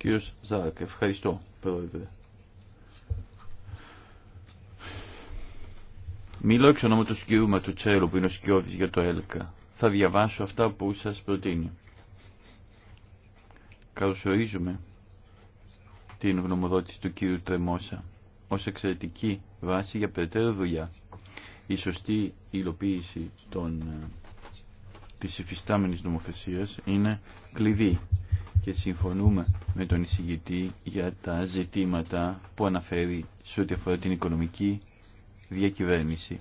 Κύριος Ζάκ. ευχαριστώ πρόεδρε. Μιλώ εξ ονόματο του κυρίου Ματουτσέλου που είναι ο Σκιώδης για το ΕΛΚΑ. Θα διαβάσω αυτά που σας προτείνει. Καλωσορίζουμε την γνωμοδότηση του κύριου Τρεμόσα ως εξαιρετική βάση για περαιτέρω δουλειά. Η σωστή υλοποίηση των, ε, της υφιστάμενης νομοθεσίας είναι κλειδί και συμφωνούμε με τον εισηγητή για τα ζητήματα που αναφέρει σε ό,τι αφορά την οικονομική διακυβέρνηση.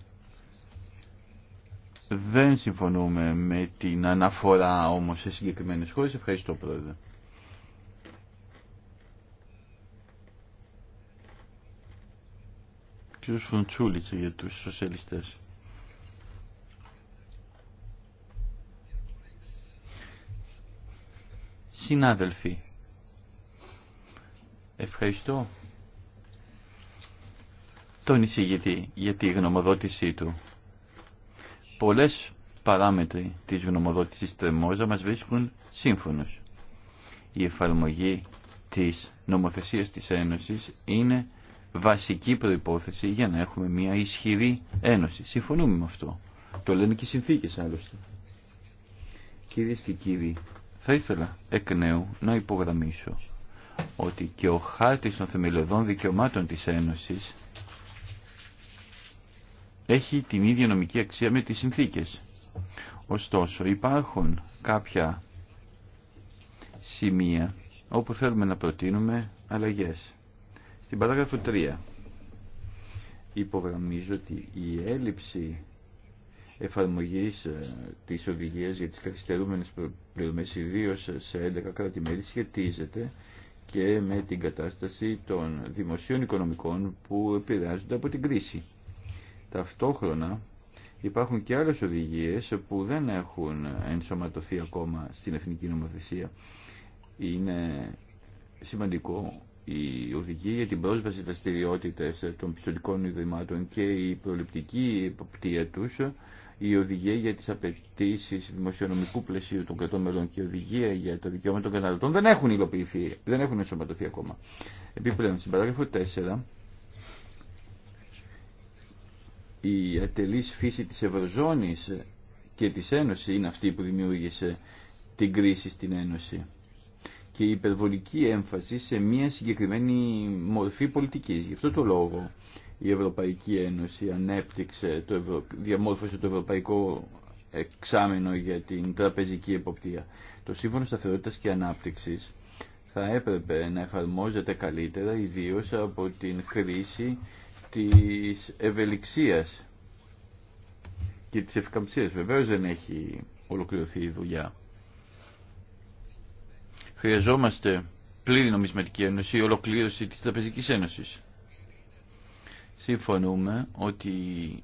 Δεν συμφωνούμε με την αναφορά όμως σε συγκεκριμένες χώρες. Ευχαριστώ πρόεδρε. Κύριος για τους σοσιαλιστές. Συνάδελφοι, ευχαριστώ τον εισηγητή για τη γνωμοδότησή του. Πολλές παράμετροι της γνωμοδότησης Τρεμόζα μας βρίσκουν σύμφωνος. Η εφαρμογή της νομοθεσίας της Ένωσης είναι βασική προϋπόθεση για να έχουμε μια ισχυρή Ένωση. Συμφωνούμε με αυτό. Το λένε και οι συνθήκες άλλωστε. Κυρίες και κύριοι, θα ήθελα εκ νέου να υπογραμμίσω ότι και ο χάρτης των θεμελιωδών δικαιωμάτων της Ένωσης έχει την ίδια νομική αξία με τις συνθήκες. Ωστόσο υπάρχουν κάποια σημεία όπου θέλουμε να προτείνουμε αλλαγές. Στην παράγραφο 3 υπογραμμίζω ότι η έλλειψη εφαρμογής ε, της οδηγίας για τις καθυστερούμενες πληρωμές ιδίως σε 11 κράτη-μέλη σχετίζεται και με την κατάσταση των δημοσίων οικονομικών που επηρεάζονται από την κρίση. Ταυτόχρονα υπάρχουν και άλλες οδηγίες που δεν έχουν ενσωματωθεί ακόμα στην εθνική νομοθεσία. Είναι σημαντικό η οδηγία για την πρόσβαση δραστηριότητε των πιστοτικών ιδρυμάτων και η προληπτική υποπτία τους η οδηγία για τις απαιτήσει δημοσιονομικού πλαισίου των κρατών μελών και η οδηγία για το δικαίωμα των καταναλωτών δεν έχουν υλοποιηθεί, δεν έχουν ενσωματωθεί ακόμα. Επιπλέον, στην παράγραφο 4, η ατελής φύση της Ευρωζώνης και της Ένωση είναι αυτή που δημιούργησε την κρίση στην Ένωση και η υπερβολική έμφαση σε μια συγκεκριμένη μορφή πολιτικής. Γι' αυτό το λόγο η Ευρωπαϊκή Ένωση ανέπτυξε, το Ευρω... διαμόρφωσε το Ευρωπαϊκό Εξάμεινο για την Τραπεζική Εποπτεία. Το Σύμφωνο Σταθερότητας και Ανάπτυξης θα έπρεπε να εφαρμόζεται καλύτερα, ιδίως από την χρήση της ευελιξίας και της ευκαμψίας. Βεβαίως δεν έχει ολοκληρωθεί η δουλειά. Χρειαζόμαστε πλήρη νομισματική ένωση, ολοκλήρωση της Τραπεζικής Ένωσης συμφωνούμε ότι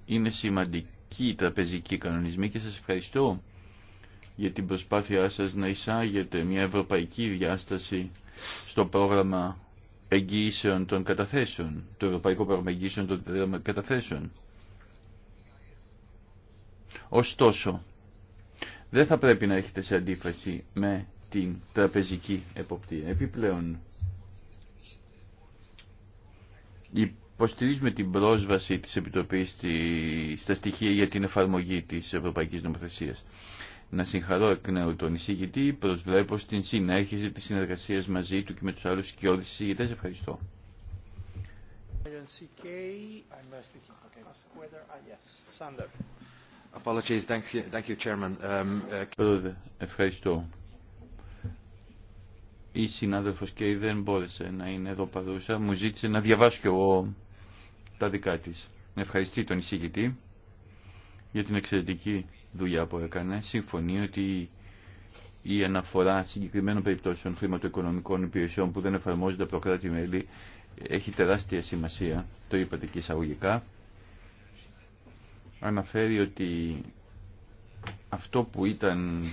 είναι σημαντική η τραπεζική κανονισμοί και σας ευχαριστώ για την προσπάθειά σας να εισάγετε μια ευρωπαϊκή διάσταση στο πρόγραμμα εγγύησεων των καταθέσεων, το Ευρωπαϊκό Πρόγραμμα Εγγύησεων των Καταθέσεων. Ωστόσο, δεν θα πρέπει να έχετε σε αντίφαση με την τραπεζική εποπτεία. Επιπλέον, η Υποστηρίζουμε την πρόσβαση της Επιτροπής στα στοιχεία για την εφαρμογή της Ευρωπαϊκής Νομοθεσίας. Να συγχαρώ εκ νέου τον εισηγητή, προσβλέπω στην συνέχιση της συνεργασίας μαζί του και με τους άλλους σκιώδεις εισηγητές. Ευχαριστώ. Um, uh, ευχαριστώ. Η συνάδελφος Κέι δεν μπόρεσε να είναι εδώ παρούσα. Μου ζήτησε να διαβάσω κι εγώ τα δικά της. τον εισηγητή για την εξαιρετική δουλειά που έκανε. Συμφωνεί ότι η αναφορά συγκεκριμένων περιπτώσεων χρηματοοικονομικών υπηρεσιών που δεν εφαρμόζονται από κράτη-μέλη έχει τεράστια σημασία, το είπατε και εισαγωγικά. Αναφέρει ότι αυτό που ήταν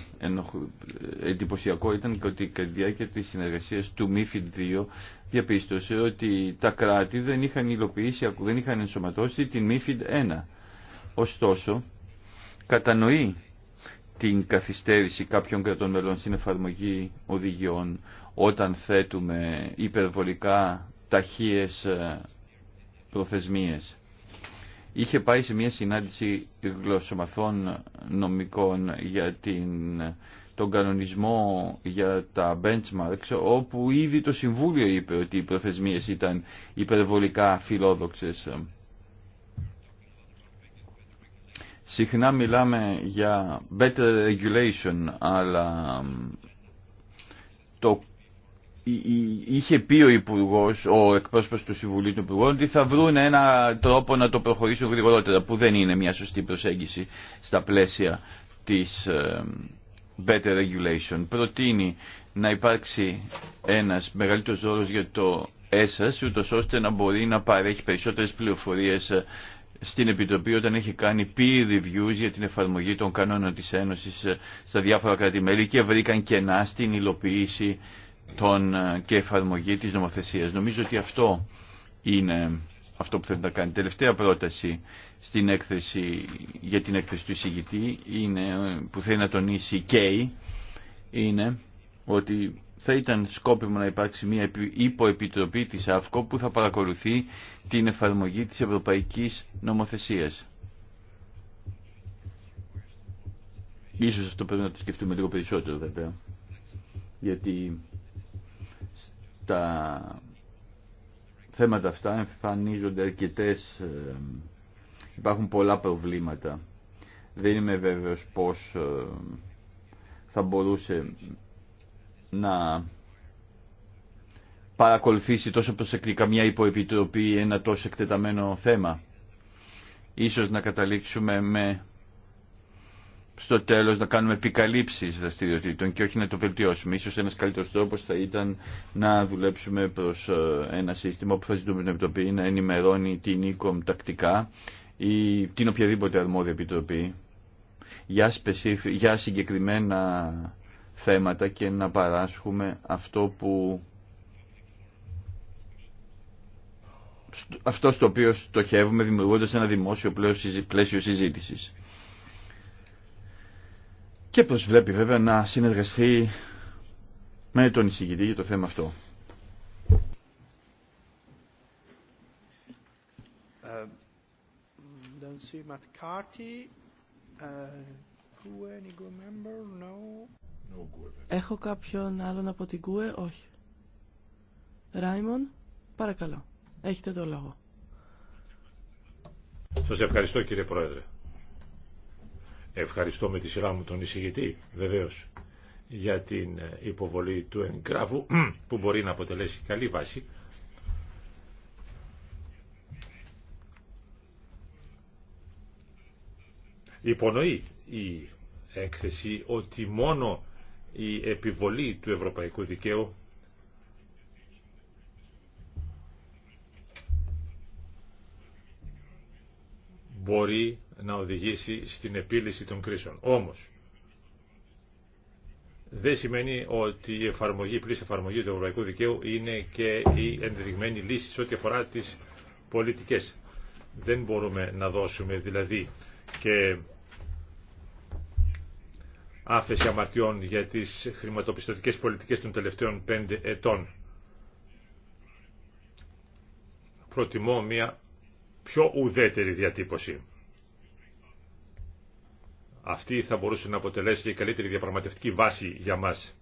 εντυπωσιακό ήταν και ότι η και της συνεργασίας του ΜΥΦΙΔ 2 διαπίστωσε ότι τα κράτη δεν είχαν υλοποιήσει, δεν είχαν ενσωματώσει την ΜΥΦΙΔ 1. Ωστόσο, κατανοεί την καθυστέρηση κάποιων κρατών μελών στην εφαρμογή οδηγιών όταν θέτουμε υπερβολικά ταχείες ε, προθεσμίες είχε πάει σε μια συνάντηση γλωσσομαθών νομικών για την, τον κανονισμό για τα benchmarks, όπου ήδη το Συμβούλιο είπε ότι οι προθεσμίες ήταν υπερβολικά φιλόδοξες. Συχνά μιλάμε για better regulation, αλλά το είχε πει ο υπουργό, ο εκπρόσωπο του Συμβουλίου των Υπουργών, ότι θα βρουν ένα τρόπο να το προχωρήσουν γρηγορότερα, που δεν είναι μια σωστή προσέγγιση στα πλαίσια τη ε, Better Regulation. Προτείνει να υπάρξει ένα μεγαλύτερο όρο για το ΕΣΑΣ, ούτω ώστε να μπορεί να παρέχει περισσότερε πληροφορίε ε, στην Επιτροπή όταν έχει κάνει peer reviews για την εφαρμογή των κανόνων της Ένωσης ε, στα διάφορα κράτη-μέλη και βρήκαν κενά στην υλοποίηση τον, ε, και εφαρμογή της νομοθεσίας. Νομίζω ότι αυτό είναι αυτό που θέλει να κάνει. Τελευταία πρόταση στην έκθεση, για την έκθεση του εισηγητή είναι, ε, που θέλει να τονίσει και είναι ότι θα ήταν σκόπιμο να υπάρξει μια υποεπιτροπή της ΑΦΚΟ που θα παρακολουθεί την εφαρμογή της ευρωπαϊκής νομοθεσίας. Ίσως αυτό πρέπει να το σκεφτούμε λίγο περισσότερο βέβαια. Γιατί τα θέματα αυτά εμφανίζονται αρκετές, ε, υπάρχουν πολλά προβλήματα. Δεν είμαι βέβαιος πώς ε, θα μπορούσε να παρακολουθήσει τόσο προσεκτικά μια υποεπιτροπή ένα τόσο εκτεταμένο θέμα. Ίσως να καταλήξουμε με στο τέλος να κάνουμε επικαλύψεις δραστηριοτήτων και όχι να το βελτιώσουμε. Ίσως ένας καλύτερος τρόπος θα ήταν να δουλέψουμε προς ε, ένα σύστημα που θα ζητούμε την Επιτροπή να ενημερώνει την ECOM τακτικά ή την οποιαδήποτε αρμόδια Επιτροπή για, για συγκεκριμένα θέματα και να παράσχουμε αυτό που αυτό στο οποίο στοχεύουμε δημιουργώντας ένα δημόσιο πλαίσιο συζήτησης και πώς βλέπει βέβαια να συνεργαστεί με τον εισηγητή για το θέμα αυτό. Uh, uh, Έχω κάποιον άλλον από την ΚΟΕ, όχι. Ράιμον, παρακαλώ. Έχετε το λόγο. Σας ευχαριστώ κύριε Πρόεδρε. Ευχαριστώ με τη σειρά μου τον εισηγητή, βεβαίως, για την ε, υποβολή του εγγράφου που μπορεί να αποτελέσει καλή βάση. Υπονοεί η έκθεση ότι μόνο η επιβολή του ευρωπαϊκού δικαίου μπορεί να οδηγήσει στην επίλυση των κρίσεων. Όμως, δεν σημαίνει ότι η εφαρμογή, η εφαρμογή του ευρωπαϊκού δικαίου είναι και η ενδεδειγμένη λύση σε ό,τι αφορά τις πολιτικές. Δεν μπορούμε να δώσουμε δηλαδή και άφεση αμαρτιών για τις χρηματοπιστωτικές πολιτικές των τελευταίων πέντε ετών. Προτιμώ μια πιο ουδέτερη διατύπωση αυτή θα μπορούσε να αποτελέσει και η καλύτερη διαπραγματευτική βάση για μας.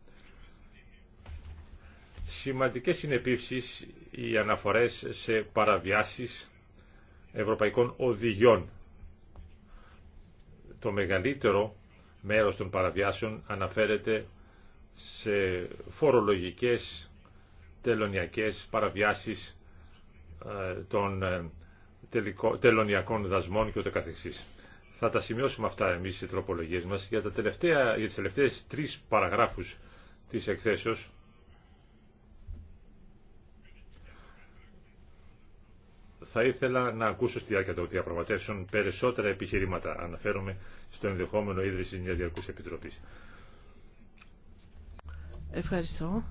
Σημαντικές είναι επίσης οι αναφορές σε παραβιάσεις ευρωπαϊκών οδηγιών. Το μεγαλύτερο μέρος των παραβιάσεων αναφέρεται σε φορολογικές, τελωνιακές παραβιάσεις ε, των ε, τελωνιακών δασμών και ούτε καθεξής. Θα τα σημειώσουμε αυτά εμείς σε τροπολογίες μας για, τα τελευταία, για τις τελευταίες τρεις παραγράφους της εκθέσεως. Θα ήθελα να ακούσω στη διάρκεια των διαπραγματεύσεων περισσότερα επιχειρήματα. Αναφέρομαι στο ενδεχόμενο ίδρυση μια διαρκούς επιτροπής. Ευχαριστώ.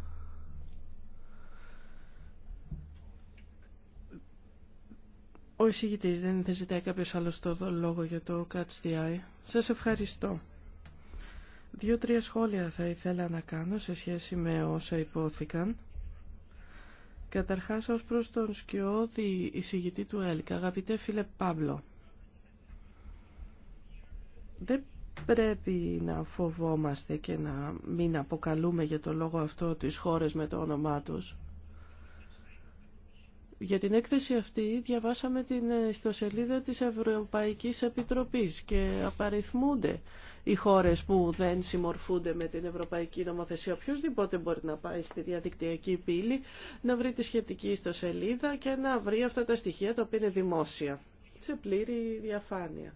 Ο εισηγητής δεν θα ζητάει κάποιος άλλος το λόγο για το Catch Σας ευχαριστώ. Δύο-τρία σχόλια θα ήθελα να κάνω σε σχέση με όσα υπόθηκαν. Καταρχάς ως προς τον σκιώδη εισηγητή του ΕΛΚ, αγαπητέ φίλε Παύλο. Δεν πρέπει να φοβόμαστε και να μην αποκαλούμε για το λόγο αυτό τις χώρες με το όνομά τους. Για την έκθεση αυτή διαβάσαμε την ιστοσελίδα της Ευρωπαϊκής Επιτροπής και απαριθμούνται οι χώρες που δεν συμμορφούνται με την Ευρωπαϊκή Νομοθεσία. Οποιοςδήποτε μπορεί να πάει στη διαδικτυακή πύλη, να βρει τη σχετική ιστοσελίδα και να βρει αυτά τα στοιχεία τα οποία είναι δημόσια, σε πλήρη διαφάνεια.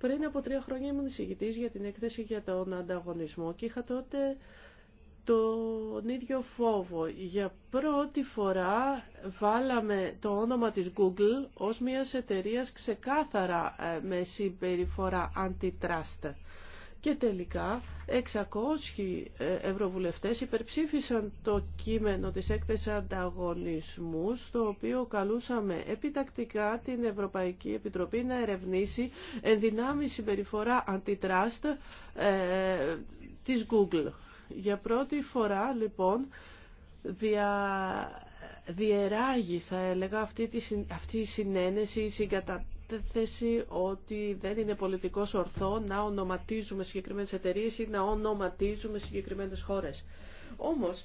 Πριν από τρία χρόνια ήμουν εισηγητής για την έκθεση για τον ανταγωνισμό και είχα τότε τον ίδιο φόβο. Για πρώτη φορά βάλαμε το όνομα της Google ως μια εταιρεία ξεκάθαρα ε, με συμπεριφορά αντιτράστα. Και τελικά 600 ε, ευρωβουλευτές υπερψήφισαν το κείμενο της έκθεσης ανταγωνισμού το οποίο καλούσαμε επιτακτικά την Ευρωπαϊκή Επιτροπή να ερευνήσει ενδυνάμει συμπεριφορά αντιτράστα ε, της Google. Για πρώτη φορά λοιπόν δια... διεράγει θα έλεγα αυτή, αυτή η συνένεση, η συγκατάθεση ότι δεν είναι πολιτικός ορθό να ονοματίζουμε συγκεκριμένες εταιρείες ή να ονοματίζουμε συγκεκριμένες χώρες. Όμως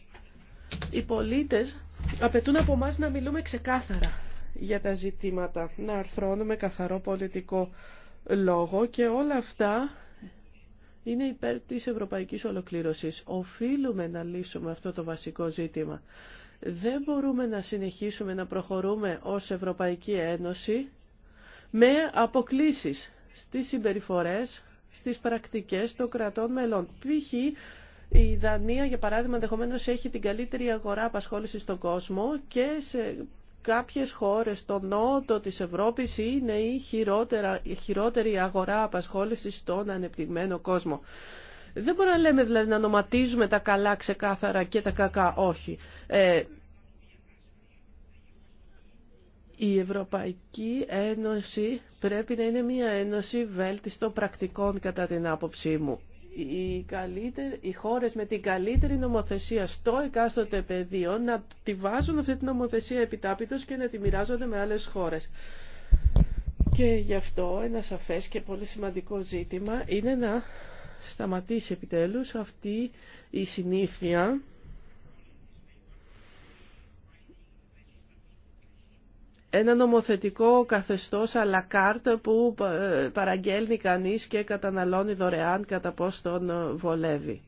οι πολίτες απαιτούν από εμά να μιλούμε ξεκάθαρα για τα ζητήματα, να αρθρώνουμε καθαρό πολιτικό λόγο και όλα αυτά είναι υπέρ της ευρωπαϊκής ολοκλήρωσης. Οφείλουμε να λύσουμε αυτό το βασικό ζήτημα. Δεν μπορούμε να συνεχίσουμε να προχωρούμε ως Ευρωπαϊκή Ένωση με αποκλήσεις στις συμπεριφορές, στις πρακτικές των κρατών μελών. Π.χ. η Δανία, για παράδειγμα, ενδεχομένω έχει την καλύτερη αγορά απασχόληση στον κόσμο και σε κάποιες χώρες στο νότο της Ευρώπης είναι η, χειρότερα, χειρότερη αγορά απασχόλησης στον ανεπτυγμένο κόσμο. Δεν μπορούμε να λέμε δηλαδή να ονοματίζουμε τα καλά ξεκάθαρα και τα κακά όχι. Ε, η Ευρωπαϊκή Ένωση πρέπει να είναι μια ένωση βέλτιστων πρακτικών κατά την άποψή μου οι, χώρες με την καλύτερη νομοθεσία στο εκάστοτε πεδίο να τη βάζουν αυτή την νομοθεσία επιτάπητος και να τη μοιράζονται με άλλες χώρες. Και γι' αυτό ένα σαφές και πολύ σημαντικό ζήτημα είναι να σταματήσει επιτέλους αυτή η συνήθεια ένα νομοθετικό καθεστώς αλλά που ε, παραγγέλνει κανείς και καταναλώνει δωρεάν κατά πώς τον ε, βολεύει.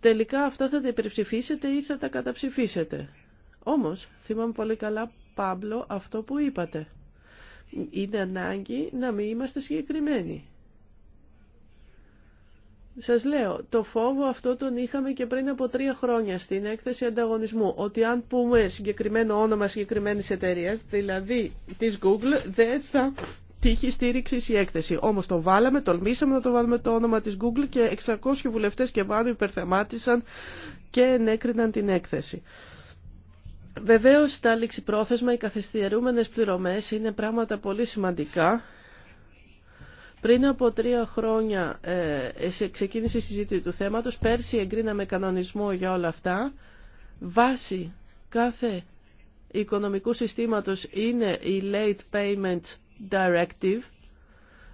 Τελικά αυτά θα τα υπερψηφίσετε ή θα τα καταψηφίσετε. Όμως, θυμάμαι πολύ καλά, Πάμπλο, αυτό που είπατε. Είναι ανάγκη να μην είμαστε συγκεκριμένοι. Σας λέω, το φόβο αυτό τον είχαμε και πριν από τρία χρόνια στην έκθεση ανταγωνισμού, ότι αν πούμε συγκεκριμένο όνομα συγκεκριμένης εταιρεία, δηλαδή της Google, δεν θα τύχει στήριξη η έκθεση. Όμως το βάλαμε, τολμήσαμε να το βάλουμε το όνομα της Google και 600 βουλευτές και πάνω υπερθεμάτισαν και ενέκριναν την έκθεση. Βεβαίως τα πρόθεσμα, οι καθυστερούμενες πληρωμές είναι πράγματα πολύ σημαντικά πριν από τρία χρόνια ε, ξεκίνησε η συζήτηση του θέματος. Πέρσι εγκρίναμε κανονισμό για όλα αυτά. Βάση κάθε οικονομικού συστήματος είναι η Late Payment Directive.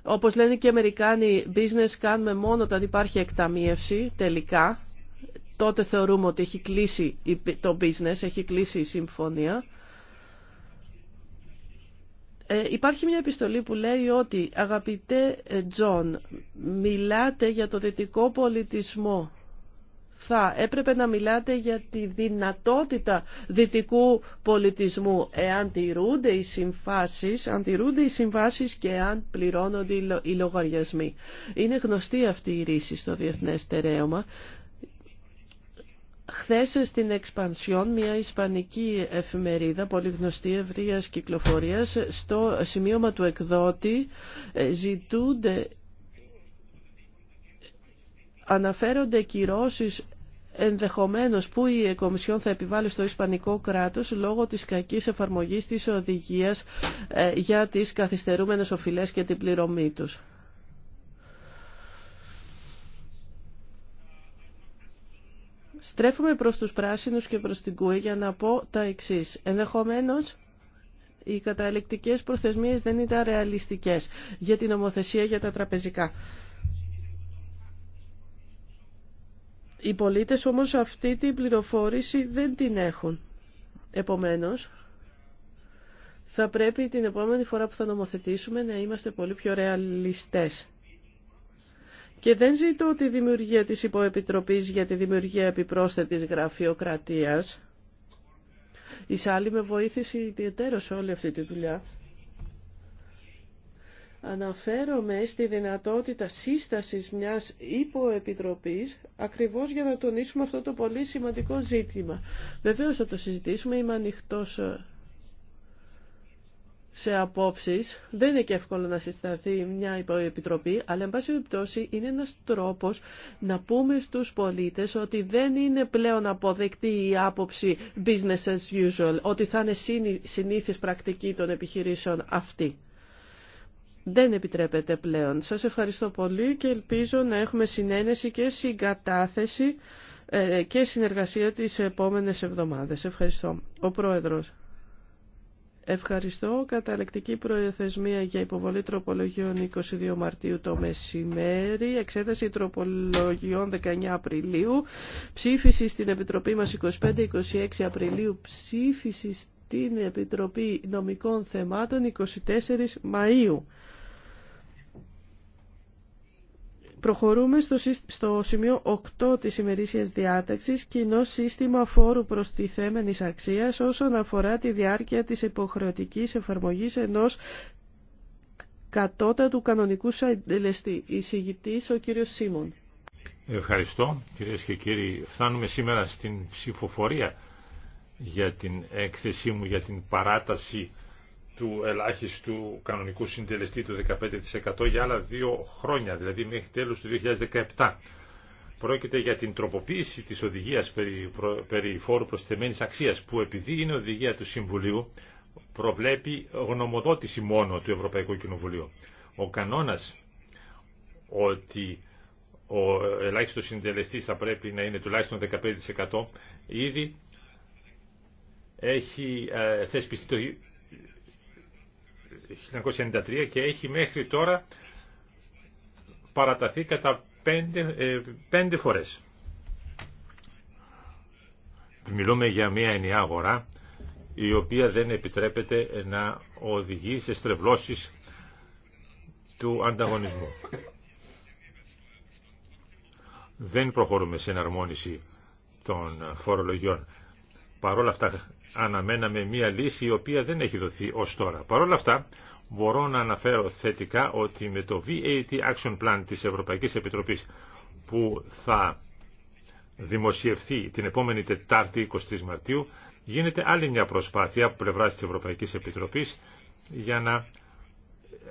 Όπως λένε και οι Αμερικάνοι, business κάνουμε μόνο όταν υπάρχει εκταμίευση τελικά. Τότε θεωρούμε ότι έχει κλείσει το business, έχει κλείσει η συμφωνία. Ε, υπάρχει μια επιστολή που λέει ότι αγαπητέ ε, Τζον, μιλάτε για το δυτικό πολιτισμό. Θα έπρεπε να μιλάτε για τη δυνατότητα δυτικού πολιτισμού εάν τηρούνται οι συμφάσεις, αν οι συμφάσεις και αν πληρώνονται οι λογαριασμοί. Είναι γνωστή αυτή η ρίση στο διεθνές στερέωμα Χθες στην Εξπανσιόν, μια ισπανική εφημερίδα, πολύ γνωστή ευρείας κυκλοφορίας, στο σημείωμα του εκδότη ε, ζητούνται, αναφέρονται κυρώσεις ενδεχομένως που η Κομισιόν θα επιβάλλει στο Ισπανικό κράτος λόγω της κακής εφαρμογής της οδηγίας ε, για τις καθυστερούμενες οφειλές και την πληρωμή τους. Στρέφουμε προς τους πράσινους και προς την ΚΟΕ για να πω τα εξής. Ενδεχομένως οι καταληκτικές προθεσμίες δεν ήταν ρεαλιστικές για την ομοθέσια για τα τραπεζικά. Οι πολίτες όμως αυτή την πληροφόρηση δεν την έχουν. Επομένως, θα πρέπει την επόμενη φορά που θα νομοθετήσουμε να είμαστε πολύ πιο ρεαλιστές. Και δεν ζητώ τη δημιουργία της υποεπιτροπής για τη δημιουργία επιπρόσθετης γραφειοκρατίας. Η Σάλη με βοήθησε ιδιαίτερο σε όλη αυτή τη δουλειά. Αναφέρομαι στη δυνατότητα σύστασης μιας υποεπιτροπής ακριβώς για να τονίσουμε αυτό το πολύ σημαντικό ζήτημα. Βεβαίως θα το συζητήσουμε, είμαι ανοιχτό ε, σε απόψεις. Δεν είναι και εύκολο να συσταθεί μια επιτροπή, αλλά εν πάση περιπτώσει είναι ένας τρόπος να πούμε στους πολίτες ότι δεν είναι πλέον αποδεκτή η άποψη business as usual, ότι θα είναι συνήθις πρακτική των επιχειρήσεων αυτή. Δεν επιτρέπεται πλέον. Σας ευχαριστώ πολύ και ελπίζω να έχουμε συνένεση και συγκατάθεση ε, και συνεργασία τις επόμενες εβδομάδες. Ευχαριστώ. Ο Πρόεδρος. Ευχαριστώ. Καταλεκτική προεθεσμία για υποβολή τροπολογιών 22 Μαρτίου το μεσημέρι. Εξέταση τροπολογιών 19 Απριλίου. Ψήφιση στην Επιτροπή μας 25-26 Απριλίου. Ψήφιση στην Επιτροπή Νομικών Θεμάτων 24 Μαΐου. Προχωρούμε στο, στο σημείο 8 της ημερήσιας διάταξης, κοινό σύστημα φόρου τη θέμενης αξίας όσον αφορά τη διάρκεια της υποχρεωτικής εφαρμογής ενός κατώτατου κανονικού η Εισηγητής ο κύριος Σίμων. Ευχαριστώ κυρίες και κύριοι. Φτάνουμε σήμερα στην ψηφοφορία για την έκθεσή μου για την παράταση του ελάχιστου κανονικού συντελεστή του 15% για άλλα δύο χρόνια, δηλαδή μέχρι τέλος του 2017. Πρόκειται για την τροποποίηση της οδηγίας περί, προ, περί φόρου αξίας, που επειδή είναι οδηγία του Συμβουλίου, προβλέπει γνωμοδότηση μόνο του Ευρωπαϊκού Κοινοβουλίου. Ο κανόνας ότι ο ελάχιστος συντελεστής θα πρέπει να είναι τουλάχιστον 15% ήδη έχει ε, το. 1993 και έχει μέχρι τώρα παραταθεί κατά πέντε, ε, φορές. Μιλούμε για μια ενιαία αγορά η οποία δεν επιτρέπεται να οδηγεί σε στρεβλώσεις του ανταγωνισμού. Δεν προχωρούμε σε εναρμόνιση των φορολογιών. Παρόλα αυτά αναμέναμε μία λύση η οποία δεν έχει δοθεί ως τώρα. Παρ' όλα αυτά, μπορώ να αναφέρω θετικά ότι με το VAT Action Plan της Ευρωπαϊκής Επιτροπής που θα δημοσιευθεί την επόμενη Τετάρτη 23 Μαρτίου, γίνεται άλλη μια προσπάθεια από πλευράς της Ευρωπαϊκής Επιτροπής για να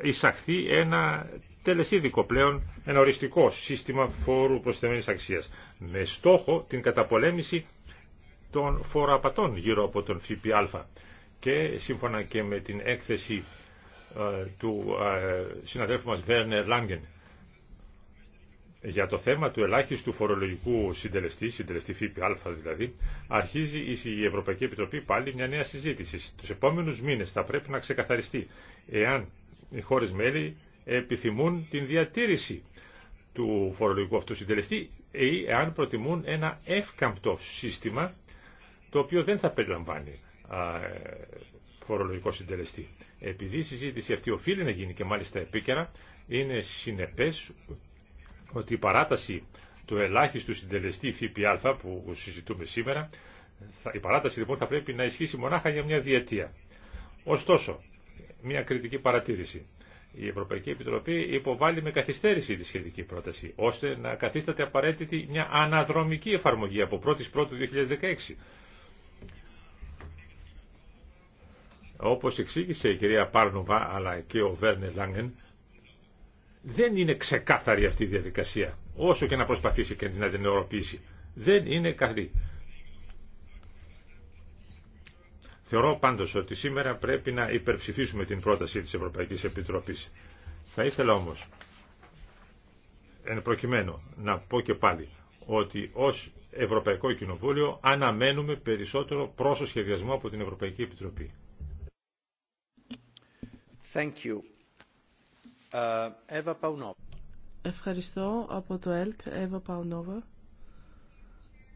εισαχθεί ένα τελεσίδικο πλέον, ένα οριστικό σύστημα φόρου προσθεμένης αξίας, με στόχο την καταπολέμηση των φοροαπατών γύρω από τον ΦΠΑ. Και σύμφωνα και με την έκθεση ε, του ε, συναδέλφου μας Βέρνερ Λάγκεν για το θέμα του ελάχιστου φορολογικού συντελεστή, συντελεστή ΦΠΑ δηλαδή, αρχίζει η Ευρωπαϊκή Επιτροπή πάλι μια νέα συζήτηση. Στους επόμενους μήνες θα πρέπει να ξεκαθαριστεί εάν οι χώρες μέλη επιθυμούν την διατήρηση του φορολογικού αυτού συντελεστή ή εάν προτιμούν ένα εύκαμπτο σύστημα το οποίο δεν θα περιλαμβάνει φορολογικό συντελεστή. Επειδή η συζήτηση αυτή οφείλει να γίνει και μάλιστα επίκαιρα, είναι συνεπές ότι η παράταση του ελάχιστου συντελεστή ΦΠΑ που συζητούμε σήμερα, η παράταση λοιπόν θα πρέπει να ισχύσει μονάχα για μια διετία. Ωστόσο, μια κριτική παρατήρηση. Η Ευρωπαϊκή Επιτροπή υποβάλλει με καθυστέρηση τη σχετική πρόταση, ώστε να καθίσταται απαραίτητη μια αναδρομική εφαρμογή από 1η 2016 Όπως εξήγησε η κυρία Πάρνουβα αλλά και ο Βέρνε Λάγκεν, δεν είναι ξεκάθαρη αυτή η διαδικασία, όσο και να προσπαθήσει και να την ευρωποιήσει. Δεν είναι καλή Θεωρώ πάντως ότι σήμερα πρέπει να υπερψηφίσουμε την πρόταση της Ευρωπαϊκής Επιτροπής. Θα ήθελα όμως, εν προκειμένου, να πω και πάλι, ότι ως Ευρωπαϊκό Κοινοβούλιο αναμένουμε περισσότερο πρόσωσχεδιασμό από την Ευρωπαϊκή Επιτροπή. Uh, Ευχαριστώ από το ΕΛΚ, Εύα Παουνόβα.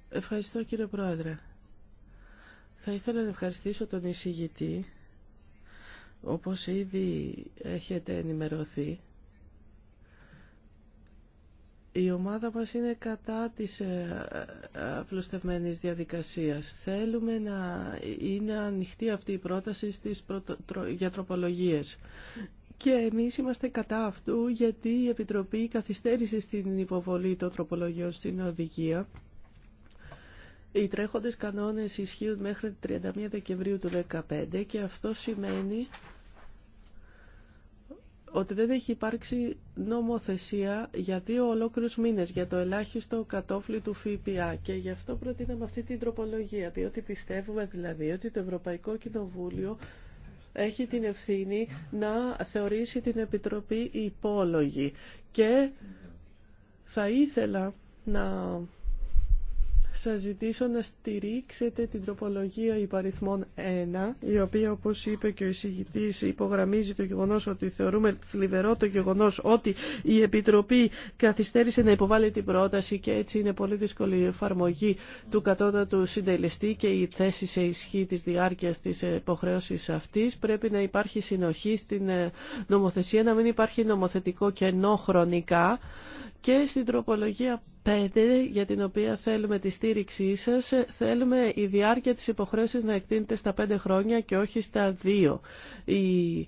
Ευχαριστώ κύριε Πρόεδρε. Θα ήθελα να ευχαριστήσω τον εισηγητή, όπως ήδη έχετε ενημερωθεί. Η ομάδα μας είναι κατά της ε, ε, απλουστευμένης διαδικασίας. Θέλουμε να είναι ανοιχτή αυτή η πρόταση στις για Και εμείς είμαστε κατά αυτού γιατί η Επιτροπή καθυστέρησε στην υποβολή των τροπολογιών στην οδηγία. Οι τρέχοντες κανόνες ισχύουν μέχρι 31 Δεκεμβρίου του 2015 και αυτό σημαίνει ότι δεν έχει υπάρξει νομοθεσία για δύο ολόκληρους μήνες για το ελάχιστο κατόφλι του ΦΠΑ και γι' αυτό προτείναμε αυτή την τροπολογία διότι πιστεύουμε δηλαδή ότι το Ευρωπαϊκό Κοινοβούλιο έχει την ευθύνη να θεωρήσει την Επιτροπή υπόλογη και θα ήθελα να σας ζητήσω να στηρίξετε την τροπολογία υπαριθμών 1, η οποία όπως είπε και ο εισηγητής υπογραμμίζει το γεγονός ότι θεωρούμε θλιβερό το γεγονός ότι η Επιτροπή καθυστέρησε να υποβάλει την πρόταση και έτσι είναι πολύ δύσκολη η εφαρμογή του κατώτατου συντελεστή και η θέση σε ισχύ της διάρκειας της υποχρέωσης αυτής. Πρέπει να υπάρχει συνοχή στην ε, νομοθεσία, να μην υπάρχει νομοθετικό κενό χρονικά και στην τροπολογία 5 για την οποία θέλουμε τη στήριξή σας θέλουμε η διάρκεια της υποχρέωσης να εκτείνεται στα 5 χρόνια και όχι στα 2 η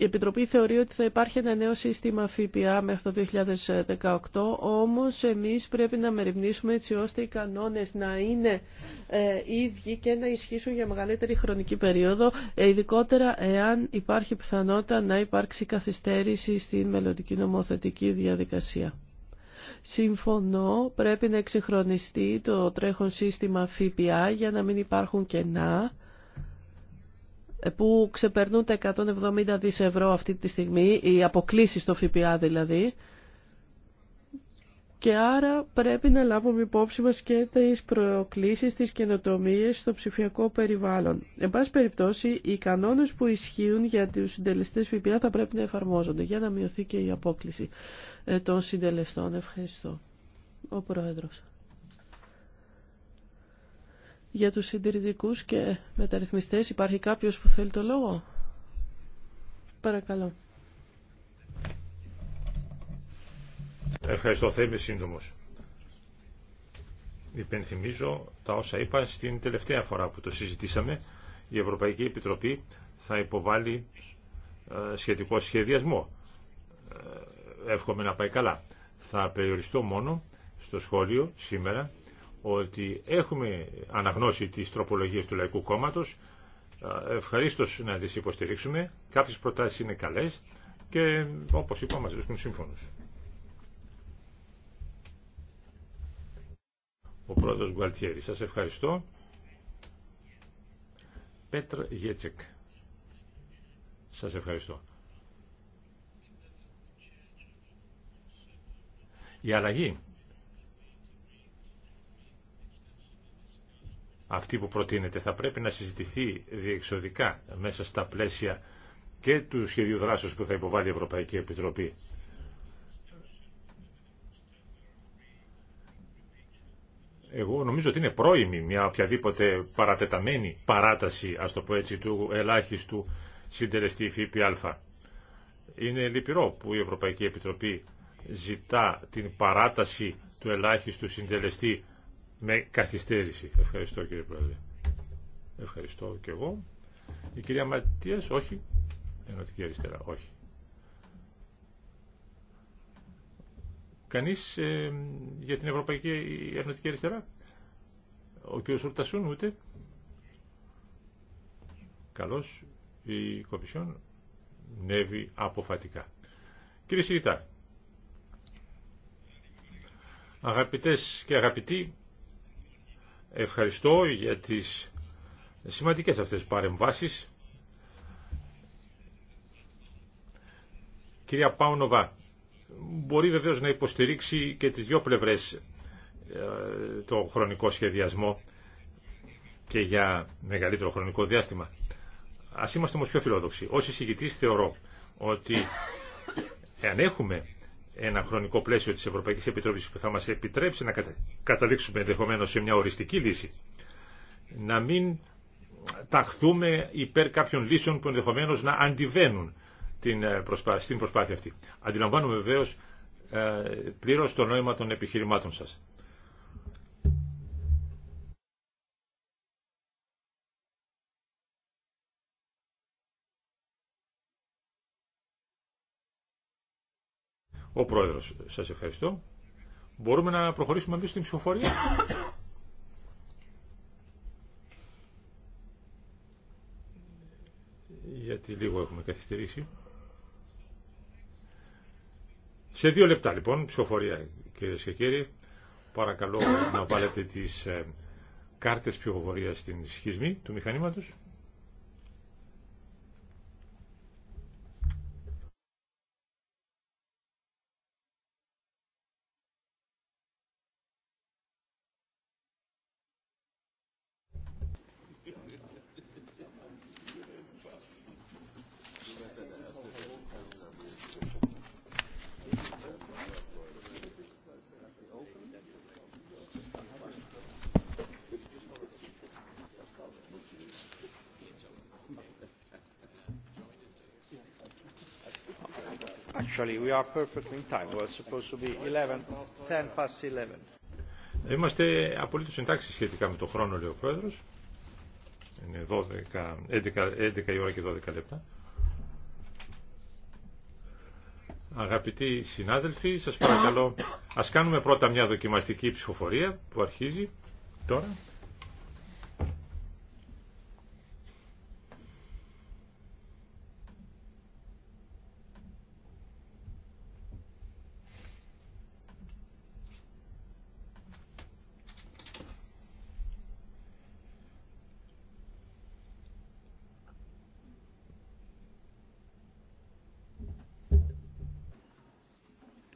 η Επιτροπή θεωρεί ότι θα υπάρχει ένα νέο σύστημα ΦΠΑ μέχρι το 2018, όμως εμείς πρέπει να μεριμνήσουμε έτσι ώστε οι κανόνες να είναι ε, ίδιοι και να ισχύσουν για μεγαλύτερη χρονική περίοδο, ε, ειδικότερα εάν υπάρχει πιθανότητα να υπάρξει καθυστέρηση στην μελλοντική νομοθετική διαδικασία. Συμφωνώ, πρέπει να εξυγχρονιστεί το τρέχον σύστημα ΦΠΑ για να μην υπάρχουν κενά που ξεπερνούν τα 170 δις ευρώ αυτή τη στιγμή, οι αποκλήσεις στο ΦΠΑ δηλαδή. Και άρα πρέπει να λάβουμε υπόψη μας και τις προκλήσεις, τις καινοτομίες στο ψηφιακό περιβάλλον. Εν πάση περιπτώσει, οι κανόνες που ισχύουν για τους συντελεστές ΦΠΑ θα πρέπει να εφαρμόζονται για να μειωθεί και η απόκληση ε, των συντελεστών. Ευχαριστώ. Ο Πρόεδρος. Για τους συντηρητικούς και μεταρρυθμιστές υπάρχει κάποιος που θέλει το λόγο. Παρακαλώ. Ευχαριστώ, θα είμαι σύντομος. Υπενθυμίζω τα όσα είπα στην τελευταία φορά που το συζητήσαμε. Η Ευρωπαϊκή Επιτροπή θα υποβάλει ε, σχετικό σχεδιασμό. Ε, εύχομαι να πάει καλά. Θα περιοριστώ μόνο στο σχόλιο σήμερα ότι έχουμε αναγνώσει τις τροπολογίες του Λαϊκού Κόμματος. Ε, Ευχαρίστω να τις υποστηρίξουμε. Κάποιες προτάσεις είναι καλές και όπως είπα μας βρίσκουν σύμφωνος. ο πρόεδρος Γκουαλτιέρη. Σας ευχαριστώ. Πέτρ Γέτσεκ. Σας ευχαριστώ. Η αλλαγή αυτή που προτείνεται θα πρέπει να συζητηθεί διεξοδικά μέσα στα πλαίσια και του σχεδίου δράσεως που θα υποβάλει η Ευρωπαϊκή Επιτροπή. εγώ νομίζω ότι είναι πρόημη μια οποιαδήποτε παρατεταμένη παράταση, ας το πω έτσι, του ελάχιστου συντελεστή ΦΠΑ. Είναι λυπηρό που η Ευρωπαϊκή Επιτροπή ζητά την παράταση του ελάχιστου συντελεστή με καθυστέρηση. Ευχαριστώ κύριε Πρόεδρε. Ευχαριστώ και εγώ. Η κυρία Ματίας, όχι. Ενωτική αριστερά, όχι. Κανείς ε, για την Ευρωπαϊκή Ερνοτική Αριστερά. Ο κ. Σουρτασούν ούτε. Καλώς η Κομισιόν νεύει αποφατικά. Κύριε Σιγητά, αγαπητές και αγαπητοί, ευχαριστώ για τις σημαντικές αυτές παρεμβάσεις. Κυρία Πάουνοβα, μπορεί βεβαίως να υποστηρίξει και τις δύο πλευρές ε, το χρονικό σχεδιασμό και για μεγαλύτερο χρονικό διάστημα. Ας είμαστε όμως πιο φιλόδοξοι. Ως εισηγητής θεωρώ ότι εάν έχουμε ένα χρονικό πλαίσιο της Ευρωπαϊκής Επιτροπής που θα μας επιτρέψει να καταλήξουμε ενδεχομένω σε μια οριστική λύση, να μην ταχθούμε υπέρ κάποιων λύσεων που ενδεχομένω να αντιβαίνουν την ε, στην προσπάθεια αυτή. Αντιλαμβάνομαι βεβαίω ε, πλήρω το νόημα των επιχειρημάτων σα. Ο Πρόεδρος, σας ευχαριστώ. Μπορούμε να προχωρήσουμε εμείς στην ψηφοφορία. Γιατί λίγο έχουμε καθυστερήσει. Σε δύο λεπτά λοιπόν, ψηφοφορία κυρίε και κύριοι. Παρακαλώ να βάλετε τις ε, κάρτες ψηφοφορία στην σχισμή του μηχανήματος. are perfectly in time. We're supposed to be 11, 10 past 11. Είμαστε απολύτως εντάξει σχετικά με το χρόνο, λέει ο Πρόεδρος. Είναι 12, 11, 11 η ώρα και 12 λεπτά. Αγαπητοί συνάδελφοι, σας παρακαλώ, ας κάνουμε πρώτα μια δοκιμαστική ψηφοφορία που αρχίζει τώρα.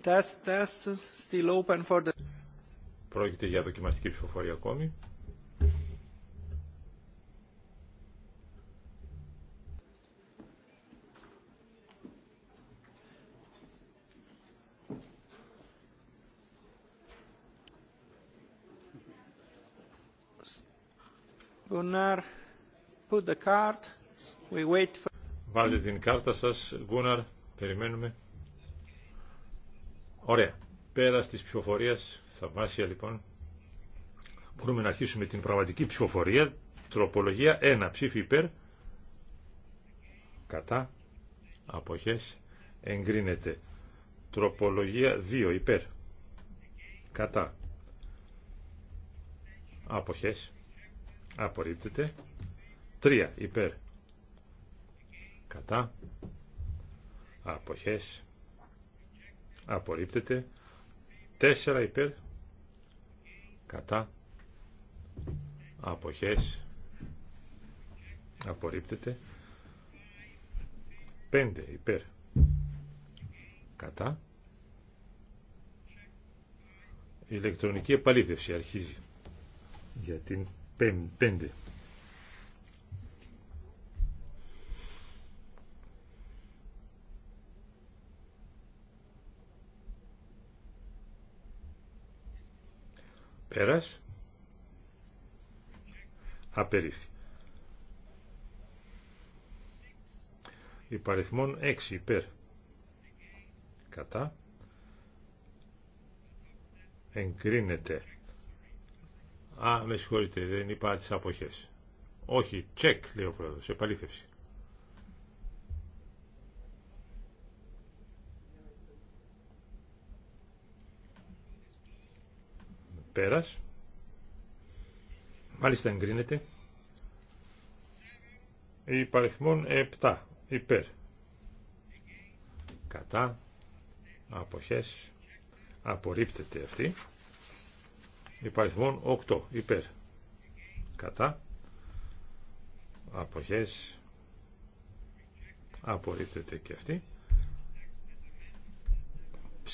Test, test, still open for the... Πρόκειται για δοκιμαστική ψηφοφορία ακόμη. Gunnar, put the card. We wait for... Βάλτε την κάρτα σας, Gunnar. Περιμένουμε. Ωραία. Πέρα τη ψηφοφορία, θαυμάσια λοιπόν, μπορούμε να αρχίσουμε την πραγματική ψηφοφορία. Τροπολογία 1. Ψήφι υπέρ. Κατά. Αποχές. Εγκρίνεται. Τροπολογία 2. Υπέρ. Κατά. Αποχές. Απορρίπτεται. 3. Υπέρ. Κατά. Αποχές απορρίπτεται 4 υπέρ κατά αποχές απορρίπτεται 5 υπέρ κατά ηλεκτρονική επαλήθευση αρχίζει για την 5 Πέρας. Απερίφθη. Υπαριθμών 6 υπέρ. Κατά. Εγκρίνεται. Α, με συγχωρείτε, δεν είπα τις αποχές. Όχι, check, λέει ο πρόεδρος, επαλήθευση. Πέρας. Μάλιστα εγκρίνεται. υπαριθμόν 7. Υπέρ. Κατά. Αποχές. Απορρίπτεται αυτή. υπαριθμόν 8. Υπέρ. Κατά. Αποχές. Απορρίπτεται και αυτή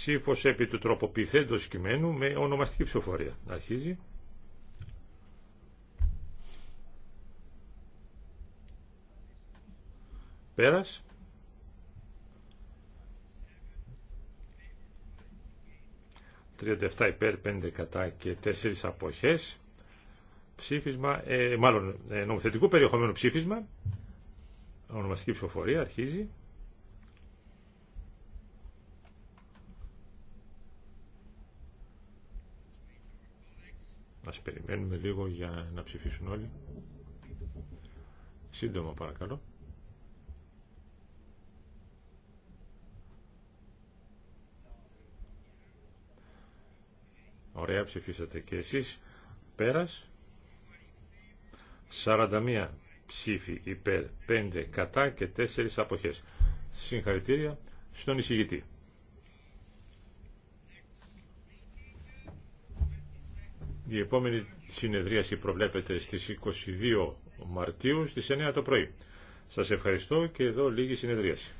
ψήφος επί του τροποποιηθέντος κειμένου με ονομαστική ψηφοφορία. Αρχίζει. Πέρας. 37 υπέρ, 5 κατά και 4 αποχές. Ψήφισμα, ε, μάλλον ε, νομοθετικού περιεχομένου ψήφισμα. Ονομαστική ψηφοφορία αρχίζει. Ας περιμένουμε λίγο για να ψηφίσουν όλοι. Σύντομα παρακαλώ. Ωραία, ψηφίσατε και εσείς. Πέρας. 41 ψήφοι υπέρ, 5 κατά και 4 αποχές. Συγχαρητήρια στον εισηγητή. Η επόμενη συνεδρίαση προβλέπεται στις 22 Μαρτίου στις 9 το πρωί. Σας ευχαριστώ και εδώ λίγη συνεδρίαση.